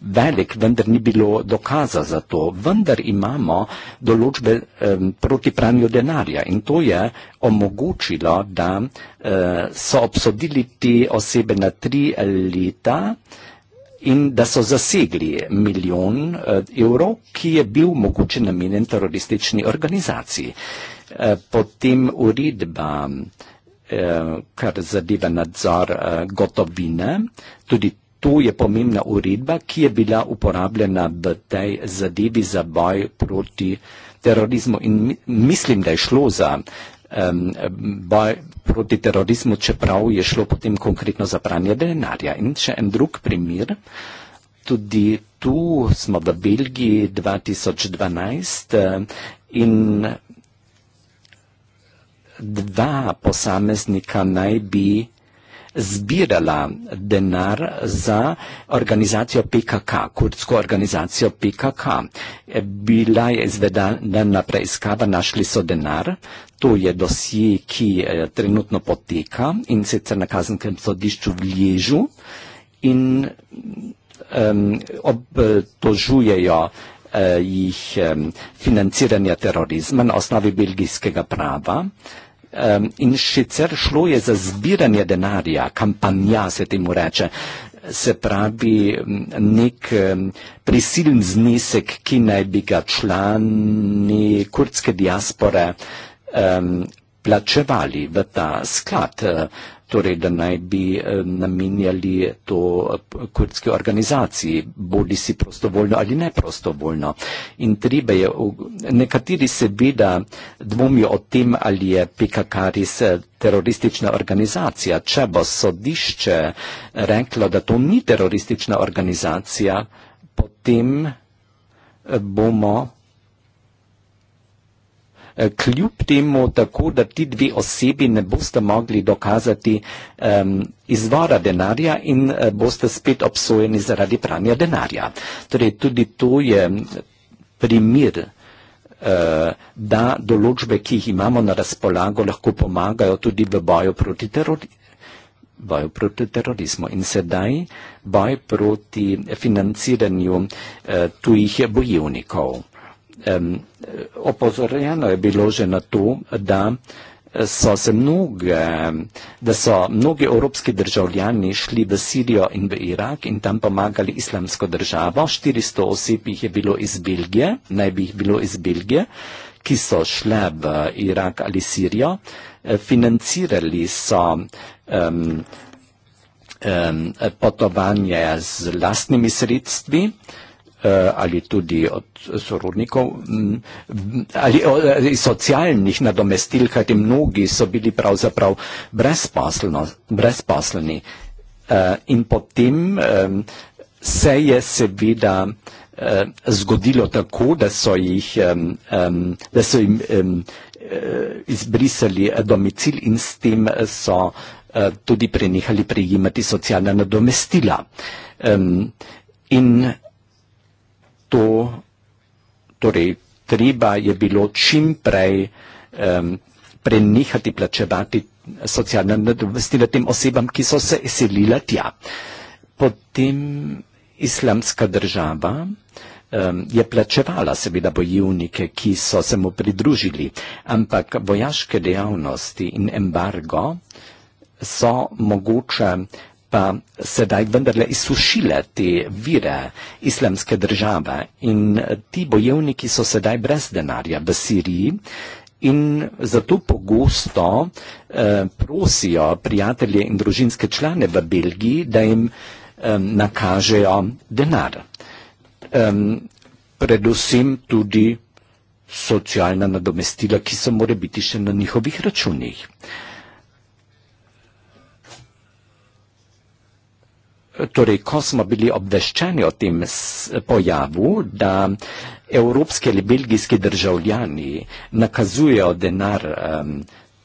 Speaker 2: velik, vendar ni bilo dokaza za to. Vendar imamo določbe proti pranju denarja in to je omogočilo, da eh, so obsodili te osebe na tri leta in da so zasegli milijon eh, evrov, ki je bil mogoče namenjen teroristični organizaciji. Eh, potem uredba Eh, kar zadeva nadzor eh, gotovine. Tudi to je pomembna uredba, ki je bila uporabljena v tej zadevi za boj proti terorizmu in mislim, da je šlo za boj proti terorizmu, čeprav je šlo potem konkretno za pranje denarja. In še en drug primer, tudi tu smo v Belgiji 2012 eh, in dva posameznika naj bi zbirala denar za organizacijo PKK, kurdsko organizacijo PKK. Bila je izvedena preiskava, našli so denar, to je dosje, ki eh, trenutno poteka in sicer na kazenskem sodišču v Ližu in um, obtožujejo uh, jih um, financiranja terorizma na osnovi belgijskega prava. Um, in sicer šlo je za zbiranje denarja, kampanja se temu reče. Se pravi, mm, nek ehm, prisiljen znesek, ki naj bi ga člani kurdske diaspore um, plačevali v ta sklad. Um, torej da naj bi eh, namenjali to eh, kurdski organizaciji, bodi si prostovoljno ali ne prostovoljno. In treba je, nekateri seveda dvomijo o tem, ali je PKK res eh, teroristična organizacija. Če bo sodišče reklo, da to ni teroristična organizacija, potem bomo Eh, kljub temu tako, da ti dve osebi ne boste mogli dokazati um, izvora denarja in uh, boste spet obsojeni zaradi pranja denarja. Torej, tudi to je primir, uh, eh, da določbe, ki jih imamo na razpolago, lahko pomagajo tudi v boju proti terorizmu boj proti terorizmu in sedaj boj proti financiranju eh, tujih bojevnikov opozorjeno je bilo že na to, da so se mnoge, da so mnogi evropski državljani šli v Sirijo in v Irak in tam pomagali islamsko državo. 400 oseb jih je bilo iz Belgije, naj bi jih bilo iz Belgije, ki so šle v Irak ali Sirijo. E, financirali so um, um, potovanje z lastnimi sredstvi. Uh, Eh, ali tudi od sorodnikov, mm, mm, ali, ali socialnih nadomestil, kajti mnogi so bili pravzaprav brezposelni. Eh, in potem se je seveda eh, zgodilo tako, da so, jih, da so jim izbrisali domicil in s tem so tudi prenehali prejemati socialna nadomestila. In to, torej treba je bilo čim prej um, prenehati plačevati socialne nadomestile tem osebam, ki so se izselile tja. Potem islamska država um, je plačevala seveda bojevnike, ki so se mu pridružili, ampak vojaške dejavnosti in embargo so mogoče pa sedaj vendarle izsušile te vire islamske države in ti bojevniki so sedaj brez denarja v Siriji in zato pogosto eh, prosijo prijatelje in družinske člane v Belgiji, da jim eh, nakažejo denar. Um, predvsem tudi socialna nadomestila, ki so more biti še na njihovih računih. Torej, ko smo bili obveščeni o tem pojavu, da evropski ali belgijski državljani nakazujejo denar um,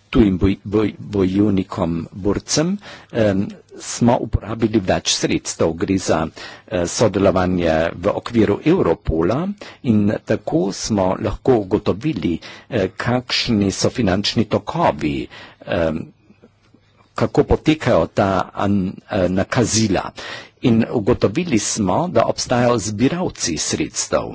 Speaker 2: tujim boj, boj, bojunikom, borcem, um, smo uporabili več sredstev. Gre za uh, sodelovanje v okviru Evropola in tako smo lahko ugotovili, uh, kakšni so finančni tokovi. Um, kako potekajo ta eh, nakazila. In ugotovili smo, da obstajajo zbiravci sredstev.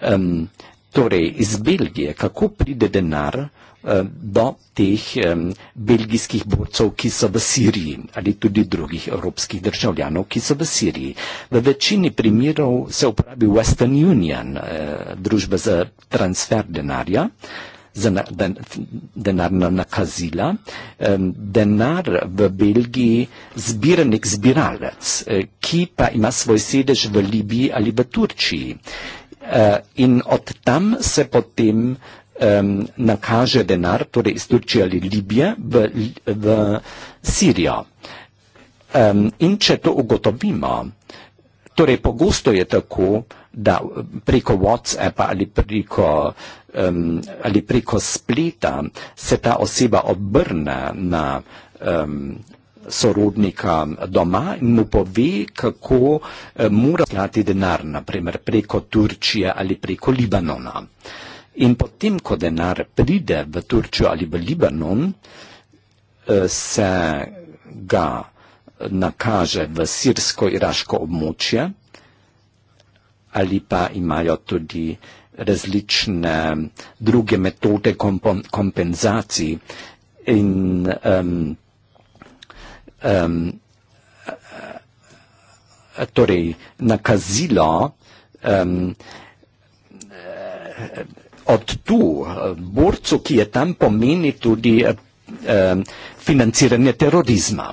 Speaker 2: Um, torej, iz Belgije, kako pride denar um, do teh um, belgijskih borcev, ki so v Siriji ali tudi drugih evropskih državljanov, ki so v Siriji. V večini primerov se uporabi Western Union, uh, družba za transfer denarja. Uh, denarna nakazila. Denar v Belgiji zbira nek zbiralec, e, ki pa ima svoj sedež v Libiji ali v Turčiji. E, in od tam se potem nakaže denar, torej iz Turčije ali Libije, v, v Sirijo. In če to ugotovimo, Torej, pogosto je tako, da eh, preko WhatsAppa ali preko, um, ali preko spleta se ta oseba obrne na um, sorodnika doma in mu pove, kako um, mora plati denar, naprimer preko Turčije ali preko Libanona. In potem, ko denar pride v Turčijo ali v Libanon, eh, se ga nakaže v sirsko-iraško območje ali pa imajo tudi različne druge metode kompenzacij in um, um, torej nakazilo um, od tu borcu, ki je tam pomeni tudi um, financiranje terorizma.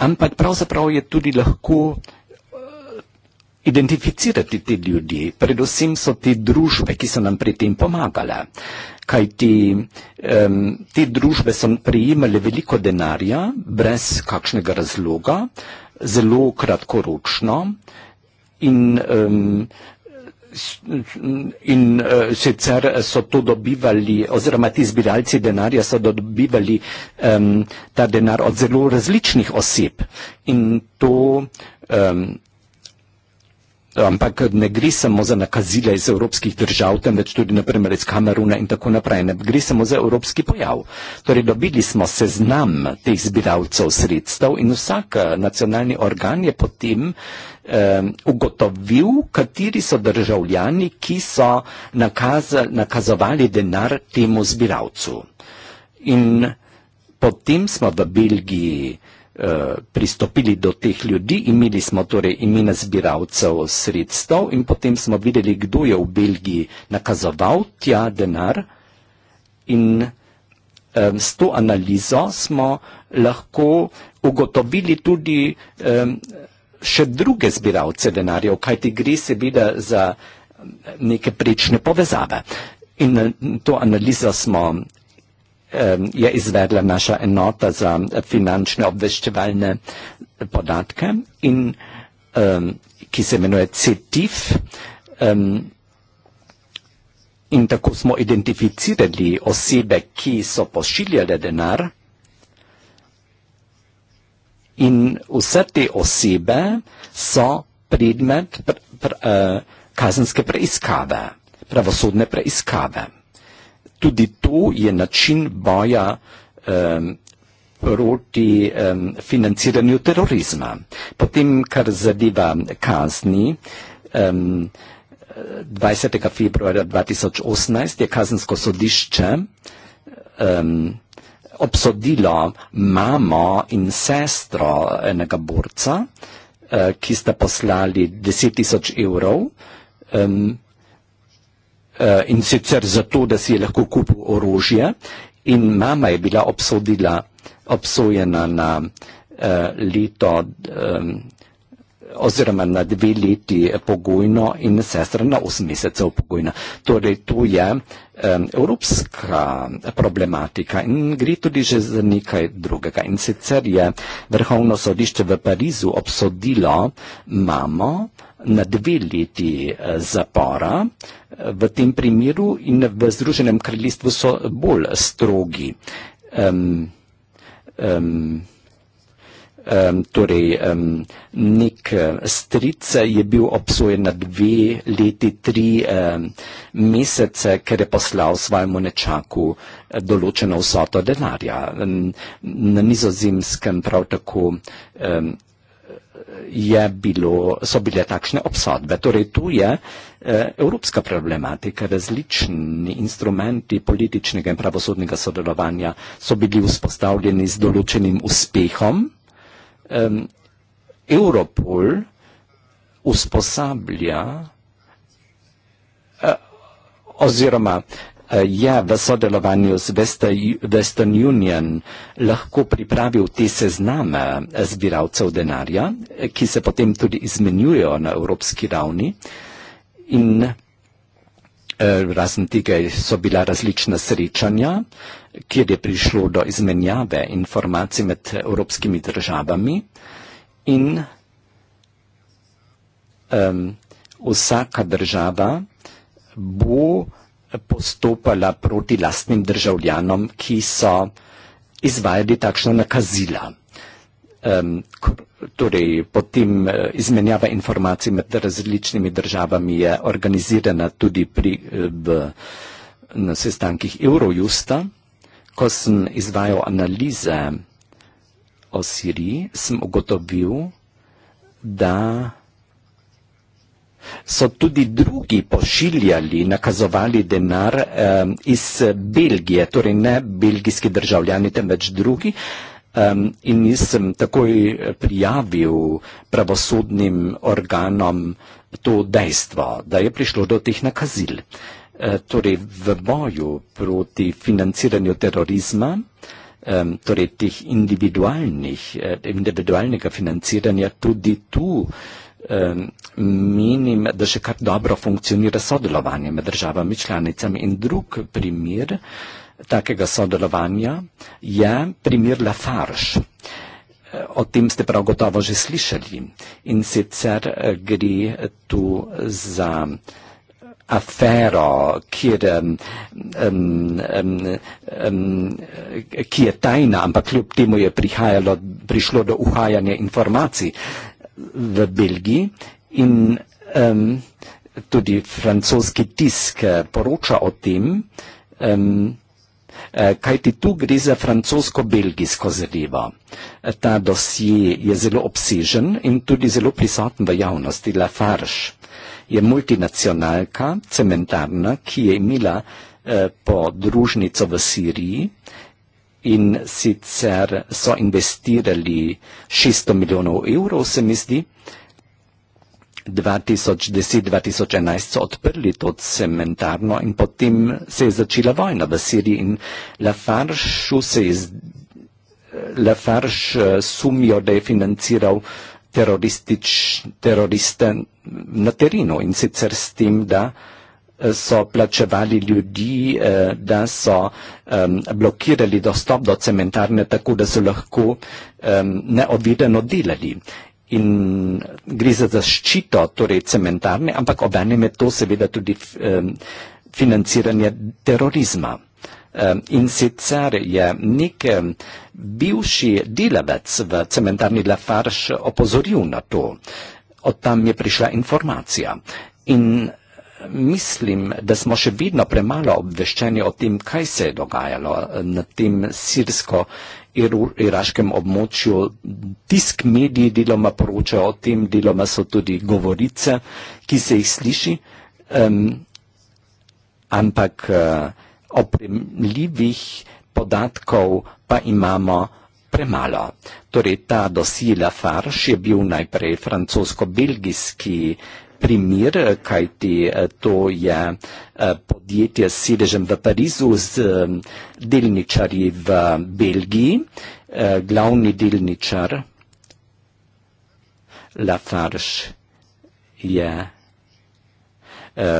Speaker 2: Ampak pravzaprav je tudi lahko eh, identificirati te ljudi. Predvsem so te družbe, ki so nam pri tem pomagale. Kaj ti, um, te družbe so prijemale veliko denarja, brez kakšnega razloga, zelo kratkoročno in um, in uh, sicer so to dobivali oziroma ti zbiralci denarja so dobivali um, ta denar od zelo različnih oseb in to um, ampak ne gre samo za nakazila iz evropskih držav, temveč tudi naprimer iz Kameruna in tako naprej. Ne gre samo za evropski pojav. Torej, dobili smo seznam teh zbiralcev sredstev in vsak eh, nacionalni organ je potem um, ugotovil, kateri so državljani, ki so nakaz, nakazovali denar temu zbiralcu. In potem smo v Belgiji. Eh, pristopili do teh ljudi, imeli smo torej imena zbiralcev sredstev in potem smo videli, kdo je v Belgiji nakazoval tja denar in um, s to analizo smo lahko ugotovili tudi um, še druge zbiralce denarjev, kajti gre seveda za neke prečne povezave. In to analizo smo je izvedla naša enota za finančne obveščevalne podatke in um, ki se imenuje CETIF. Um, in tako smo identificirali osebe, ki so pošiljale denar. In vse te osebe so predmet pr pr pr eh, kazenske preiskave, pravosodne preiskave tudi to je način boja um, proti um, financiranju terorizma. Potem, kar zadeva kazni, um, 20. februarja 2018 je kazensko sodišče um, obsodilo mamo in sestro enega borca, uh, ki sta poslali 10 tisoč evrov um, Eh, in sicer zato, da si je lahko kupil orožje in mama je bila obsodila, obsojena na uh, leto um, oziroma na dve leti pogojno in sestra na osem mesecev pogojno. Torej, to je um, evropska problematika in gre tudi že za nekaj drugega. In sicer je vrhovno sodišče v Parizu obsodilo mamo, na dve leti eh, zapora. V tem primeru in v Združenem kraljestvu so bolj strogi. Um, um, Um, torej, um, nek eh, stric je bil obsojen na dve leti, tri um, mesece, ker je poslal svojemu nečaku eh, določeno vsoto denarja. Um, na nizozemskem prav tako um, je bilo, so bile takšne obsodbe. Torej tu je eh, evropska problematika, različni instrumenti političnega in pravosodnega sodelovanja so bili vzpostavljeni z določenim uspehom. Europol usposablja eh, oziroma uh, eh, je ja, v sodelovanju z Western Union lahko pripravil te sezname eh, zbiralcev denarja, eh, ki se potem tudi izmenjujejo na evropski ravni. In uh, razen tega so bila različna srečanja, kjer je prišlo do izmenjave informacij med evropskimi državami. In, um, Vsaka država bo postopala proti lastnim državljanom, ki so izvajali takšna nakazila. Um, torej, potem eh, izmenjava informacij med različnimi državami je organizirana tudi pri, eh, v sestankih Eurojusta. Ko sem izvajal analize o Siriji, sem ugotovil, da so tudi drugi pošiljali, nakazovali denar um, iz Belgije, torej ne belgijski državljani, temveč drugi. Um, in nisem takoj prijavil pravosodnim organom to dejstvo, da je prišlo do teh nakazil. E, torej v boju proti financiranju terorizma, um, torej teh individualnih, e, individualnega financiranja, tudi tu uh, menim, da še kar dobro funkcionira sodelovanje med državami članicami. In drug primer takega sodelovanja je primer Lafarge. O tem ste prav gotovo že slišali. In sicer eh, gre tu za afero, kjer, um, um, um, ki je tajna, ampak kljub temu je prihajalo, prišlo do uhajanja informacij v Belgiji in um, tudi francoski tisk eh, poroča o tem, um, eh, kaj ti tu gre za francosko-belgijsko zadevo. Ta dosje je zelo obsežen in tudi zelo prisoten v javnosti. Lafarge je multinacionalka, cementarna, ki je imela uh, podružnico v Siriji in sicer so investirali 600 milijonov evrov, se mi zdi. 2010-2011 so odprli to cementarno in potem se je začela vojna v Siriji in Lafarge se je Lafarge eh, sumijo, da je financiral teroriste na terenu in sicer s tem, da uh, so plačevali ljudi, eh, da so blokirali dostop do cementarne, tako da so lahko neovideno delali. In gre za zaščito torej cementarne, ampak obenem je to seveda tudi financiranje terorizma. In sicer je nek bivši delavec v cementarni Lafarge opozoril na to. Od tam je prišla informacija. In Mislim, da smo še vedno premalo obveščeni o tem, kaj se je dogajalo na tem sirsko-iraškem območju. Tisk mediji deloma poročajo o tem, deloma so tudi govorice, ki se jih sliši, um, ampak uh, opremljivih podatkov pa imamo. Premalo. Torej, ta dosila Farš je bil najprej francosko-belgijski primer, kajti eh, to je eh, podjetje s sedežem v Parizu z eh, delničarji v Belgiji, glavni delničar Lafarge je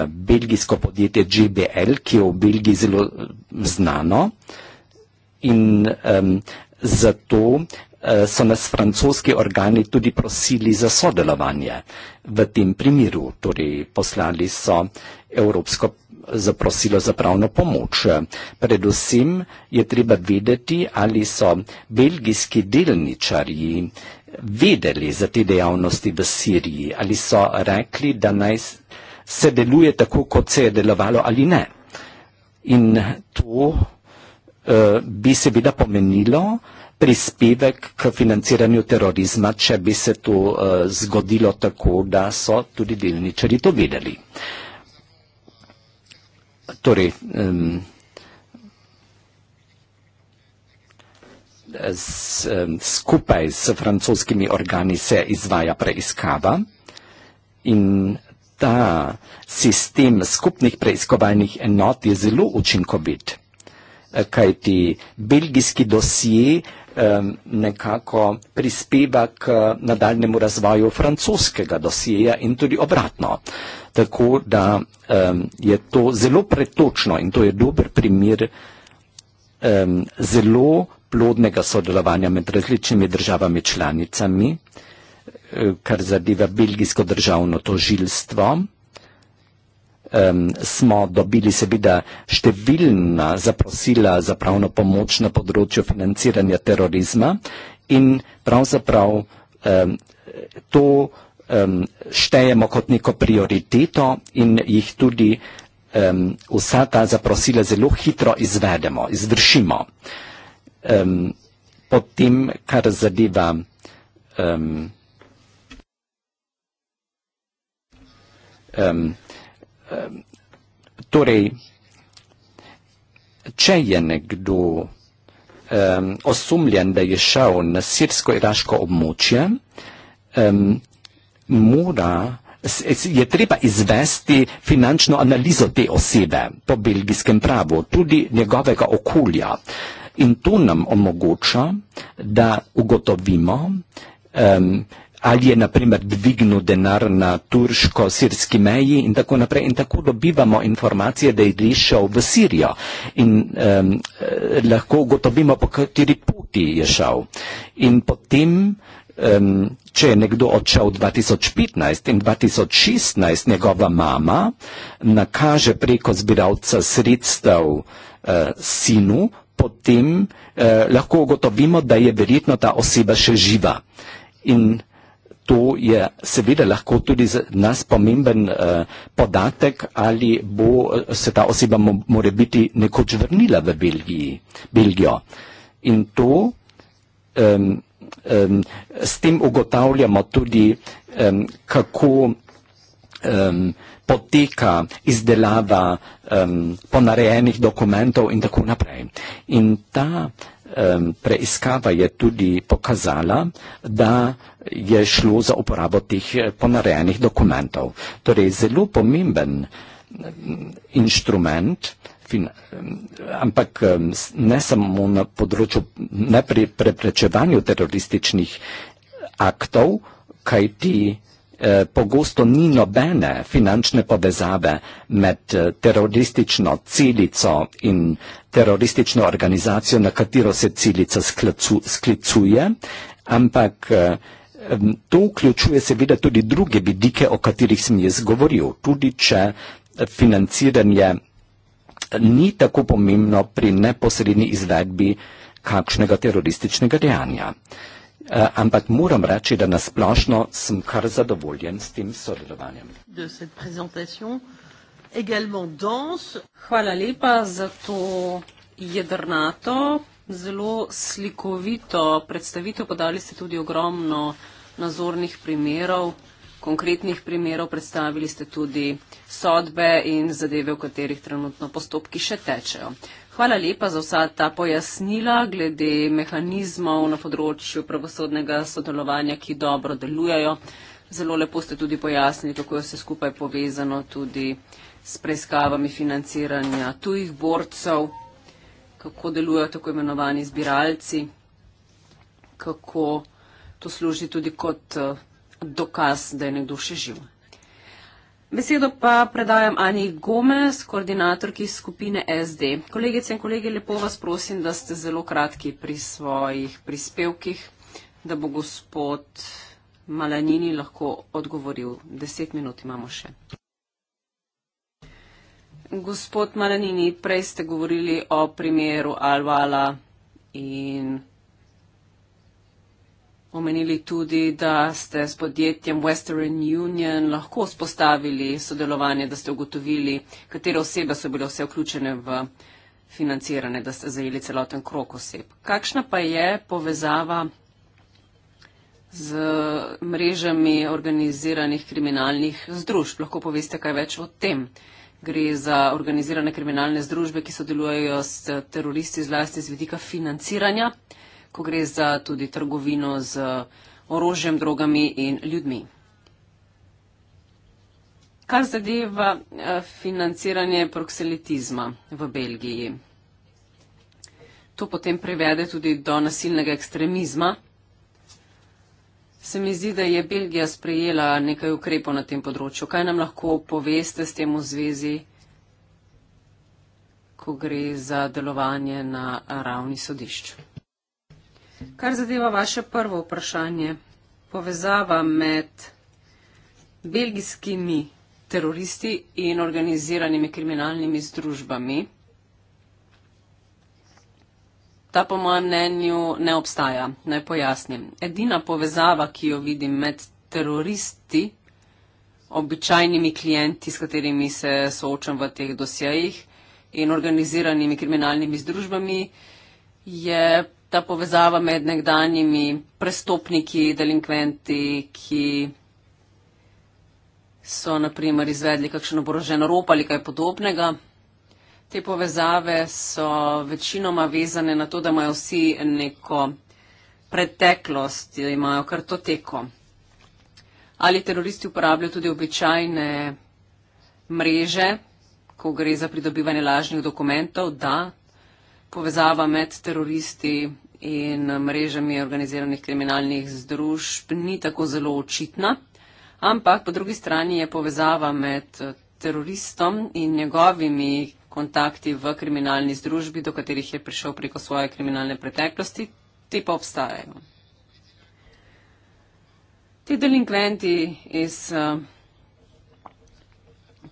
Speaker 2: belgijsko podjetje GBL, ki je v Belgiji zelo znano in zato Eh, so nas francoski organi tudi prosili za sodelovanje v tem primeru, torej poslali so Evropsko zaprosilo za pravno pomoč. Predvsem je treba vedeti, ali so belgijski delničarji vedeli za te dejavnosti v Siriji, ali so rekli, da naj se deluje tako, kot se je delovalo ali ne. In to uh, bi seveda pomenilo, uh, prispevek k financiranju terorizma, če bi se to uh, zgodilo tako, da so tudi delničari to vedeli. Torej, um, s, um, skupaj s francoskimi organi se izvaja preiskava in ta sistem skupnih preiskovalnih enot je zelo učinkovit, kajti belgijski dosije nekako prispeva k nadaljnemu razvoju francoskega dosjeja in tudi obratno. Tako da um, je to zelo pretočno in to je dober primer um, zelo plodnega sodelovanja med različnimi državami članicami, eh, kar zadeva belgijsko državno tožilstvo um, smo dobili seveda številna zaprosila za pravno pomoč na področju financiranja terorizma in pravzaprav um, to um, štejemo kot neko prioriteto in jih tudi um, vsa ta zaprosila zelo hitro izvedemo, izvršimo. Um, potem, kar zadeva. Um, um, torej, če je nekdo um, osumljen, da je šel na sirsko-iraško območje, um, mora, je treba izvesti finančno analizo te osebe po belgijskem pravu, tudi njegovega okolja. In to nam omogoča, da ugotovimo, um, ali je, na primer, dvignu denar na turško-sirski meji in tako naprej. In tako dobivamo informacije, da je šel v Sirijo in um, lahko ugotovimo, po kateri poti je šel. In potem, um, če je nekdo odšel 2015 in 2016, njegova mama nakaže preko zbiralca sredstev uh, sinu, potem uh, lahko ugotovimo, da je verjetno ta oseba še živa. In to je seveda lahko tudi za nas pomemben uh, podatek, ali bo eh, se ta oseba more biti nekoč vrnila v Belgiji, Belgijo. In to um, um, s tem ugotavljamo tudi, um, kako um, poteka izdelava um, ponarejenih dokumentov in tako naprej. In ta um, preiskava je tudi pokazala, da je šlo za uporabo teh eh, ponarejenih dokumentov. Torej, zelo pomemben mm, inštrument, fin, ampak ne samo na področju neprepreprečevanja terorističnih aktov, kajti Eh, pogosto ni nobene finančne povezave med eh, teroristično celico in teroristično organizacijo, na katero se celica sklicuje, ampak eh, to vključuje seveda tudi druge vidike, o katerih sem jaz govoril, tudi če financiranje ni tako pomembno pri neposredni izvedbi kakšnega terorističnega dejanja. Uh, ampak moram reči, da nasplošno sem kar zadovoljen s tem sodelovanjem.
Speaker 3: Hvala lepa za to jedrnato, zelo slikovito predstavitev. Podali ste tudi ogromno nazornih primerov, konkretnih primerov, predstavili ste tudi sodbe in zadeve, v katerih trenutno postopki še tečejo. Hvala lepa za vsa ta pojasnila glede mehanizmov na področju pravosodnega sodelovanja, ki dobro delujejo. Zelo lepo ste tudi pojasnili, kako je vse skupaj povezano tudi s preiskavami financiranja tujih borcev, kako delujejo tako imenovani zbiralci, kako to služi tudi kot eh, dokaz, da je nekdo še živ. Besedo pa predajam Ani Gomez, koordinatorki skupine SD. Kolegice in kolegi, lepo vas prosim, da ste zelo kratki pri svojih prispevkih, da bo gospod Malanini lahko odgovoril. Deset minut imamo še. Gospod Malanini, prej ste govorili o primeru Alvala in Omenili tudi, da ste s podjetjem Western Union lahko spostavili sodelovanje, da ste ugotovili, katere osebe so bile vse vključene v financiranje, da ste zajeli celoten krok oseb. Kakšna pa je povezava z mrežami organiziranih kriminalnih združb? Lahko poveste kaj več o tem. Gre za organizirane kriminalne združbe, ki sodelujejo s teroristi zlasti z vidika financiranja ko gre za tudi trgovino z orožjem, drogami in ljudmi. Kar zadeva eh, financiranje prokselitizma v Belgiji. To potem prevede tudi do nasilnega ekstremizma. Se mi zdi, da je Belgija sprejela nekaj ukrepov na tem področju. Kaj nam lahko poveste s tem v zvezi, ko gre za delovanje na ravni sodišča? Kar zadeva vaše prvo vprašanje, povezava med belgijskimi teroristi in organiziranimi kriminalnimi združbami, ta po mojem mnenju ne obstaja. Naj pojasnim. Edina povezava, ki jo vidim med teroristi, običajnimi klienti, s katerimi se soočam v teh dosjejih in organiziranimi kriminalnimi združbami, je ta povezava med nekdanjimi prestopniki, delinkventi, ki so naprimer izvedli kakšen oborožen rop ali kaj podobnega. Te povezave so večinoma vezane na to, da imajo vsi neko preteklost, da imajo kar to teko. Ali teroristi uporabljajo tudi običajne mreže, ko gre za pridobivanje lažnih dokumentov? Da, povezava med teroristi in mrežami organiziranih kriminalnih združb ni tako zelo očitna, ampak po drugi strani je povezava med eh, teroristom in njegovimi kontakti v kriminalni združbi, do katerih je prišel preko svoje kriminalne preteklosti, ti pa obstajajo. Ti delinkventi iz eh,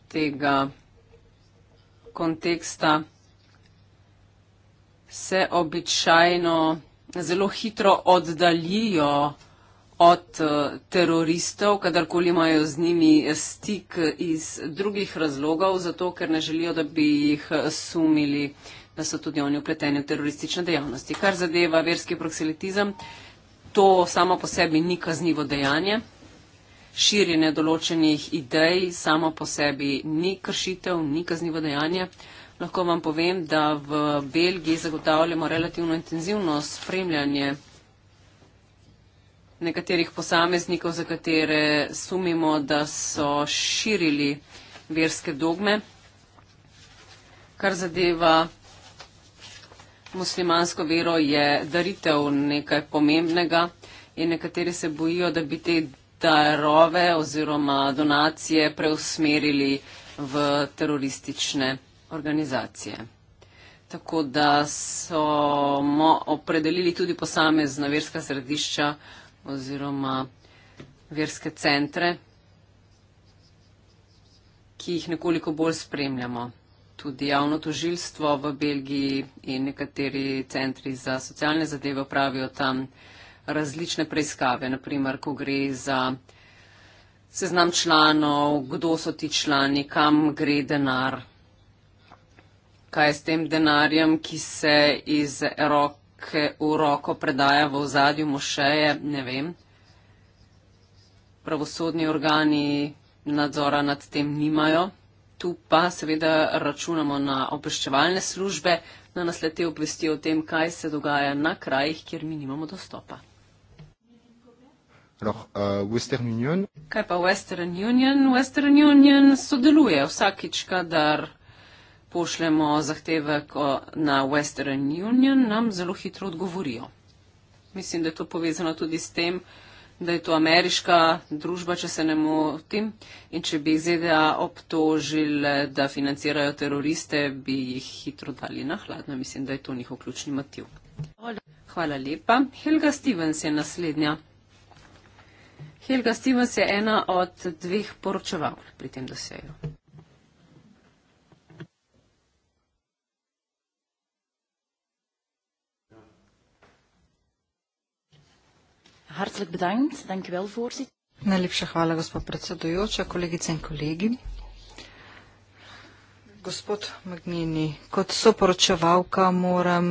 Speaker 3: tega konteksta se običajno zelo hitro oddaljijo od eh, teroristov, kadarkoli imajo z njimi stik iz drugih razlogov, zato ker ne želijo, da bi jih eh, sumili, da so tudi oni vpleteni v teroristične dejavnosti. Kar zadeva verski proksilitizem, to samo po sebi ni kaznivo dejanje. Širjenje določenih idej samo po sebi ni kršitev, ni kaznivo dejanje. Lahko vam povem, da v Belgiji zagotavljamo relativno intenzivno spremljanje nekaterih posameznikov, za katere sumimo, da so širili verske dogme. Kar zadeva muslimansko vero, je daritev nekaj pomembnega in nekateri se bojijo, da bi te darove oziroma donacije preusmerili v teroristične organizacije. Tako da so opredelili tudi posamezna verska središča oziroma verske centre, ki jih nekoliko bolj spremljamo. Tudi javno tožilstvo v Belgiji in nekateri centri za socialne zadeve pravijo tam različne preiskave, naprimer, ko gre za seznam članov, kdo so ti člani, kam gre denar, kaj je s tem denarjem, ki se iz roke v roko predaja v zadju mošeje, ne vem. Pravosodni organi nadzora nad tem nimajo. Tu pa seveda računamo na obveščevalne službe, na naslete obvesti o tem, kaj se dogaja na krajih, kjer mi nimamo dostopa.
Speaker 1: Euh,
Speaker 3: kaj pa Western Union? Western Union sodeluje vsakič, kadar pošljemo zahtevek na Western Union, nam zelo hitro odgovorijo. Mislim, da je to povezano tudi s tem, da je to ameriška družba, če se ne motim. In če bi ZDA obtožili, da financirajo teroriste, bi jih hitro dali na hladno. Mislim, da je to njihov ključni motiv. Hvala lepa. Helga Stevens je naslednja. Helga Stevens je ena od dveh poročevalk pri tem dosegu. Hartelijk bedankt. Dank u
Speaker 2: wel, voorzitter.
Speaker 1: Najlepša hvala, gospod predsedujoča, kolegice in kolegi. Gospod Magnini, kot soporočevalka moram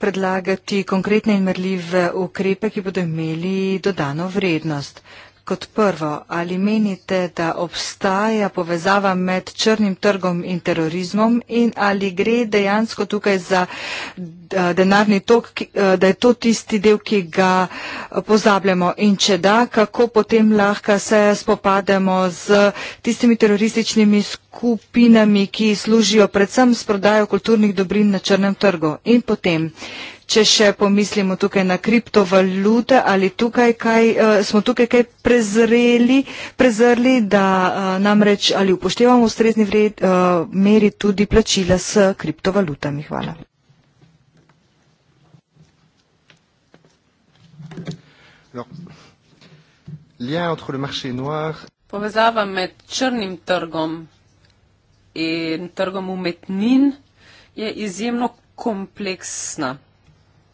Speaker 1: predlagati konkretne in merljive ukrepe, ki bodo imeli dodano vrednost kot prvo, ali menite, da obstaja povezava med črnim trgom in terorizmom in ali gre dejansko tukaj za eh, denarni tok, eh, da je to tisti del, ki ga eh, pozabljamo in če da, kako potem lahko se spopademo z tistimi terorističnimi skupinami, ki služijo predvsem s prodajo kulturnih dobrin na črnem trgu. In potem, če še pomislimo tukaj na kriptovalute, ali tukaj kaj, uh, smo tukaj kaj prezreli, prezrli, da uh, namreč ali upoštevamo v strezni vred, uh, meri tudi plačila s kriptovalutami. Hvala.
Speaker 3: Povezava med črnim trgom in trgom umetnin je izjemno kompleksna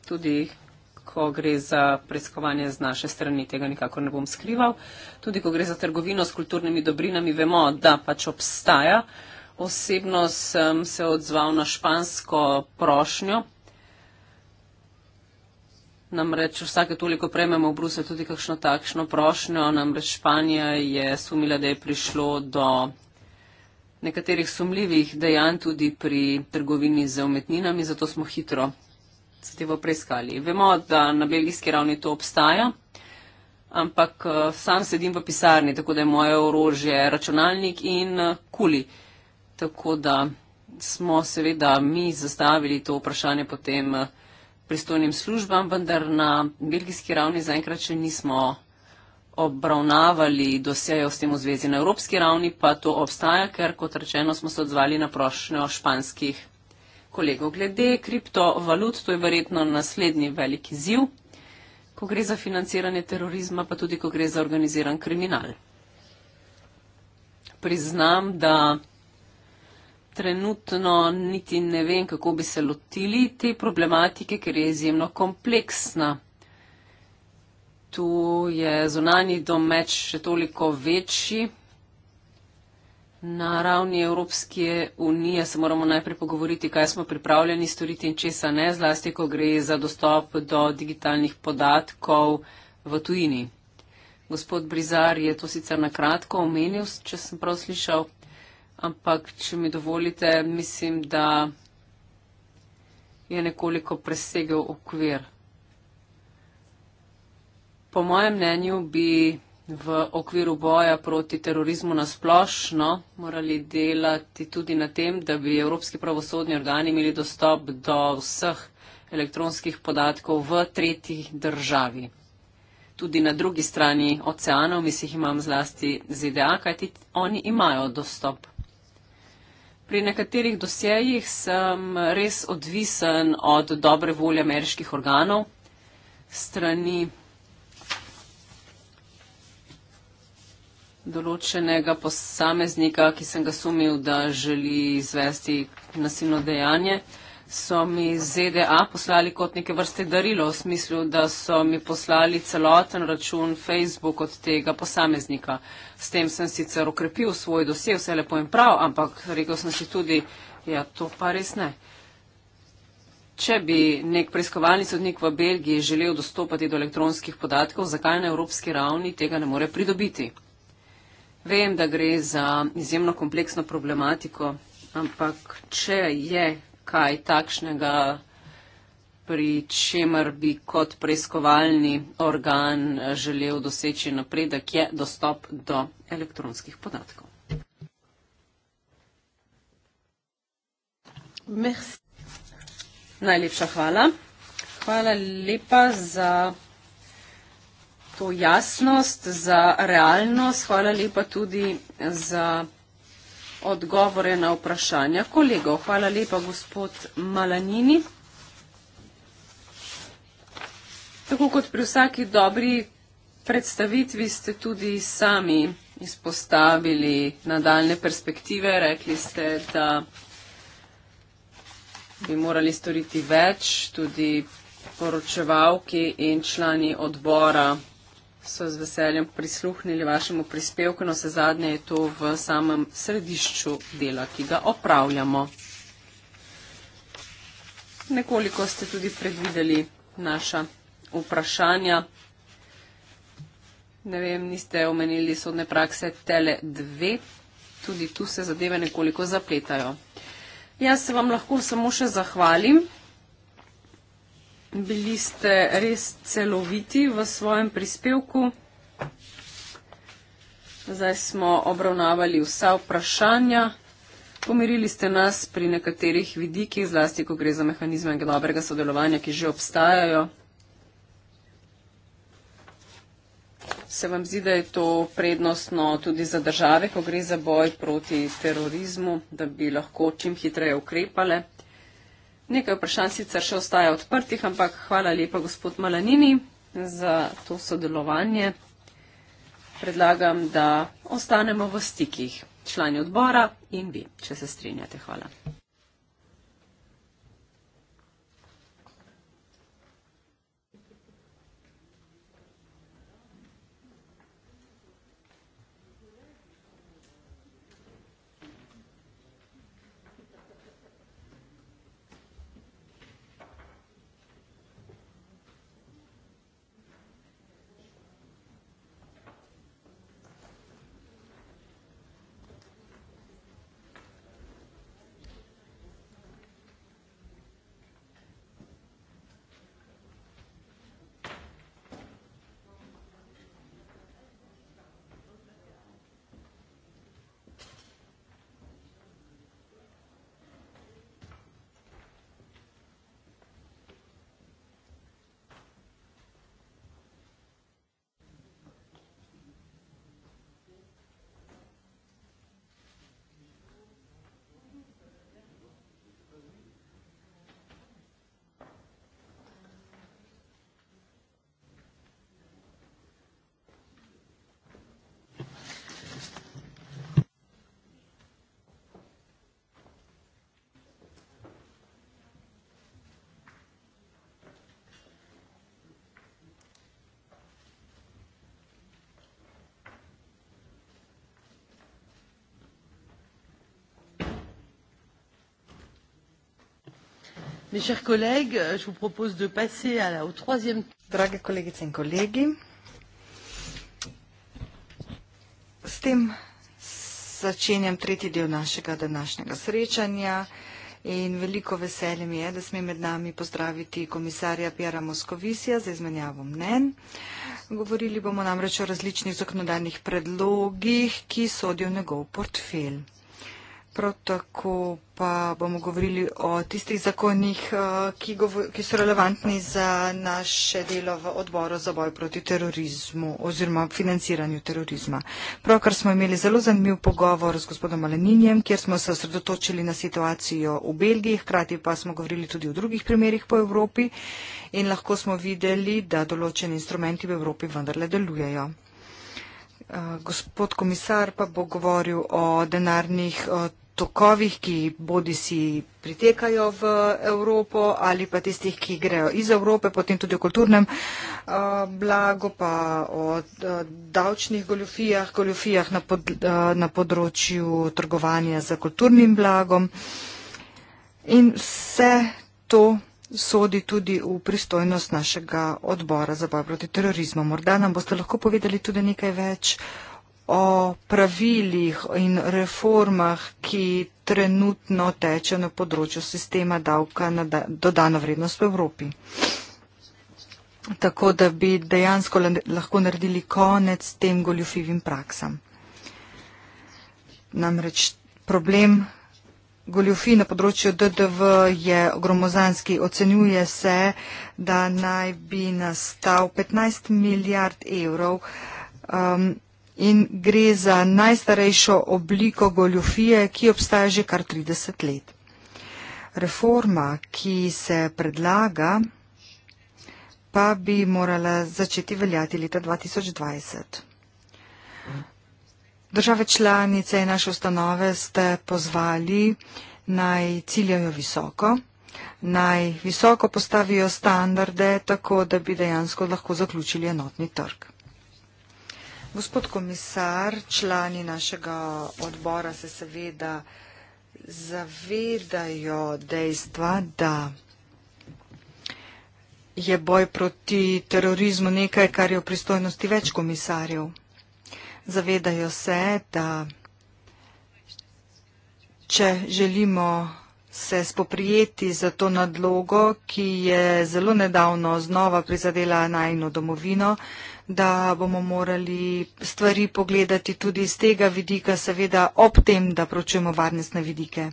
Speaker 3: tudi ko gre za preiskovanje z naše strani, tega nikako ne bom skrival. Tudi ko gre za trgovino s kulturnimi dobrinami, vemo, da pač obstaja. Osebno sem se odzval na špansko prošnjo. Namreč vsake toliko prejmemo v Bruse tudi kakšno takšno prošnjo. Namreč Španija je sumila, da je prišlo do nekaterih sumljivih dejanj tudi pri trgovini z umetninami, zato smo hitro zadevo preiskali. Vemo, da na belgijski ravni to obstaja, ampak eh, sam sedim v pisarni, tako da je moje orožje računalnik in eh, kuli. Tako da smo seveda mi zastavili to vprašanje potem eh, pristojnim službam, vendar na belgijski ravni zaenkrat še nismo obravnavali dosjejo s tem v zvezi. Na evropski ravni pa to obstaja, ker kot rečeno smo se odzvali na prošnjo španskih kolegov. Glede kriptovalut, to je verjetno naslednji veliki ziv, ko gre za financiranje terorizma, pa tudi ko gre za organiziran kriminal. Priznam, da trenutno niti ne vem, kako bi se lotili te problematike, ker je izjemno kompleksna. Tu je zunani domeč še toliko večji, Na ravni Evropske unije se moramo najprej pogovoriti, kaj smo pripravljeni storiti in česa ne, zlasti, ko gre za dostop do digitalnih podatkov v tujini. Gospod Brizar je to sicer na kratko omenil, če sem prav slišal, ampak če mi dovolite, mislim, da je nekoliko presegel okvir. Po mojem mnenju bi v okviru boja proti terorizmu na splošno morali delati tudi na tem, da bi evropski pravosodni organi imeli dostop do vseh elektronskih podatkov v tretji državi. Tudi na drugi strani oceanov, mislim, imam zlasti ZDA, kajti oni imajo dostop. Pri nekaterih dosjejih sem res odvisen od dobre volje ameriških organov strani določenega posameznika, ki sem ga sumil, da želi izvesti nasilno dejanje, so mi ZDA poslali kot neke vrste darilo, v smislu, da so mi poslali celoten račun Facebook od tega posameznika. S tem sem sicer okrepil svoj dosje, vse lepo in prav, ampak rekel sem si tudi, ja, to pa res ne. Če bi nek preiskovalni sodnik v Belgiji želel dostopati do elektronskih podatkov, zakaj na evropski ravni tega ne more pridobiti? Vem, da gre za izjemno kompleksno problematiko, ampak če je kaj takšnega, pri čemer bi kot preiskovalni organ želel doseči napredek, je dostop do elektronskih podatkov. Merci. Najlepša hvala. Hvala lepa za to jasnost, za realnost, hvala lepa tudi za odgovore na vprašanja kolegov. Hvala lepa, gospod Malanini. Tako kot pri vsaki dobri predstavitvi ste tudi sami izpostavili nadaljne perspektive, rekli ste, da bi morali storiti več, tudi poročevalki in člani odbora so z veseljem prisluhnili vašemu prispevku, no se zadnje je to v samem središču dela, ki ga opravljamo. Nekoliko ste tudi predvideli naša vprašanja. Ne vem, niste omenili sodne prakse Tele 2, tudi tu se zadeve nekoliko zapletajo. Jaz se vam lahko samo še zahvalim bili ste res celoviti v svojem prispevku. Zdaj smo obravnavali vsa vprašanja. Pomirili ste nas pri nekaterih vidikih, zlasti ko gre za mehanizme dobrega sodelovanja, ki že obstajajo. Se vam zdi, da je to prednostno tudi za države, ko gre za boj proti terorizmu, da bi lahko čim hitreje ukrepale? Nekaj vprašanj sicer še ostaja odprtih, ampak hvala lepa gospod Malanini za to sodelovanje. Predlagam, da ostanemo v stikih člani odbora in vi, če se strinjate. Hvala.
Speaker 1: drage kolegice in kolegi s tem začenjam tretji del našega današnjega srečanja in veliko veselje mi je da smem med nami pozdraviti komisarja Pjera Moskovisija za izmenjavo mnen govorili bomo namreč o različnih zakonodajnih predlogih ki sodijo v njegov portfelj prav tako pa bomo govorili o tistih zakonih, eh, ki, govor, ki so relevantni za naše delo v odboru za boj proti terorizmu oziroma financiranju terorizma. Pravkar smo imeli zelo zanimiv pogovor z gospodom Maleninjem, kjer smo se osredotočili na situacijo v Belgiji, hkrati pa smo govorili tudi o drugih primerjih po Evropi in lahko smo videli, da določeni instrumenti v Evropi vendarle delujejo. Eh, gospod komisar pa bo govoril o denarnih eh, tokovih, ki bodi si pritekajo v Evropo ali pa tistih, ki grejo iz Evrope, potem tudi o kulturnem eh, blagu, pa o eh, davčnih goljofijah, goljofijah na, pod, eh, na področju trgovanja z kulturnim blagom. In vse to sodi tudi v pristojnost našega odbora za boj proti terorizmu. Morda nam boste lahko povedali tudi nekaj več o pravilih in reformah, ki trenutno teče na področju sistema davka na dodano vrednost v Evropi. Tako da bi dejansko lahko naredili konec tem goljufivim praksam. Namreč problem goljufi na področju DDV je gromozanski. Ocenjuje se, da naj bi nastal 15 milijard evrov. Um, in gre za najstarejšo obliko goljofije, ki obstaja že kar 30 let. Reforma, ki se predlaga, pa bi morala začeti veljati leta 2020. Države članice in naše ustanove ste pozvali naj ciljajo visoko, naj visoko postavijo standarde, tako da bi dejansko lahko zaključili enotni trg. Gospod komisar, člani našega odbora se seveda zavedajo dejstva, da je boj proti terorizmu nekaj, kar je v pristojnosti več komisarjev. Zavedajo se, da če želimo se spoprijeti za to nadlogo, ki je zelo nedavno znova prizadela najno domovino, da bomo morali stvari pogledati tudi iz tega vidika, seveda ob tem, da pročujemo varnostne vidike.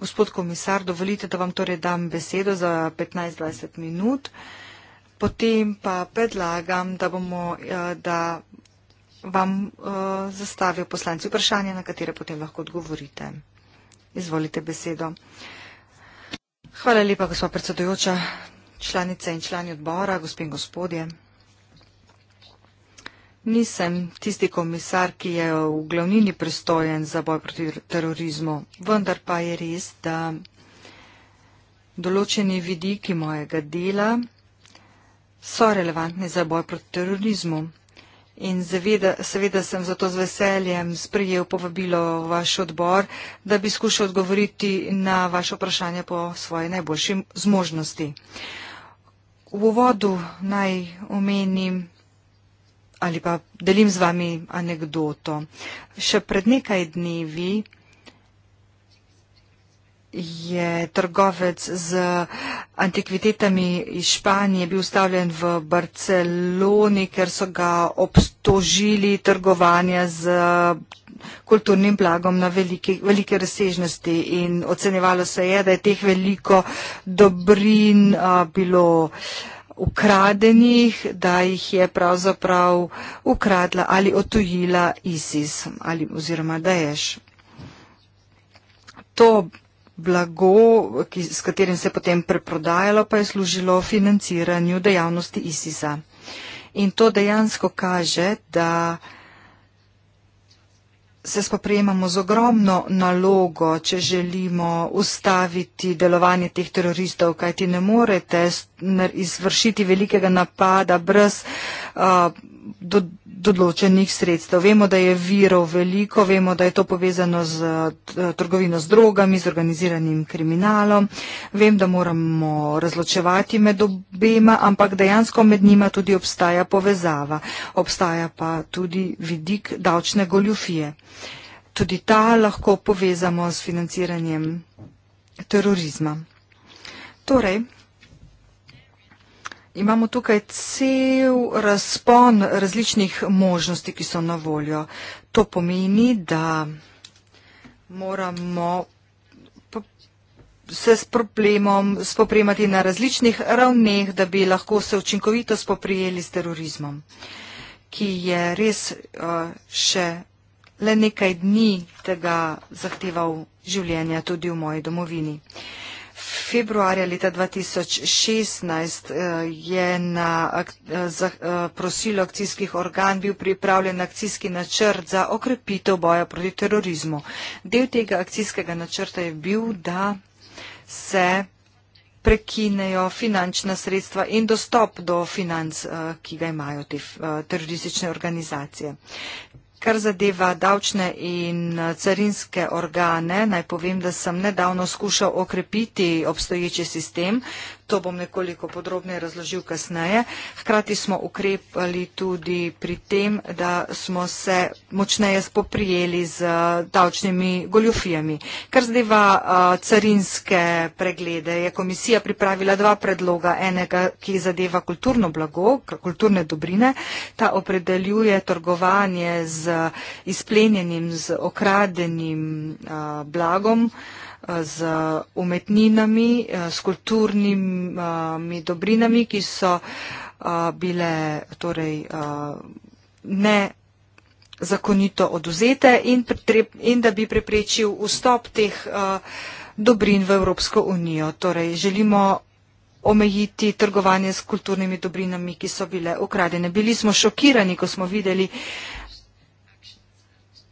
Speaker 1: Gospod komisar, dovolite, da vam torej dam besedo za 15-20 minut. Potem pa predlagam, da bomo, eh, da vam eh, zastavijo poslanci vprašanje, na katere potem lahko odgovorite. Izvolite besedo. Hvala lepa, gospod predsedujoča, članice in člani odbora, gospod in gospodje. Nisem tisti komisar, ki je v glavnini prestojen za boj proti terorizmu, vendar pa je res, da določeni vidiki mojega dela so relevantni za boj proti terorizmu. In zaveda, seveda sem zato z veseljem sprejel povabilo v vaš odbor, da bi skušal odgovoriti na vaše vprašanje po svoji najboljši zmožnosti. V uvodu naj omenim, ali pa delim z vami anegdoto. Še pred nekaj dnevi je trgovec z antikvitetami iz Španije bil ustavljen v Barceloni, ker so ga obtožili trgovanja z kulturnim blagom na velike, velike razsežnosti in ocenjevalo se je, da je teh veliko dobrin a, bilo. A, ukradenih, da jih je pravzaprav ukradla ali otujila ISIS ali oziroma Daesh. To blago, ki, s katerim se je potem preprodajalo, pa je služilo financiranju dejavnosti ISISA. In to dejansko kaže, da se spoprijemamo z ogromno nalogo, če želimo ustaviti delovanje teh teroristov, kajti ne morete izvršiti velikega napada brez uh, do, določenih sredstev. Vemo, da je virov veliko, vemo, da je to povezano z eh, trgovino z drogami, z organiziranim kriminalom. Vem, da moramo razločevati med obema, ampak dejansko med njima tudi obstaja povezava. Obstaja pa tudi vidik davčne goljufije. Tudi ta lahko povezamo s financiranjem terorizma. Torej, imamo tukaj cel razpon različnih možnosti, ki so na voljo. To pomeni, da moramo se s problemom spopremati na različnih ravneh, da bi lahko se učinkovito spoprijeli s terorizmom, ki je res eh, še le nekaj dni tega zahteval življenja tudi v moji domovini. Februarja leta 2016 eh, je na eh, eh, prosilo akcijskih organ bil pripravljen akcijski načrt za okrepitev boja proti terorizmu. Del tega akcijskega načrta je bil, da se prekinejo finančna sredstva in dostop do financ, ki ga imajo te teroristične organizacije. Kar zadeva davčne in eh, carinske organe, naj povem, da sem nedavno skušal okrepiti obstoječi sistem, To bom nekoliko podrobneje razložil kasneje. Hkrati smo ukrepali tudi pri tem, da smo se močneje spoprijeli z eh, davčnimi goljofijami. Kar zdajva eh, carinske preglede, je komisija pripravila dva predloga. Enega, ki zadeva kulturno blago, kulturne dobrine. Ta opredeljuje trgovanje z izplenjenim, z okradenim eh, blagom z umetninami, eh, s kulturnimi eh, dobrinami, ki so eh, bile torej, ne zakonito oduzete in, in da bi preprečil vstop teh dobrin v Evropsko unijo. Torej, želimo omejiti trgovanje s kulturnimi dobrinami, ki so bile ukradene. Bili smo šokirani, ko smo videli,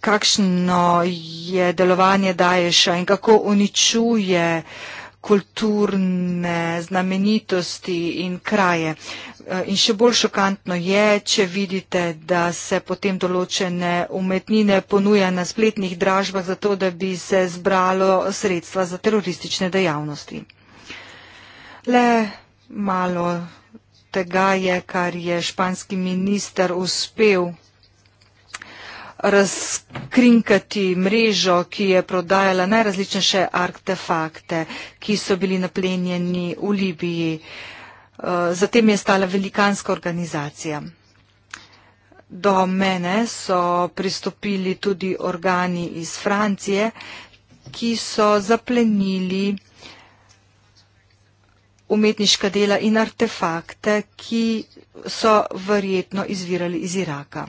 Speaker 1: kakšno je delovanje Daješa in kako uničuje kulturne znamenitosti in kraje. Eh, in še bolj šokantno je, če vidite, da se potem določene umetnine ponuja na spletnih dražbah za to, da bi se zbralo sredstva za teroristične dejavnosti. Le malo tega je, kar je španski minister uspel razkrinkati mrežo, ki je prodajala najrazličnejše artefakte, ki so bili naplenjeni v Libiji. Eh, zatem je stala velikanska organizacija. Do mene so pristopili tudi organi iz Francije, ki so zaplenili umetniška dela in artefakte, ki so verjetno izvirali iz Iraka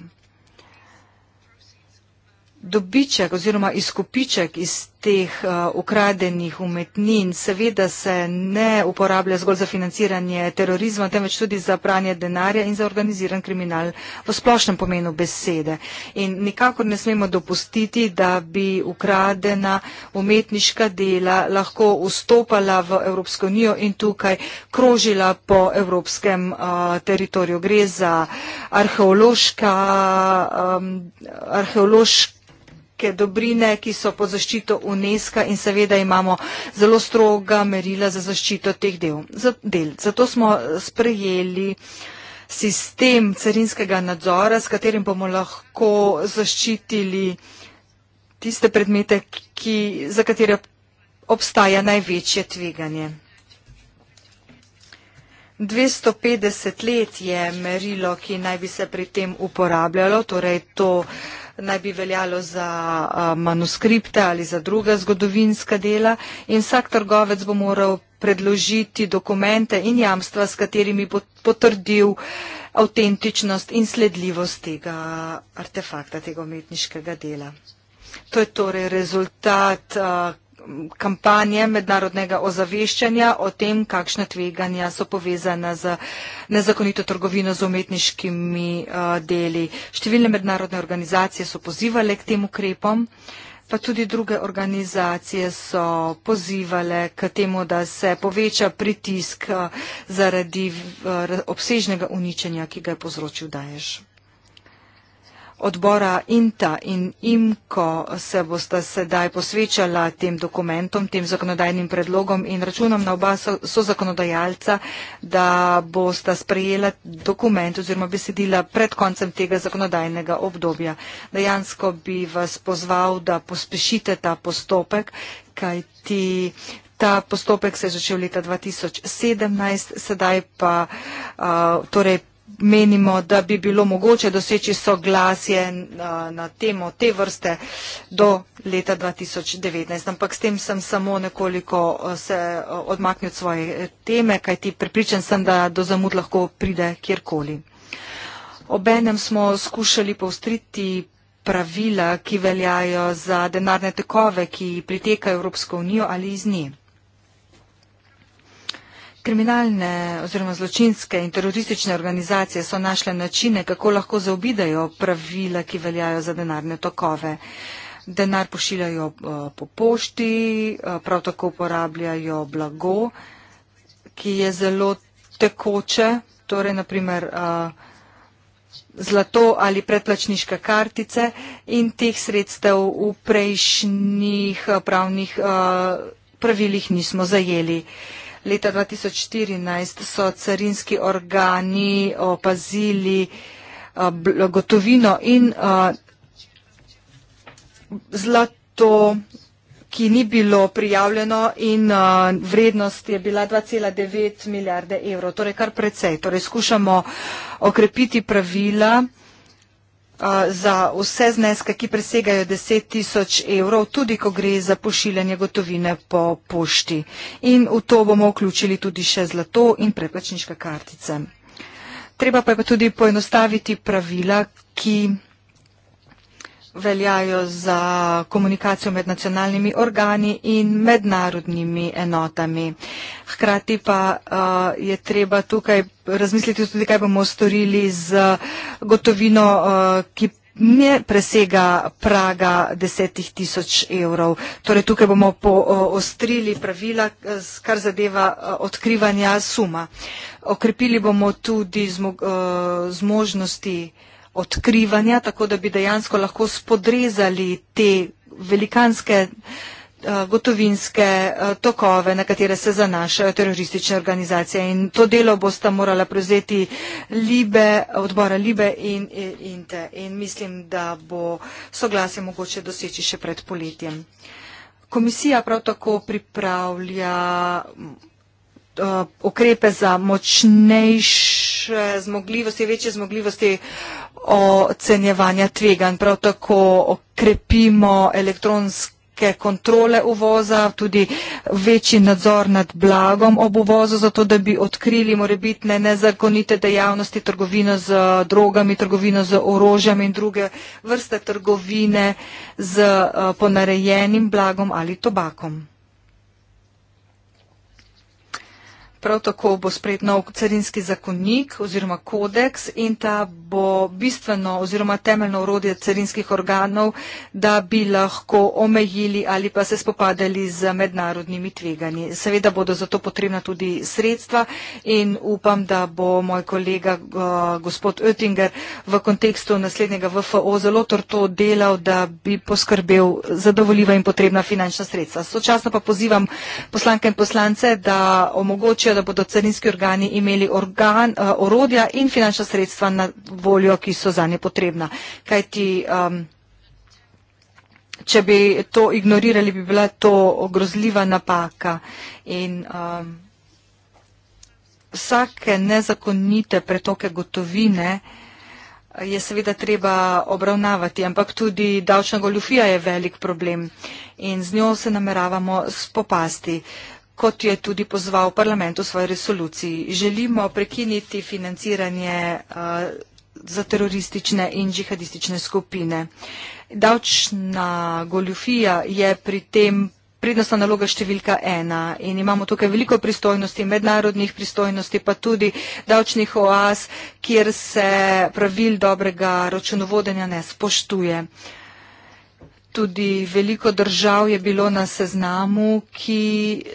Speaker 1: dobiček oziroma izkupiček iz teh uh, ukradenih umetnin seveda se ne uporablja zgolj za financiranje terorizma, temveč tudi za pranje denarja in za organiziran kriminal v splošnem pomenu besede. In nikakor ne smemo dopustiti, da bi ukradena umetniška dela lahko vstopala v Evropsko unijo in tukaj krožila po evropskem uh, teritoriju. Gre za arheološka, um, arheološka neke dobrine, ki so pod zaščito UNESCO in seveda imamo zelo stroga merila za zaščito teh del. del. Zato smo sprejeli sistem carinskega nadzora, s katerim bomo lahko zaščitili tiste predmete, ki, za katere obstaja največje tveganje. 250 let je merilo, ki naj bi se pri tem uporabljalo, torej to uh, naj bi veljalo za manuskripte ali za druga zgodovinska dela in vsak trgovec bo moral predložiti dokumente in jamstva, s katerimi bo potrdil avtentičnost in sledljivost tega artefakta, tega umetniškega dela. To je torej rezultat uh, kampanje mednarodnega ozaveščanja o tem, kakšna tveganja so povezana z nezakonito trgovino z umetniškimi eh, deli. Številne mednarodne organizacije so pozivale k tem ukrepom, pa tudi druge organizacije so pozivale k temu, da se poveča pritisk eh, zaradi eh, obsežnega uničenja, ki ga je povzročil Daješ. Odbora INTA in IMKO se boste sedaj posvečala tem dokumentom, tem zakonodajnim predlogom in računam na oba so zakonodajalca, da boste sprejela dokument oziroma besedila pred koncem tega zakonodajnega obdobja. Dejansko bi vas pozval, da pospešite ta postopek, kaj ti. Ta postopek se je začel leta 2017, sedaj pa uh, torej menimo, da bi bilo mogoče doseči soglasje eh, na temo te vrste do leta 2019. Ampak s tem sem samo nekoliko eh, se eh, odmaknil od svoje teme, kajti pripričan sem, da do zamud lahko pride kjerkoli. Obenem smo skušali povstriti pravila, ki veljajo za denarne tekove, ki pritekajo Evropsko unijo ali iz nje. Kriminalne oziroma zločinske in teroristične organizacije so našle načine, kako lahko zaobidajo pravila, ki veljajo za denarne tokove. Denar pošiljajo eh, po pošti, eh, prav tako uporabljajo blago, ki je zelo tekoče, torej naprimer eh, zlato ali predplačniške kartice in teh sredstev v prejšnjih pravnih pravilih nismo zajeli leta 2014 so carinski organi opazili gotovino in zlato, ki ni bilo prijavljeno in vrednost je bila 2,9 milijarde evrov, torej kar precej. Torej skušamo okrepiti pravila za vse zneske, ki presegajo 10 tisoč evrov, tudi ko gre za pošiljanje gotovine po pošti. In v to bomo vključili tudi še zlato in preplačniške kartice. Treba pa je pa tudi poenostaviti pravila, ki veljajo za komunikacijo med nacionalnimi organi in mednarodnimi enotami. Hkrati pa uh, je treba tukaj razmisliti tudi, kaj bomo storili z gotovino, uh, ki ne presega praga desetih tisoč evrov. Torej tukaj bomo poostrili pravila, eh, kar zadeva odkrivanja suma. Okrepili bomo tudi zmo, zmožnosti uh, odkrivanja, tako da bi dejansko lahko spodrezali te velikanske eh, gotovinske eh, tokove, na katere se zanašajo teroristične organizacije. In to delo boste morala prevzeti Libe, odbora Libe in Inte. In, in mislim, da bo soglasje mogoče doseči še pred poletjem. Komisija prav tako pripravlja eh, ukrepe za močnejše zmogljivosti, večje zmogljivosti uh, ocenjevanja tvegan. Prav tako okrepimo elektronske kontrole uvoza, tudi večji nadzor nad blagom ob uvozu, zato da bi odkrili morebitne nezakonite dejavnosti, trgovino z drogami, trgovino z orožjem in druge vrste trgovine z eh, ponarejenim blagom ali tobakom. Prav tako bo sprejet nov carinski zakonnik oziroma kodeks in ta bo bistveno oziroma temeljno urodje carinskih organov, da bi lahko omejili ali pa se spopadali z mednarodnimi tveganji. Seveda bodo zato potrebna tudi sredstva in upam, da bo moj kolega gospod Oettinger v kontekstu naslednjega VFO zelo trto delal, da bi poskrbel zadovoljiva in potrebna finančna sredstva. Sočasno pa pozivam poslanke in poslance, da omogočijo pričajo, da bodo carinski organi imeli organ, eh, orodja in finančna sredstva na voljo, ki so za nje potrebna. Kajti, um, če bi to ignorirali, bi bila to grozljiva napaka. In, um, vsake nezakonite pretoke gotovine eh, je seveda treba obravnavati, ampak tudi davčna goljufija je velik problem in z njo se nameravamo spopasti. Uh, kot je tudi pozval parlament v svoji resoluciji. Želimo prekiniti financiranje eh, za teroristične in džihadistične skupine. Davčna goljufija je pri tem prednostna naloga številka ena in imamo tukaj veliko pristojnosti, mednarodnih pristojnosti, pa tudi davčnih oaz, kjer se pravil dobrega računovodenja ne spoštuje. Uh, Tudi veliko držav je bilo na seznamu, ki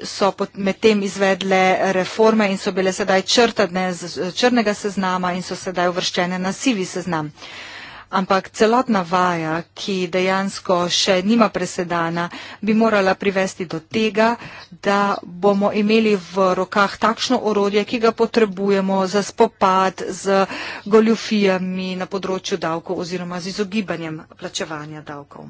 Speaker 1: so medtem izvedle reforme in so bile sedaj črtane z črnega seznama in so sedaj uvrščene na sivi seznam. Ampak celotna vaja, ki dejansko še nima presedana, bi morala privesti do tega, da bomo imeli v rokah takšno orodje, ki ga potrebujemo za spopad z goljufijami na področju davkov oziroma z izogibanjem plačevanja davkov.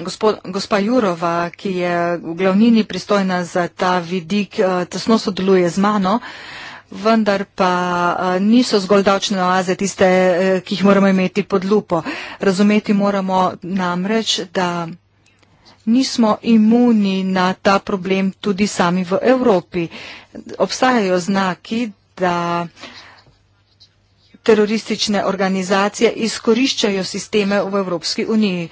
Speaker 1: Gospod, gospa Jurova, ki je v glavnini pristojna za ta vidik, eh, tesno sodeluje z mano, vendar pa eh, niso zgolj davčne oaze tiste, eh, ki jih moramo imeti pod lupo. Razumeti moramo namreč, da nismo imuni na ta problem tudi sami v Evropi. Obstajajo znaki, da teroristične organizacije izkoriščajo sisteme v Evropski uniji.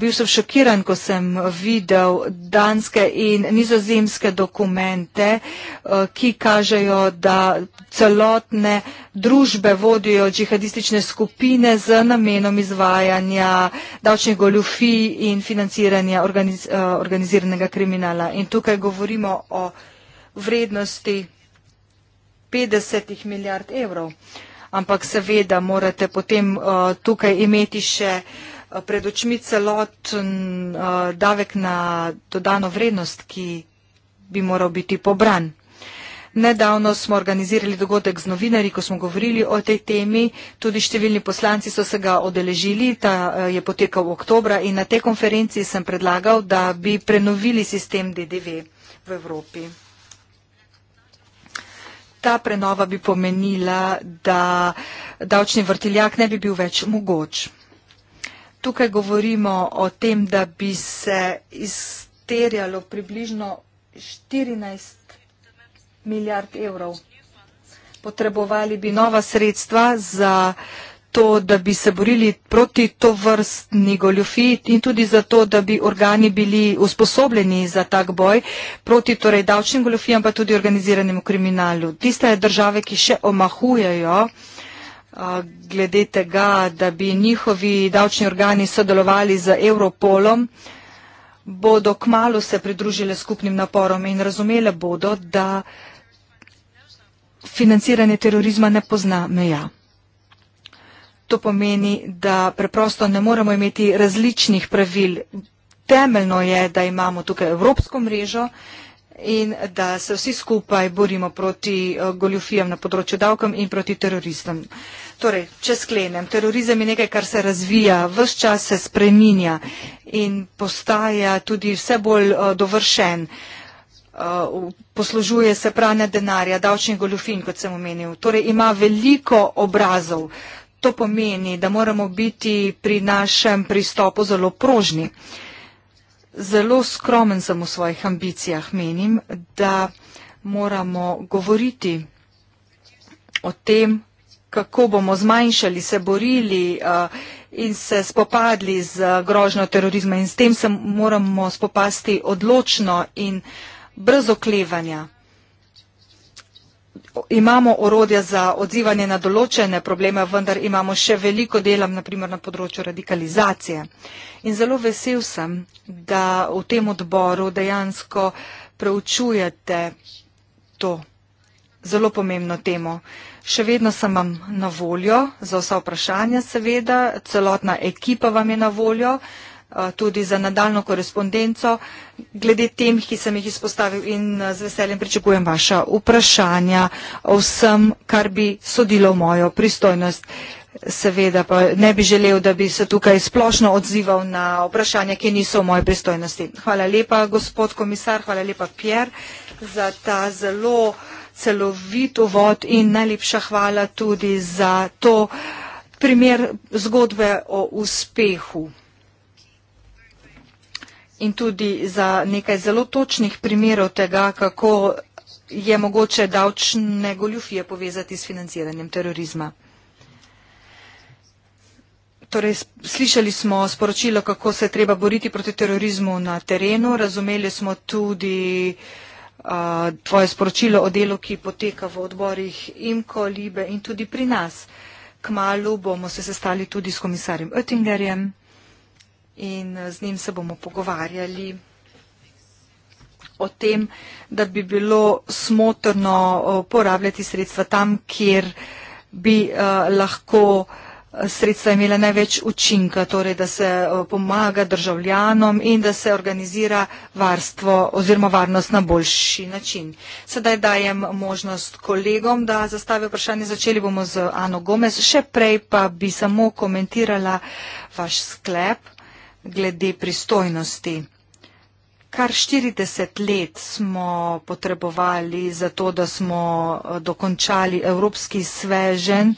Speaker 1: Bil sem šokiran, ko sem videl danske in nizozemske dokumente, eh, ki kažejo, da celotne družbe vodijo džihadistične skupine z namenom izvajanja davčnih goljufij in financiranja organiz eh, organiziranega kriminala. In tukaj govorimo o vrednosti 50 milijard evrov ampak seveda morate potem uh, tukaj imeti še uh, pred očmi celoten uh, davek na dodano vrednost, ki bi moral biti pobran. Nedavno smo organizirali dogodek z novinari, ko smo govorili o tej temi. Tudi številni poslanci so se ga odeležili. Ta uh, je potekal v oktobra in na tej konferenciji sem predlagal, da bi prenovili sistem DDV v Evropi ta prenova bi pomenila, da davčni vrtiljak ne bi bil več mogoč. Tukaj govorimo o tem, da bi se izterjalo približno 14 milijard evrov. Potrebovali bi nova sredstva za uh, to, da bi se borili proti to vrstni goljofi in tudi za to, da bi organi bili usposobljeni za tak boj proti torej davčnim goljofijam, pa tudi organiziranemu kriminalu. Tiste države, ki še omahujajo glede tega, da bi njihovi davčni organi sodelovali z Europolom, bodo kmalo se pridružile skupnim naporom in razumele bodo, da financiranje terorizma ne pozna meja. To pomeni, da preprosto ne moremo imeti različnih pravil. Temeljno je, da imamo tukaj evropsko mrežo in da se vsi skupaj borimo proti eh, goljufijam na področju davkom in proti teroristom. Torej, če sklenem, terorizem je nekaj, kar se razvija, vse čas se spreminja in postaja tudi vse bolj eh, dovršen. Eh, poslužuje se pranja denarja, davčnih goljufin, kot sem omenil. Torej, ima veliko obrazov. To pomeni, da moramo biti pri našem pristopu zelo prožni. Zelo skromen sem v svojih ambicijah, menim, da moramo govoriti o tem, kako bomo zmanjšali, se borili eh, in se spopadli z grožnjo terorizma in s tem se moramo spopasti odločno in brez oklevanja imamo orodja za odzivanje na določene probleme, vendar imamo še veliko dela, naprimer na področju radikalizacije. In zelo vesel sem, da v tem odboru dejansko preučujete to zelo pomembno temo. Še vedno sem vam na voljo za vsa vprašanja, seveda, celotna ekipa vam je na voljo. Eh, tudi za nadaljno korespondenco glede tem, ki sem jih izpostavil in eh, z veseljem pričakujem vaša vprašanja o vsem, kar bi sodilo v mojo pristojnost. Seveda pa ne bi želel, da bi se tukaj splošno odzival na vprašanja, ki niso v moji pristojnosti. Hvala lepa, gospod komisar, hvala lepa, Pjer, za ta zelo celovit uvod in najlepša hvala tudi za to primer zgodbe o uspehu in tudi za nekaj zelo točnih primerov tega, kako je mogoče davčne goljufije povezati s financiranjem terorizma. Torej, slišali smo sporočilo, kako se treba boriti proti terorizmu na terenu, razumeli smo tudi tvoje sporočilo o delu, ki poteka v odborih IMKO, LIBE in tudi pri nas. Kmalu bomo se sestali tudi s komisarjem Oettingerjem in eh, z njim se bomo pogovarjali o tem, da bi bilo smotrno eh, porabljati sredstva tam, kjer bi eh, lahko sredstva imela največ učinka, torej da se pomaga državljanom in da se organizira varstvo oziroma varnost na boljši način. Sedaj dajem možnost kolegom, da zastavijo vprašanje. Začeli bomo z Ano Gomez. Še prej pa bi samo komentirala vaš sklep glede pristojnosti. Kar 40 let smo potrebovali za to, da smo eh, dokončali evropski svežen,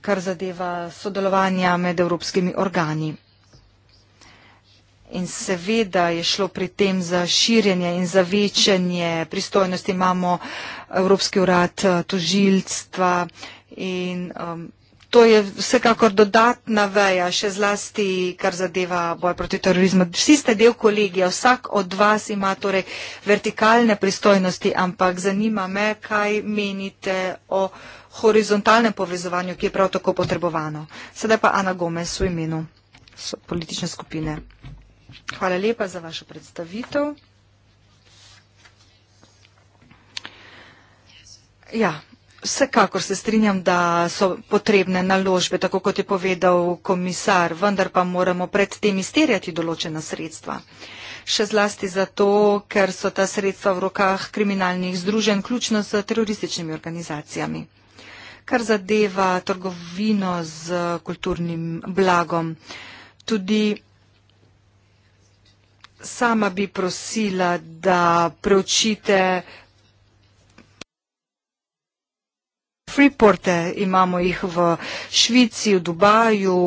Speaker 1: kar zadeva sodelovanja med evropskimi organi. In seveda je šlo pri tem za širjenje in za večanje pristojnosti. Imamo Evropski urad eh, tožilstva in um, To je vsekakor dodatna veja, še zlasti, kar zadeva boj proti terorizmu. Vsi ste del kolegija, vsak od vas ima torej vertikalne pristojnosti, ampak zanima me, kaj menite o horizontalnem povezovanju, ki je prav tako potrebovano. Sedaj pa Ana Gomez v imenu politične skupine. Hvala lepa za vašo predstavitev. Ja. Vsekakor se strinjam, da so potrebne naložbe, tako kot je povedal komisar, vendar pa moramo pred tem izterjati določena sredstva. Še zlasti zato, ker so ta sredstva v rokah kriminalnih združenj, ključno s terorističnimi organizacijami. Kar zadeva trgovino z kulturnim blagom. Tudi sama bi prosila, da preučite Freeporte, imamo jih v Švici, v Dubaju,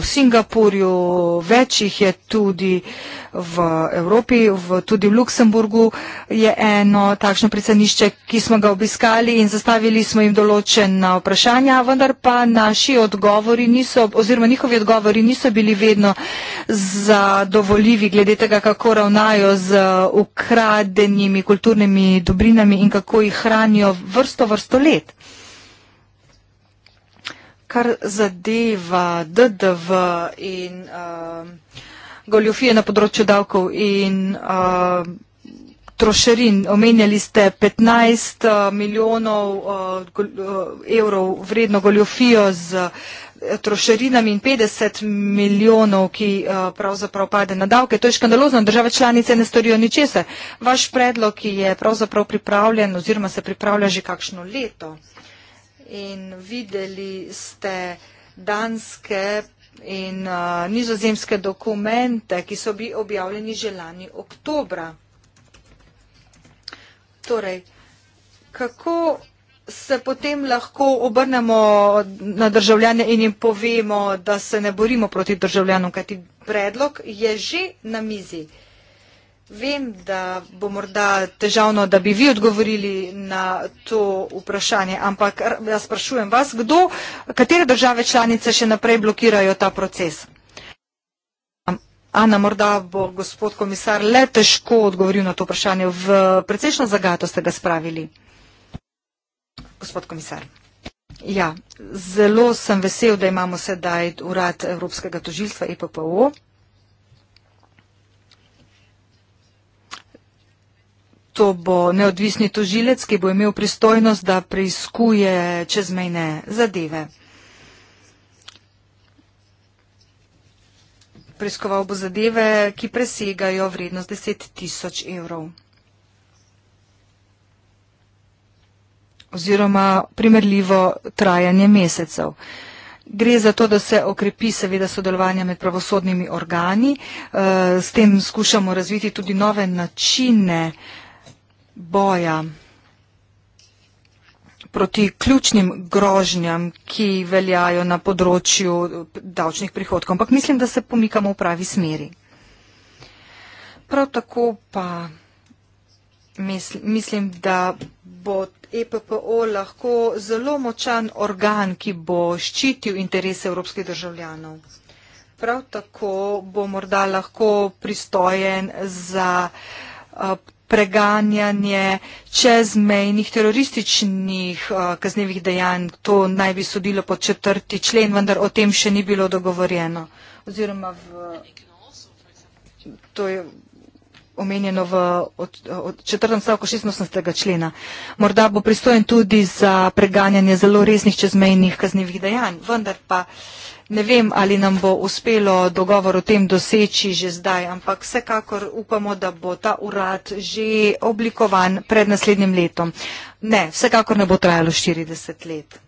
Speaker 1: v Singapurju, več jih je tudi v Evropi, v, tudi v Luksemburgu je eno takšno predsednišče, ki smo ga obiskali in zastavili smo jim določena vprašanja, vendar pa naši odgovori niso, oziroma njihovi odgovori niso bili vedno zadovoljivi glede tega, kako ravnajo z ukradenimi kulturnimi dobrinami in kako jih hranijo vrsto vrsto let kar zadeva DDV in uh, eh, goljofije na področju davkov in uh, eh, trošerin. Omenjali ste 15 eh, milijonov uh, evrov vredno goljofijo z trošerinami in 50 milijonov, ki uh, pravzaprav pade na davke. To je škandalozno, države članice ne storijo ničesar. Vaš predlog je pravzaprav pripravljen oziroma se pripravlja že kakšno leto. Uh, in videli ste danske in uh, nizozemske dokumente, ki so bi objavljeni že lani oktobra. Torej, kako se potem lahko obrnemo na državljane in jim povemo, da se ne borimo proti državljanom, kajti predlog je že na mizi. Uh, Vem, da bo morda težavno, da bi vi odgovorili na to vprašanje, ampak jaz sprašujem vas, kdo, katere države članice še naprej blokirajo ta proces? Ana, morda bo gospod komisar le težko odgovoril na to vprašanje. V precejšno zagato ste ga spravili. Gospod komisar. Ja, zelo sem vesel, da imamo sedaj urad Evropskega tožilstva EPPO. to bo neodvisni tožilec, ki bo imel pristojnost, da preiskuje čezmejne zadeve. Preiskoval bo zadeve, ki presegajo vrednost 10 tisoč evrov. Oziroma primerljivo trajanje mesecev. Gre za to, da se okrepi seveda sodelovanje med pravosodnimi organi. Eh, s tem skušamo razviti tudi nove načine boja proti ključnim grožnjam, ki veljajo na področju davčnih prihodkov, ampak mislim, da se pomikamo v pravi smeri. Prav tako pa mislim, da bo EPPO lahko zelo močan organ, ki bo ščitil interese evropskih državljanov. Prav tako bo morda lahko pristojen za eh, preganjanje čezmejnih terorističnih eh, kaznevih dejanj. To naj bi sodilo pod četrti člen, vendar o tem še ni bilo dogovorjeno. Oziroma v, to je omenjeno v četrtem stavku 16. člena. Morda bo pristojen tudi za preganjanje zelo resnih čezmejnih kaznevih dejanj, vendar pa Ne vem, ali nam bo uspelo dogovor o tem doseči že zdaj, ampak vsekakor upamo, da bo ta urad že oblikovan pred naslednjim letom. Ne, vsekakor ne bo trajalo 40 let.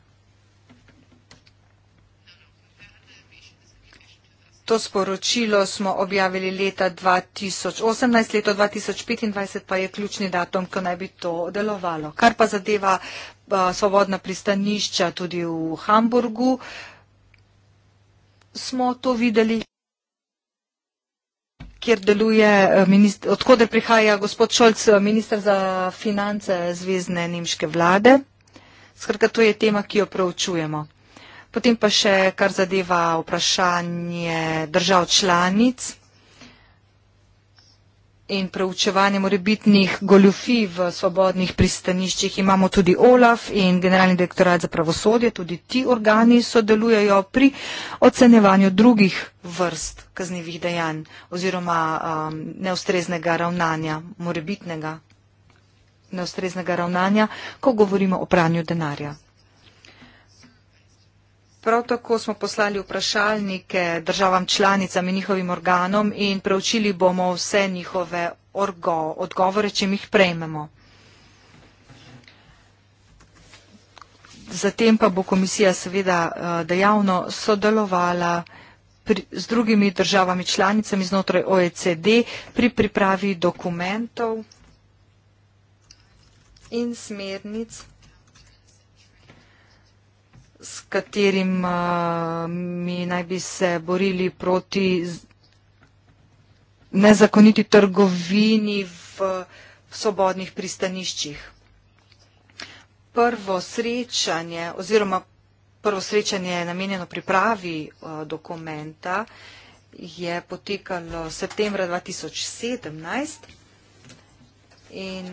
Speaker 1: To sporočilo smo objavili leta 2018, leto 2025 pa je ključni datum, ko naj bi to delovalo. Kar pa zadeva uh, svobodna pristanišča tudi v Hamburgu, uh, smo to videli, kjer deluje, eh, odkud prihaja gospod Šolc, eh, ministr za finance Zvezdne nemške vlade. Skratka, to je tema, ki jo preučujemo. Potem pa še, kar zadeva vprašanje držav članic in preučevanje morebitnih goljufij v svobodnih pristaniščih. Imamo tudi OLAF in Generalni direktorat za pravosodje, tudi ti organi sodelujejo pri ocenevanju drugih vrst kaznjivih dejanj oziroma um, neustreznega ravnanja, morebitnega neustreznega ravnanja, ko govorimo o pranju denarja. Prav tako smo poslali vprašalnike državam članicam in njihovim organom in preučili bomo vse njihove orgo, odgovore, če mi jih prejmemo. Zatem pa bo komisija seveda eh, dejavno sodelovala pri, z drugimi državami članicami znotraj OECD pri pripravi dokumentov in smernic s katerim uh, mi naj bi se borili proti nezakoniti trgovini v, v svobodnih pristaniščih. Prvo srečanje oziroma prvo srečanje namenjeno pripravi uh, dokumenta je potekalo septembra 2017 in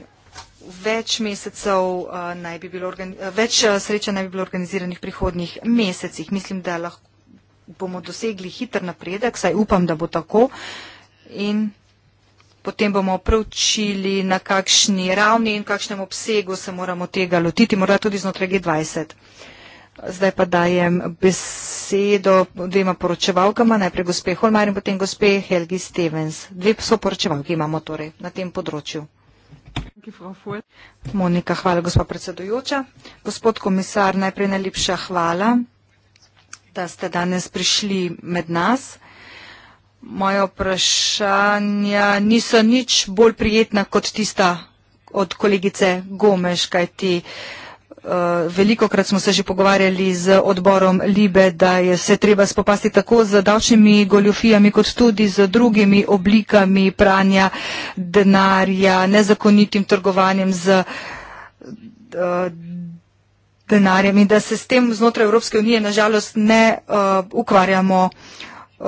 Speaker 1: Več, mesecev, uh, naj bi bilo uh, več uh, sreča naj bi bilo organiziranih v prihodnjih mesecih. Mislim, da lahko, bomo dosegli hiter napredek, saj upam, da bo tako. In potem bomo preučili, na kakšni ravni in kakšnem obsegu se moramo tega lotiti, morda tudi znotraj G20. Zdaj pa dajem besedo dvema poročevalkama, najprej gospe Holmar in potem gospe Helgi Stevens. Dve so poročevalki imamo torej na tem področju. Monika, hvala, gospa predsedujoča. Gospod komisar, najprej najlepša hvala, da ste danes prišli med nas. Moje vprašanja niso nič bolj prijetna kot tista od kolegice Gomeš, kaj ti. Uh, Eh, veliko krat smo se že pogovarjali z odborom Libe, da je se treba spopasti tako z davčnimi goljofijami, kot tudi z drugimi oblikami pranja denarja, nezakonitim trgovanjem z eh, denarjem in da se s tem znotraj Evropske unije nažalost ne uh, ukvarjamo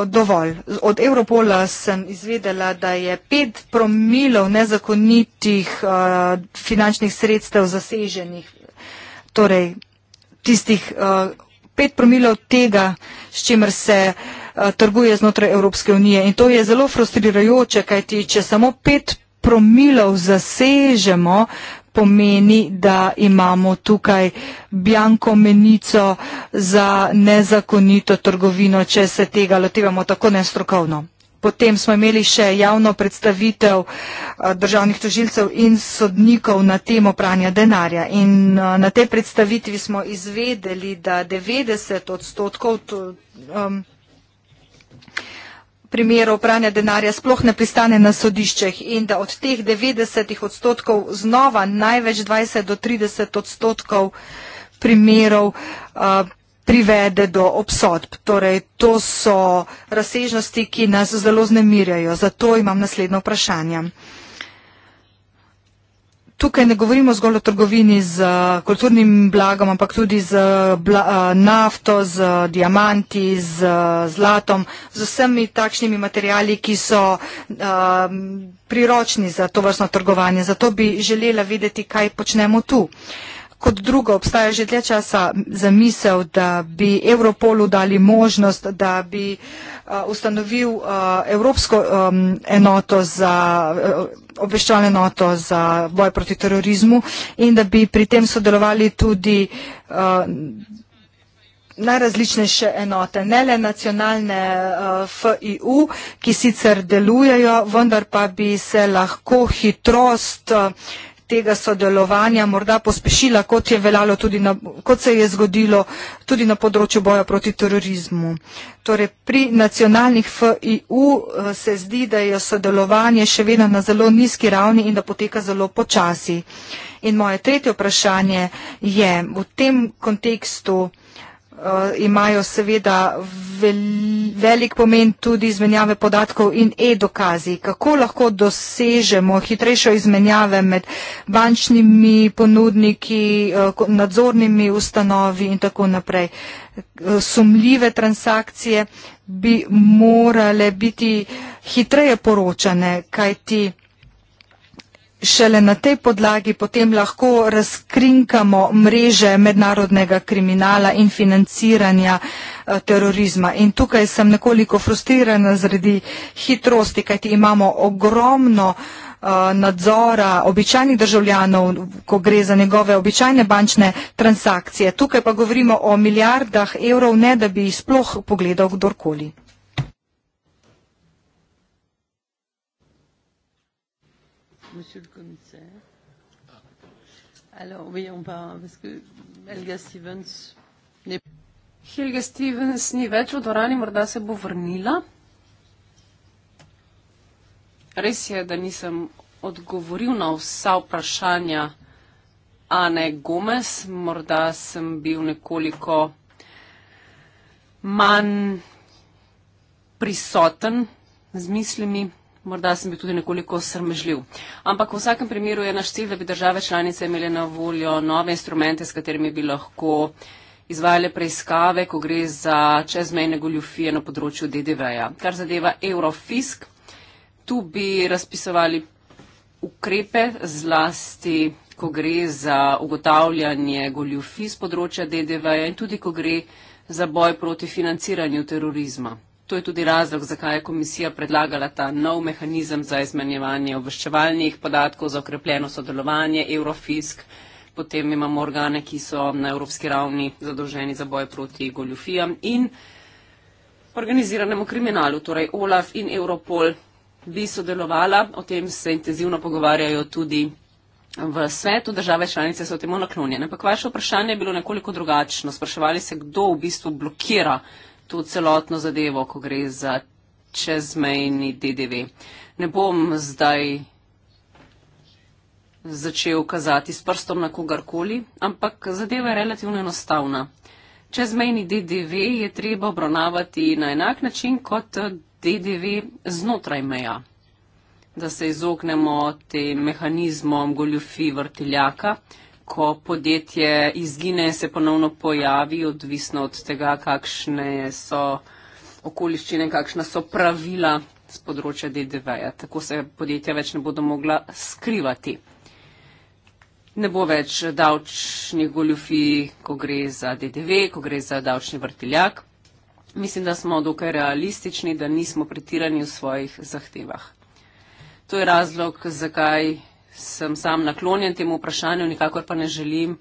Speaker 1: dovolj. Od Europola sem izvedela, da je pet promilov nezakonitih uh, finančnih sredstev zaseženih torej tistih eh, pet promilov tega, s čimer se eh, trguje znotraj Evropske unije. In to je zelo frustrirajoče, kajti če samo pet promilov zasežemo, pomeni, da imamo tukaj bjanko menico za nezakonito trgovino, če se tega lotevamo tako nestrokovno. Potem smo imeli še javno predstavitev eh, državnih tožilcev in sodnikov na temo pranja denarja. In eh, na tej predstavitvi smo izvedeli, da 90 odstotkov primerov pranja denarja sploh ne pristane na sodiščeh in da od teh 90 odstotkov znova največ 20 do 30 odstotkov primerov eh, privede do obsodb. Torej, to so razsežnosti, ki nas zelo znemirjajo. Zato imam naslednjo vprašanje. Tukaj ne govorimo zgolj o trgovini z eh, kulturnim blagom, ampak tudi z eh, nafto, z diamanti, z eh, zlatom, z vsemi takšnimi materijali, ki so priročni za to vrstno trgovanje. Zato bi želela videti, kaj počnemo tu. Kot drugo, obstaja že dlje časa zamisel, da bi Evropolu dali možnost, da bi eh, ustanovil eh, Evropsko enoto za eh, obveščalno enoto za boj proti terorizmu in da bi pri tem sodelovali tudi najrazličnejše enote, ne le nacionalne FIU, ki sicer delujejo, vendar pa bi se lahko hitrost uh, tega sodelovanja morda pospešila, kot, na, kot se je zgodilo tudi na področju boja proti terorizmu. Torej, pri nacionalnih FIU eh, se zdi, da je sodelovanje še vedno na zelo nizki ravni in da poteka zelo počasi. In moje tretje vprašanje je v tem kontekstu, uh, imajo seveda vel, velik pomen tudi izmenjave podatkov in e-dokazi. Kako lahko dosežemo hitrejšo izmenjave med bančnimi ponudniki, uh, nadzornimi ustanovi in tako naprej. Eh, sumljive transakcije bi morale biti hitreje poročane, kajti šele na tej podlagi potem lahko razkrinkamo mreže mednarodnega kriminala in financiranja eh, terorizma. In tukaj sem nekoliko frustrirana zaradi hitrosti, kajti imamo ogromno eh, nadzora običajnih državljanov, ko gre za njegove običajne bančne transakcije. Tukaj pa govorimo o milijardah evrov, ne da bi jih sploh pogledal kdorkoli.
Speaker 3: Monsieur oui, on parle parce que Helga Stevens n'est Helga Stevens ni več v dvorani, morda se bo vrnila. Res je, da nisem odgovoril na vsa vprašanja Ane Gomez. Morda sem bil nekoliko manj prisoten z mislimi morda sem bil tudi nekoliko srmežljiv. Ampak v vsakem primeru je naš cilj, da bi države članice imele na voljo nove instrumente, s katerimi bi lahko izvajale preiskave, ko gre za čezmejne goljufije na področju DDV-ja. Kar zadeva Eurofisk, tu bi razpisovali ukrepe zlasti, ko gre za ugotavljanje goljufij z področja DDV-ja in tudi, ko gre za boj proti financiranju terorizma. To je tudi razlog, zakaj je komisija predlagala ta nov mehanizem za izmenjevanje obveščevalnih podatkov, za okrepljeno sodelovanje, Eurofisk. Potem imamo organe, ki so na evropski ravni zadolženi za boj proti goljufijam in organiziranemu kriminalu, torej OLAF in Europol bi sodelovala. O tem se intenzivno pogovarjajo tudi v svetu. Države članice so temu naklonjene. Ampak vaše vprašanje je bilo nekoliko drugačno. Spraševali se, kdo v bistvu blokira to celotno zadevo, ko gre za čezmejni DDV. Ne bom zdaj začel kazati s prstom na kogarkoli, ampak zadeva je relativno enostavna. Čezmejni DDV je treba obravnavati na enak način kot DDV znotraj meja, da se izognemo tem mehanizmom goljufi vrtiljaka, ko podjetje izgine, se ponovno pojavi, odvisno od tega, kakšne so okoliščine, kakšna so pravila z področja DDV-ja. Tako se podjetja več ne bodo mogla skrivati. Ne bo več davčnih goljufi, ko gre za DDV, ko gre za davčni vrtiljak. Mislim, da smo dokaj realistični, da nismo pretirani v svojih zahtevah. To je razlog, zakaj sem sam naklonjen temu vprašanju, nikakor pa ne želim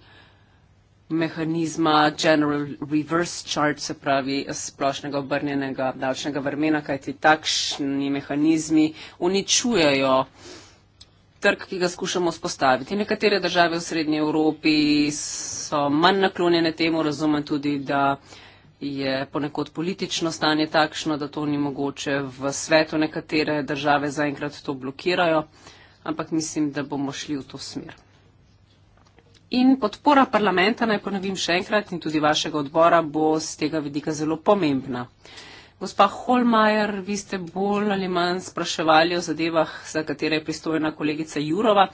Speaker 3: mehanizma general reverse charge, se pravi splošnega obrnjenega davčnega vrmena, kajti takšni mehanizmi uničujejo trg, ki ga skušamo spostaviti. Nekatere države v Srednji Evropi so manj naklonjene temu, razumem tudi, da je ponekod politično stanje takšno, da to ni mogoče v svetu. Nekatere države zaenkrat to blokirajo. Uh, ampak mislim, da bomo šli v to smer. In podpora parlamenta, naj ponovim še enkrat, in tudi vašega odbora bo z tega vidika zelo pomembna. Gospa Holmajer, vi ste bolj ali manj spraševali o zadevah, za katere je pristojna kolegica Jurova,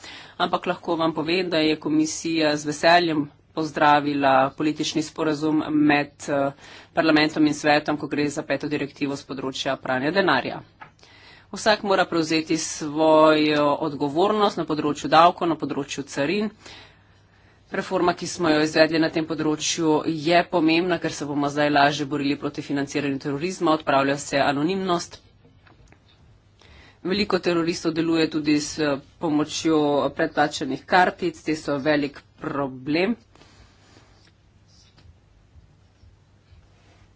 Speaker 3: ampak lahko vam povem, da je komisija z veseljem pozdravila politični sporazum med eh, parlamentom in svetom, ko gre za peto direktivo z področja pranja denarja. Vsak mora prevzeti svojo odgovornost na področju davko, na področju carin. Reforma, ki smo jo izvedli na tem področju, je pomembna, ker se bomo zdaj lažje borili proti financiranju terorizma, odpravlja se anonimnost. Veliko teroristov deluje tudi s pomočjo predplačenih kartic, te so velik problem.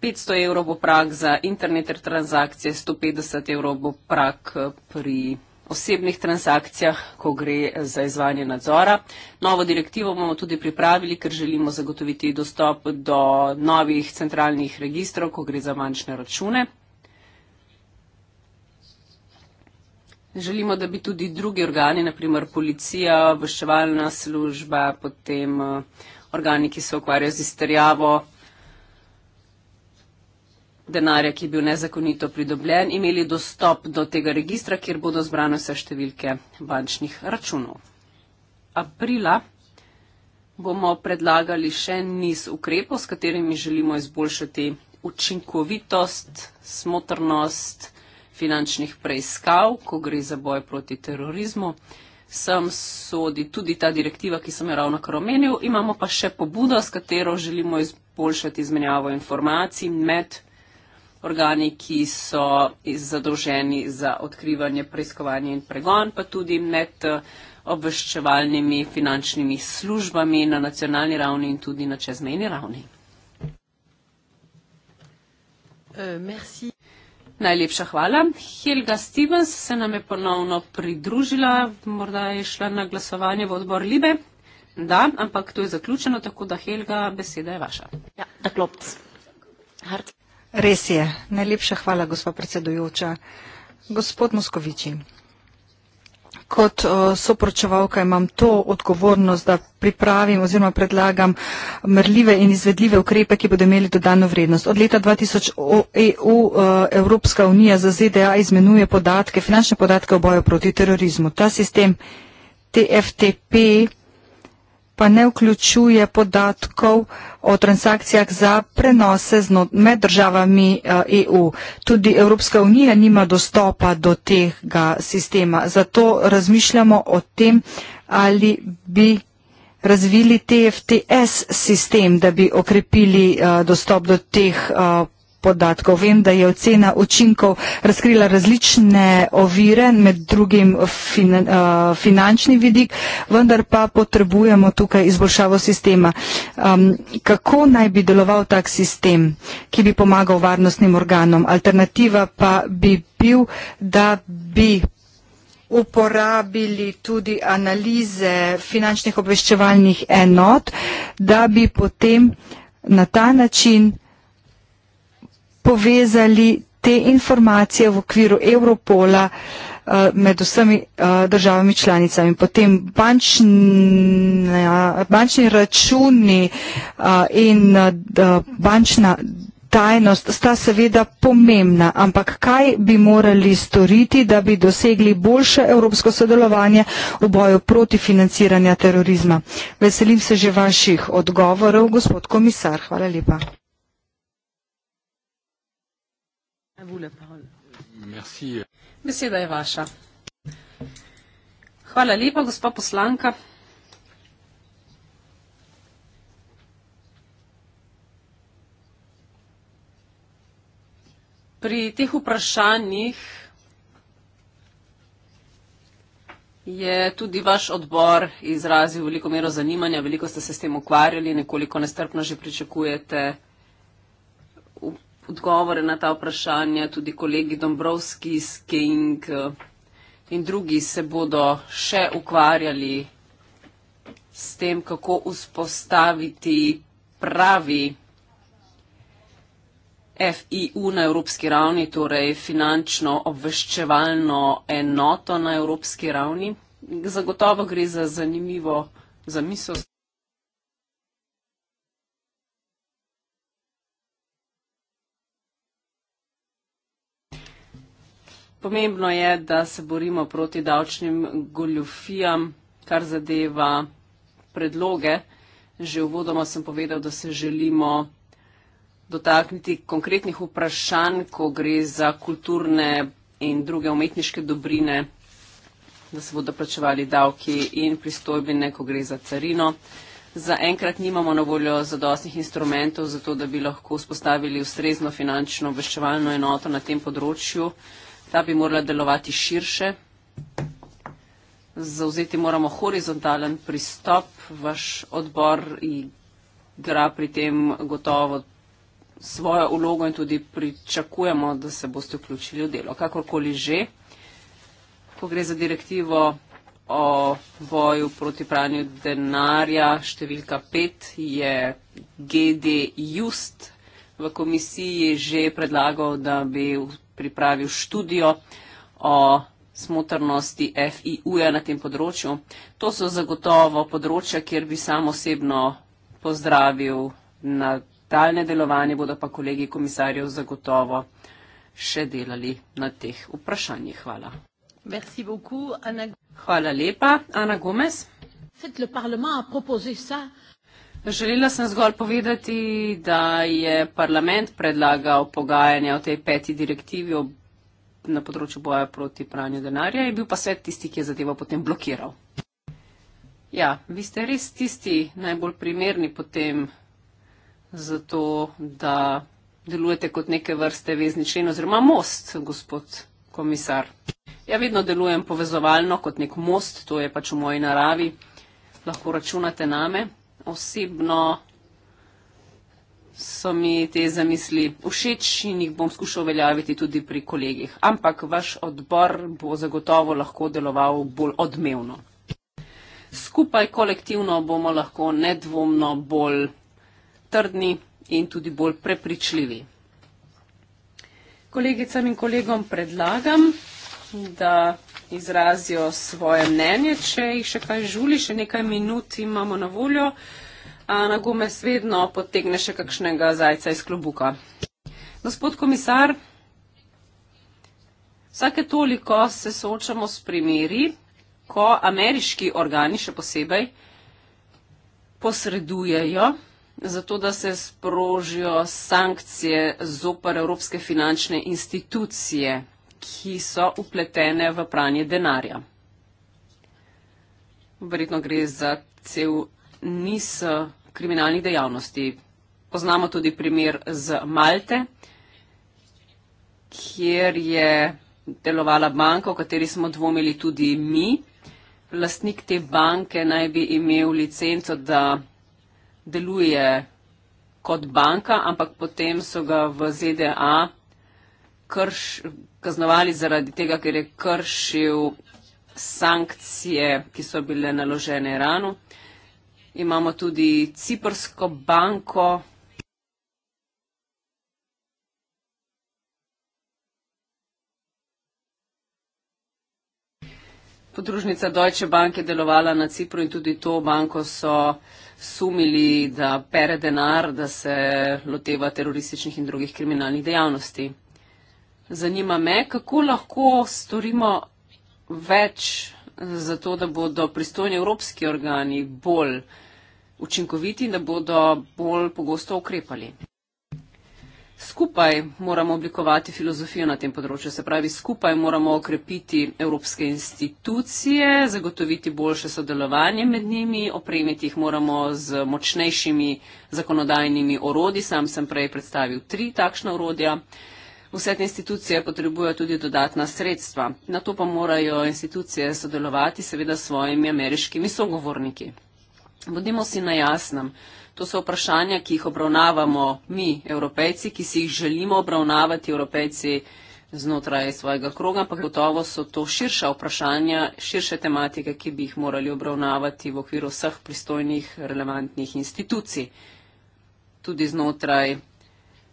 Speaker 3: 500 evrov bo prak za internet transakcije, 150 evrov bo prak eh, pri osebnih transakcijah, ko gre eh, za izvanje nadzora. Novo direktivo bomo tudi pripravili, ker želimo zagotoviti dostop do novih centralnih registrov, ko gre za manjšne račune. Želimo, da bi tudi drugi organi, naprimer policija, obveščevalna služba, potem eh, organi, ki se ukvarjajo z izterjavo, denarja, ki je bil nezakonito pridobljen, imeli dostop do tega registra, kjer bodo zbrane vse številke bančnih računov. Aprila bomo predlagali še niz ukrepov, s katerimi želimo izboljšati učinkovitost, smotrnost finančnih preiskav, ko gre za boj proti terorizmu. Sem sodi tudi ta direktiva, ki sem jo ravno kar omenil. Imamo pa še pobudo, s katero želimo izboljšati izmenjavo informacij med organi, ki so zadolženi za odkrivanje, preiskovanje in pregon, pa tudi med eh, obveščevalnimi finančnimi službami na nacionalni ravni in tudi na čezmejni ravni. Eh, merci. Najlepša hvala. Helga Stevens se nam je ponovno pridružila, morda je šla na glasovanje v odbor Libe. Da, ampak to je zaključeno, tako da Helga, beseda je vaša. Ja, da klopc.
Speaker 1: Hart. Res je. Najlepša hvala, gospod predsedujoča. Gospod Moskoviči, kot soporočevalka imam to odgovornost, da pripravim oziroma predlagam merljive in izvedljive ukrepe, ki bodo imeli dodano vrednost. Od leta 2000 EU e, Evropska unija za ZDA izmenuje podatke, finančne podatke o boju proti terorizmu. Ta sistem TFTP pa ne vključuje podatkov o transakcijah za prenose med državami EU. Eh, e Tudi Evropska unija nima dostopa do tega sistema. Zato razmišljamo o tem, ali bi razvili TFTS sistem, da bi okrepili eh, dostop do teh podatkov eh, podatkov. Vem, da je ocena učinkov razkrila različne ovire, med drugim fin, uh, eh, finančni vidik, vendar pa potrebujemo tukaj izboljšavo sistema. Um, kako naj bi deloval tak sistem, ki bi pomagal varnostnim organom? Alternativa pa bi bil, da bi uporabili tudi analize finančnih obveščevalnih enot, da bi potem na ta način povezali te informacije v okviru Evropola eh, med vsemi eh, državami članicami. Potem bančni, bančni računi eh, in bančna tajnost sta seveda pomembna, ampak kaj bi morali storiti, da bi dosegli boljše evropsko sodelovanje v boju proti financiranja terorizma? Veselim se že vaših odgovorov, gospod komisar. Hvala lepa.
Speaker 3: Beseda je vaša. Hvala lepa, gospod poslanka. Pri teh vprašanjih je tudi vaš odbor izrazil veliko mero zanimanja, veliko ste se s tem ukvarjali, nekoliko nestrpno že pričakujete odbor odgovore na ta vprašanja, tudi kolegi Dombrovski, Skeng eh, in drugi se bodo še ukvarjali s tem, kako vzpostaviti pravi FIU na evropski ravni, torej finančno obveščevalno enoto na evropski ravni. Zagotovo gre za zanimivo zamisel. Pomembno je, da se borimo proti davčnim goljufijam, kar zadeva predloge. Že uvodoma sem povedal, da se želimo dotakniti konkretnih vprašanj, ko gre za kulturne in druge umetniške dobrine, da se bodo plačevali davki in pristojbine, ko gre za carino. Za enkrat nimamo na voljo zadostnih instrumentov za to, da bi lahko vzpostavili ustrezno finančno obveščevalno enoto na tem področju. Ta bi morala delovati širše. Zauzeti moramo horizontalen pristop. Vaš odbor igra pri tem gotovo svojo ulogo in tudi pričakujemo, da se boste vključili v delo. Kakorkoli že, ko gre za direktivo o boju proti pranju denarja, številka 5 je GD Just v komisiji že predlagal, da bi pripravil študijo o smotrnosti FIU-ja na tem področju. To so zagotovo področja, kjer bi sam osebno pozdravil na daljne delovanje, bodo pa kolegi komisarjev zagotovo še delali na teh vprašanjih. Hvala. Merci beaucoup, Ana... Hvala lepa, Ana Gomez. Fet, le parlement a proposé ça Želela sem zgolj povedati, da je parlament predlagal pogajanja o tej peti direktivi na področju boja proti pranju denarja in bil pa svet tisti, ki je zadevo potem blokiral. Ja, vi ste res tisti najbolj primerni potem za to, da delujete kot neke vrste vezni člen oziroma most, gospod komisar. Ja, vedno delujem povezovalno kot nek most, to je pač v moji naravi. Lahko računate name osebno so mi te zamisli všeč in jih bom skušal uveljaviti tudi pri kolegih. Ampak vaš odbor bo zagotovo lahko deloval bolj odmevno. Skupaj kolektivno bomo lahko nedvomno bolj trdni in tudi bolj prepričljivi. Kolegicam in kolegom predlagam, da izrazijo svoje mnenje. Če jih še kaj žuli, še nekaj minut imamo na voljo, a na gume svedno potegne še kakšnega zajca iz klobuka. Gospod komisar, vsake toliko se soočamo s primeri, ko ameriški organi še posebej posredujejo zato, da se sprožijo sankcije zopar evropske finančne institucije ki so upletene v pranje denarja. Verjetno gre za cel niz eh, kriminalnih dejavnosti. Poznamo tudi primer z Malte, kjer je delovala banka, o kateri smo dvomili tudi mi. Lastnik te banke naj bi imel licenco, da deluje kot banka, ampak potem so ga v ZDA krš, kaznovali zaradi tega, ker je kršil sankcije, ki so bile naložene Iranu. Imamo tudi Ciprsko banko. Podružnica Deutsche Bank je delovala na Cipru in tudi to banko so sumili, da pere denar, da se loteva terorističnih in drugih kriminalnih dejavnosti. Zanima me, kako lahko storimo več za to, da bodo pristojni evropski organi bolj učinkoviti in da bodo bolj pogosto ukrepali. Skupaj moramo oblikovati filozofijo na tem področju, se pravi, skupaj moramo okrepiti evropske institucije, zagotoviti boljše sodelovanje med njimi, opremiti jih moramo z močnejšimi zakonodajnimi orodi. Sam sem prej predstavil tri takšne orodja. Vse te institucije potrebujejo tudi dodatna sredstva. Na to pa morajo institucije sodelovati seveda s svojimi ameriškimi sogovorniki. Bodimo si na jasnem. To so vprašanja, ki jih obravnavamo mi, evropejci, ki si jih želimo obravnavati evropejci znotraj svojega kroga, ampak gotovo so to širša vprašanja, širše tematike, ki bi jih morali obravnavati v okviru vseh pristojnih relevantnih institucij. Tudi znotraj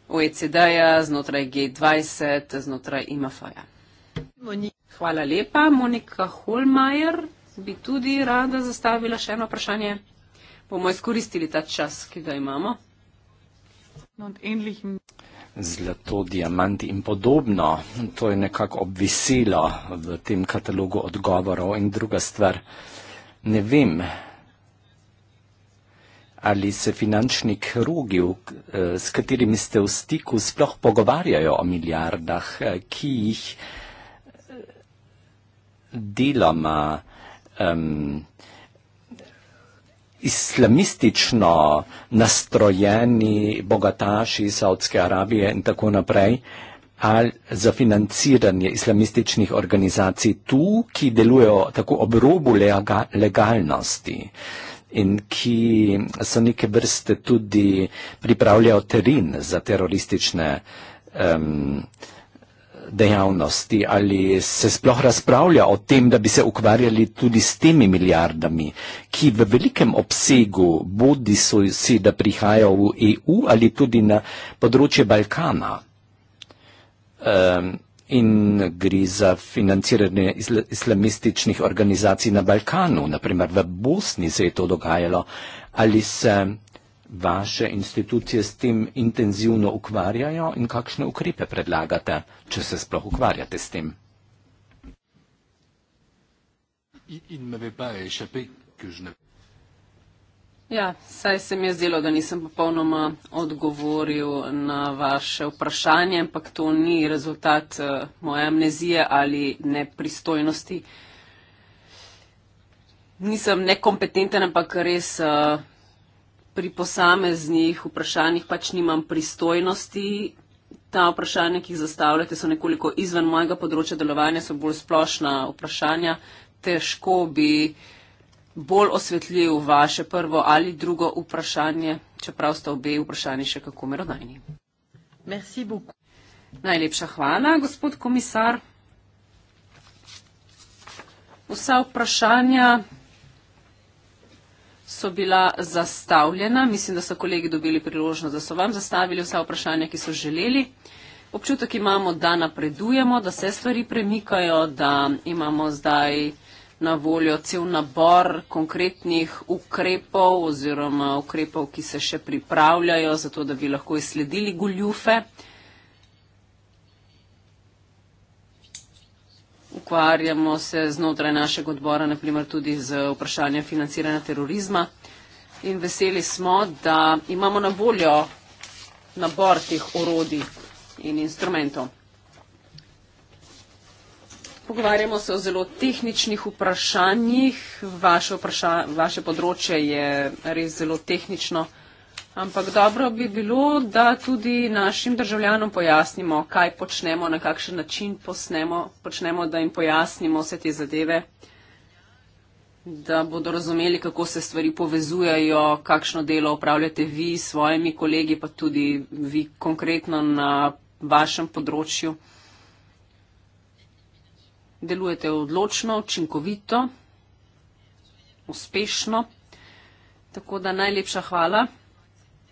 Speaker 3: OECD-ja, znotraj G20, znotraj IMF-ja. Hvala lepa. Monika Holmajer bi tudi rada zastavila še eno vprašanje. Bomo izkoristili ta čas, ki ga imamo.
Speaker 2: Zlato, diamant in podobno. To je nekako obvisilo v tem katalogu odgovorov. In druga stvar, ne vem, ali se finančni krogi, eh, s katerimi ste v stiku, sploh pogovarjajo o milijardah, eh, ki jih eh, deloma um, islamistično nastrojeni bogataši iz Saudske Arabije in tako naprej, ali za financiranje islamističnih organizacij tu, ki delujejo tako ob robu legalnosti in ki so neke vrste tudi pripravljajo teren za teroristične um, dejavnosti ali se sploh razpravlja o tem, da bi se ukvarjali tudi s temi milijardami, ki v velikem obsegu bodi so si, da prihajajo v EU ali tudi na področje Balkana. Um, in gre za financiranje isla islamističnih organizacij na Balkanu, naprimer v Bosni se je to dogajalo. Ali se vaše institucije s tem intenzivno ukvarjajo in kakšne ukrepe predlagate, če se sploh ukvarjate s tem?
Speaker 1: In, in
Speaker 3: Ja, saj se mi je zdelo, da nisem popolnoma odgovoril na vaše vprašanje, ampak to ni rezultat eh, moje amnezije ali nepristojnosti. Nisem nekompetenten, ampak res eh, pri posameznih vprašanjih pač nimam pristojnosti. Ta vprašanja, ki jih zastavljate, so nekoliko izven mojega področja delovanja, so bolj splošna vprašanja. Težko bi bolj osvetljil vaše prvo ali drugo vprašanje, čeprav sta obe vprašanji še kako merodajni.
Speaker 1: Merci beaucoup.
Speaker 3: Najlepša hvala, gospod komisar. Vsa vprašanja so bila zastavljena. Mislim, da so kolegi dobili priložnost, da so vam zastavili vsa vprašanja, ki so želeli. Občutek imamo, da napredujemo, da se stvari premikajo, da imamo zdaj na voljo cel nabor konkretnih ukrepov oziroma ukrepov, ki se še pripravljajo, zato da bi lahko izsledili goljufe. Ukvarjamo se znotraj našega odbora, naprimer tudi z vprašanjem financiranja terorizma in veseli smo, da imamo na voljo nabor teh orodij in instrumentov pogovarjamo se o zelo tehničnih vprašanjih. Vaše, vpraša, vaše področje je res zelo tehnično, ampak dobro bi bilo, da tudi našim državljanom pojasnimo, kaj počnemo, na kakšen način posnemo, počnemo, da jim pojasnimo vse te zadeve, da bodo razumeli, kako se stvari povezujajo, kakšno delo upravljate vi s svojimi kolegi, pa tudi vi konkretno na vašem področju delujete odločno, učinkovito, uspešno. Tako da najlepša hvala.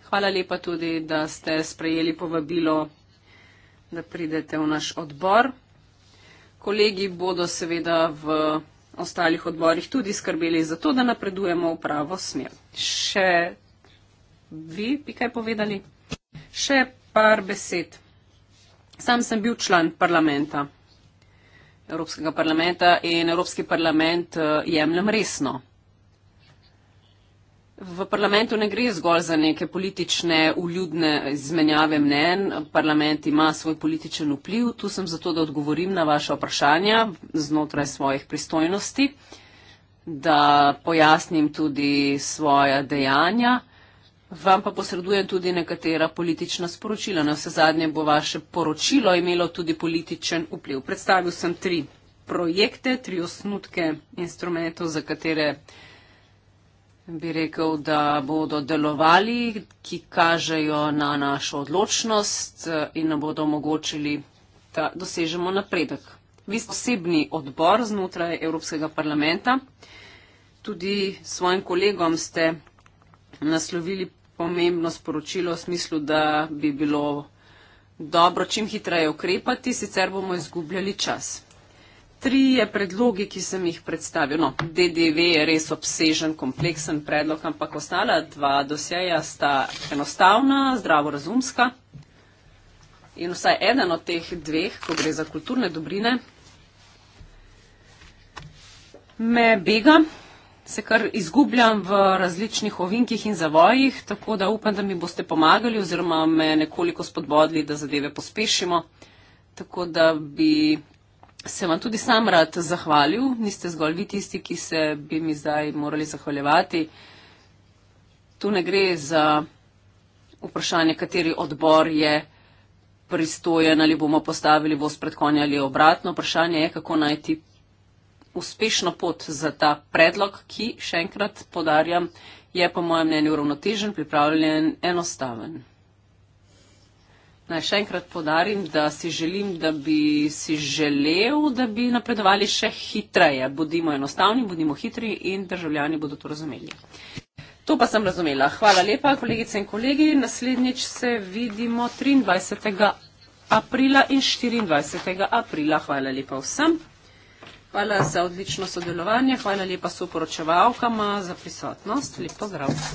Speaker 3: Hvala lepa tudi, da ste sprejeli povabilo, da pridete v naš odbor. Kolegi bodo seveda v ostalih odborih tudi skrbeli za to, da napredujemo v pravo smer. Še vi bi kaj povedali? Še par besed. Sam sem bil član parlamenta. Evropskega parlamenta in Evropski parlament eh, jemljem resno. V parlamentu ne gre zgolj za neke politične uljudne izmenjave mnen, parlament ima svoj političen vpliv, tu sem zato, da odgovorim na vaše vprašanja znotraj svojih pristojnosti, da pojasnim tudi svoja dejanja vam pa posredujem tudi nekatera politična sporočila. Na vse zadnje bo vaše poročilo imelo tudi političen vpliv. Predstavil sem tri projekte, tri osnutke instrumentov, za katere bi rekel, da bodo delovali, ki kažejo na našo odločnost eh, in nam bodo omogočili, da dosežemo napredek. Vi ste osebni odbor znotraj Evropskega parlamenta. Tudi svojim kolegom ste naslovili pomembno sporočilo v smislu, da bi bilo dobro čim hitreje ukrepati, sicer bomo izgubljali čas. Tri je predlogi, ki sem jih predstavil. No, DDV je res obsežen, kompleksen predlog, ampak ostala dva dosjeja sta enostavna, zdravorazumska in vsaj eden od teh dveh, ko gre za kulturne dobrine, me bega se kar izgubljam v različnih ovinkih in zavojih, tako da upam, da mi boste pomagali oziroma me nekoliko spodbodli, da zadeve pospešimo. Tako da bi se vam tudi sam rad zahvalil, niste zgolj vi tisti, ki se bi mi zdaj morali zahvaljevati. Tu ne gre za vprašanje, kateri odbor je pristojen ali bomo postavili voz pred konja ali obratno. Vprašanje je, kako najti uspešno pot za ta predlog, ki, še enkrat podarjam, je po mojem mnenju uravnotežen, pripravljen, enostaven. Naj še enkrat podarim, da si želim, da bi si želel, da bi napredovali še hitreje. Bodimo enostavni, bodimo hitri in državljani bodo to razumeli. To pa sem razumela. Hvala lepa, kolegice in kolegi. Naslednjič se vidimo 23. aprila in 24. aprila. Hvala lepa vsem. Hvala za odlično sodelovanje, hvala lepa soporočevalkama za prisotnost. Lep pozdrav.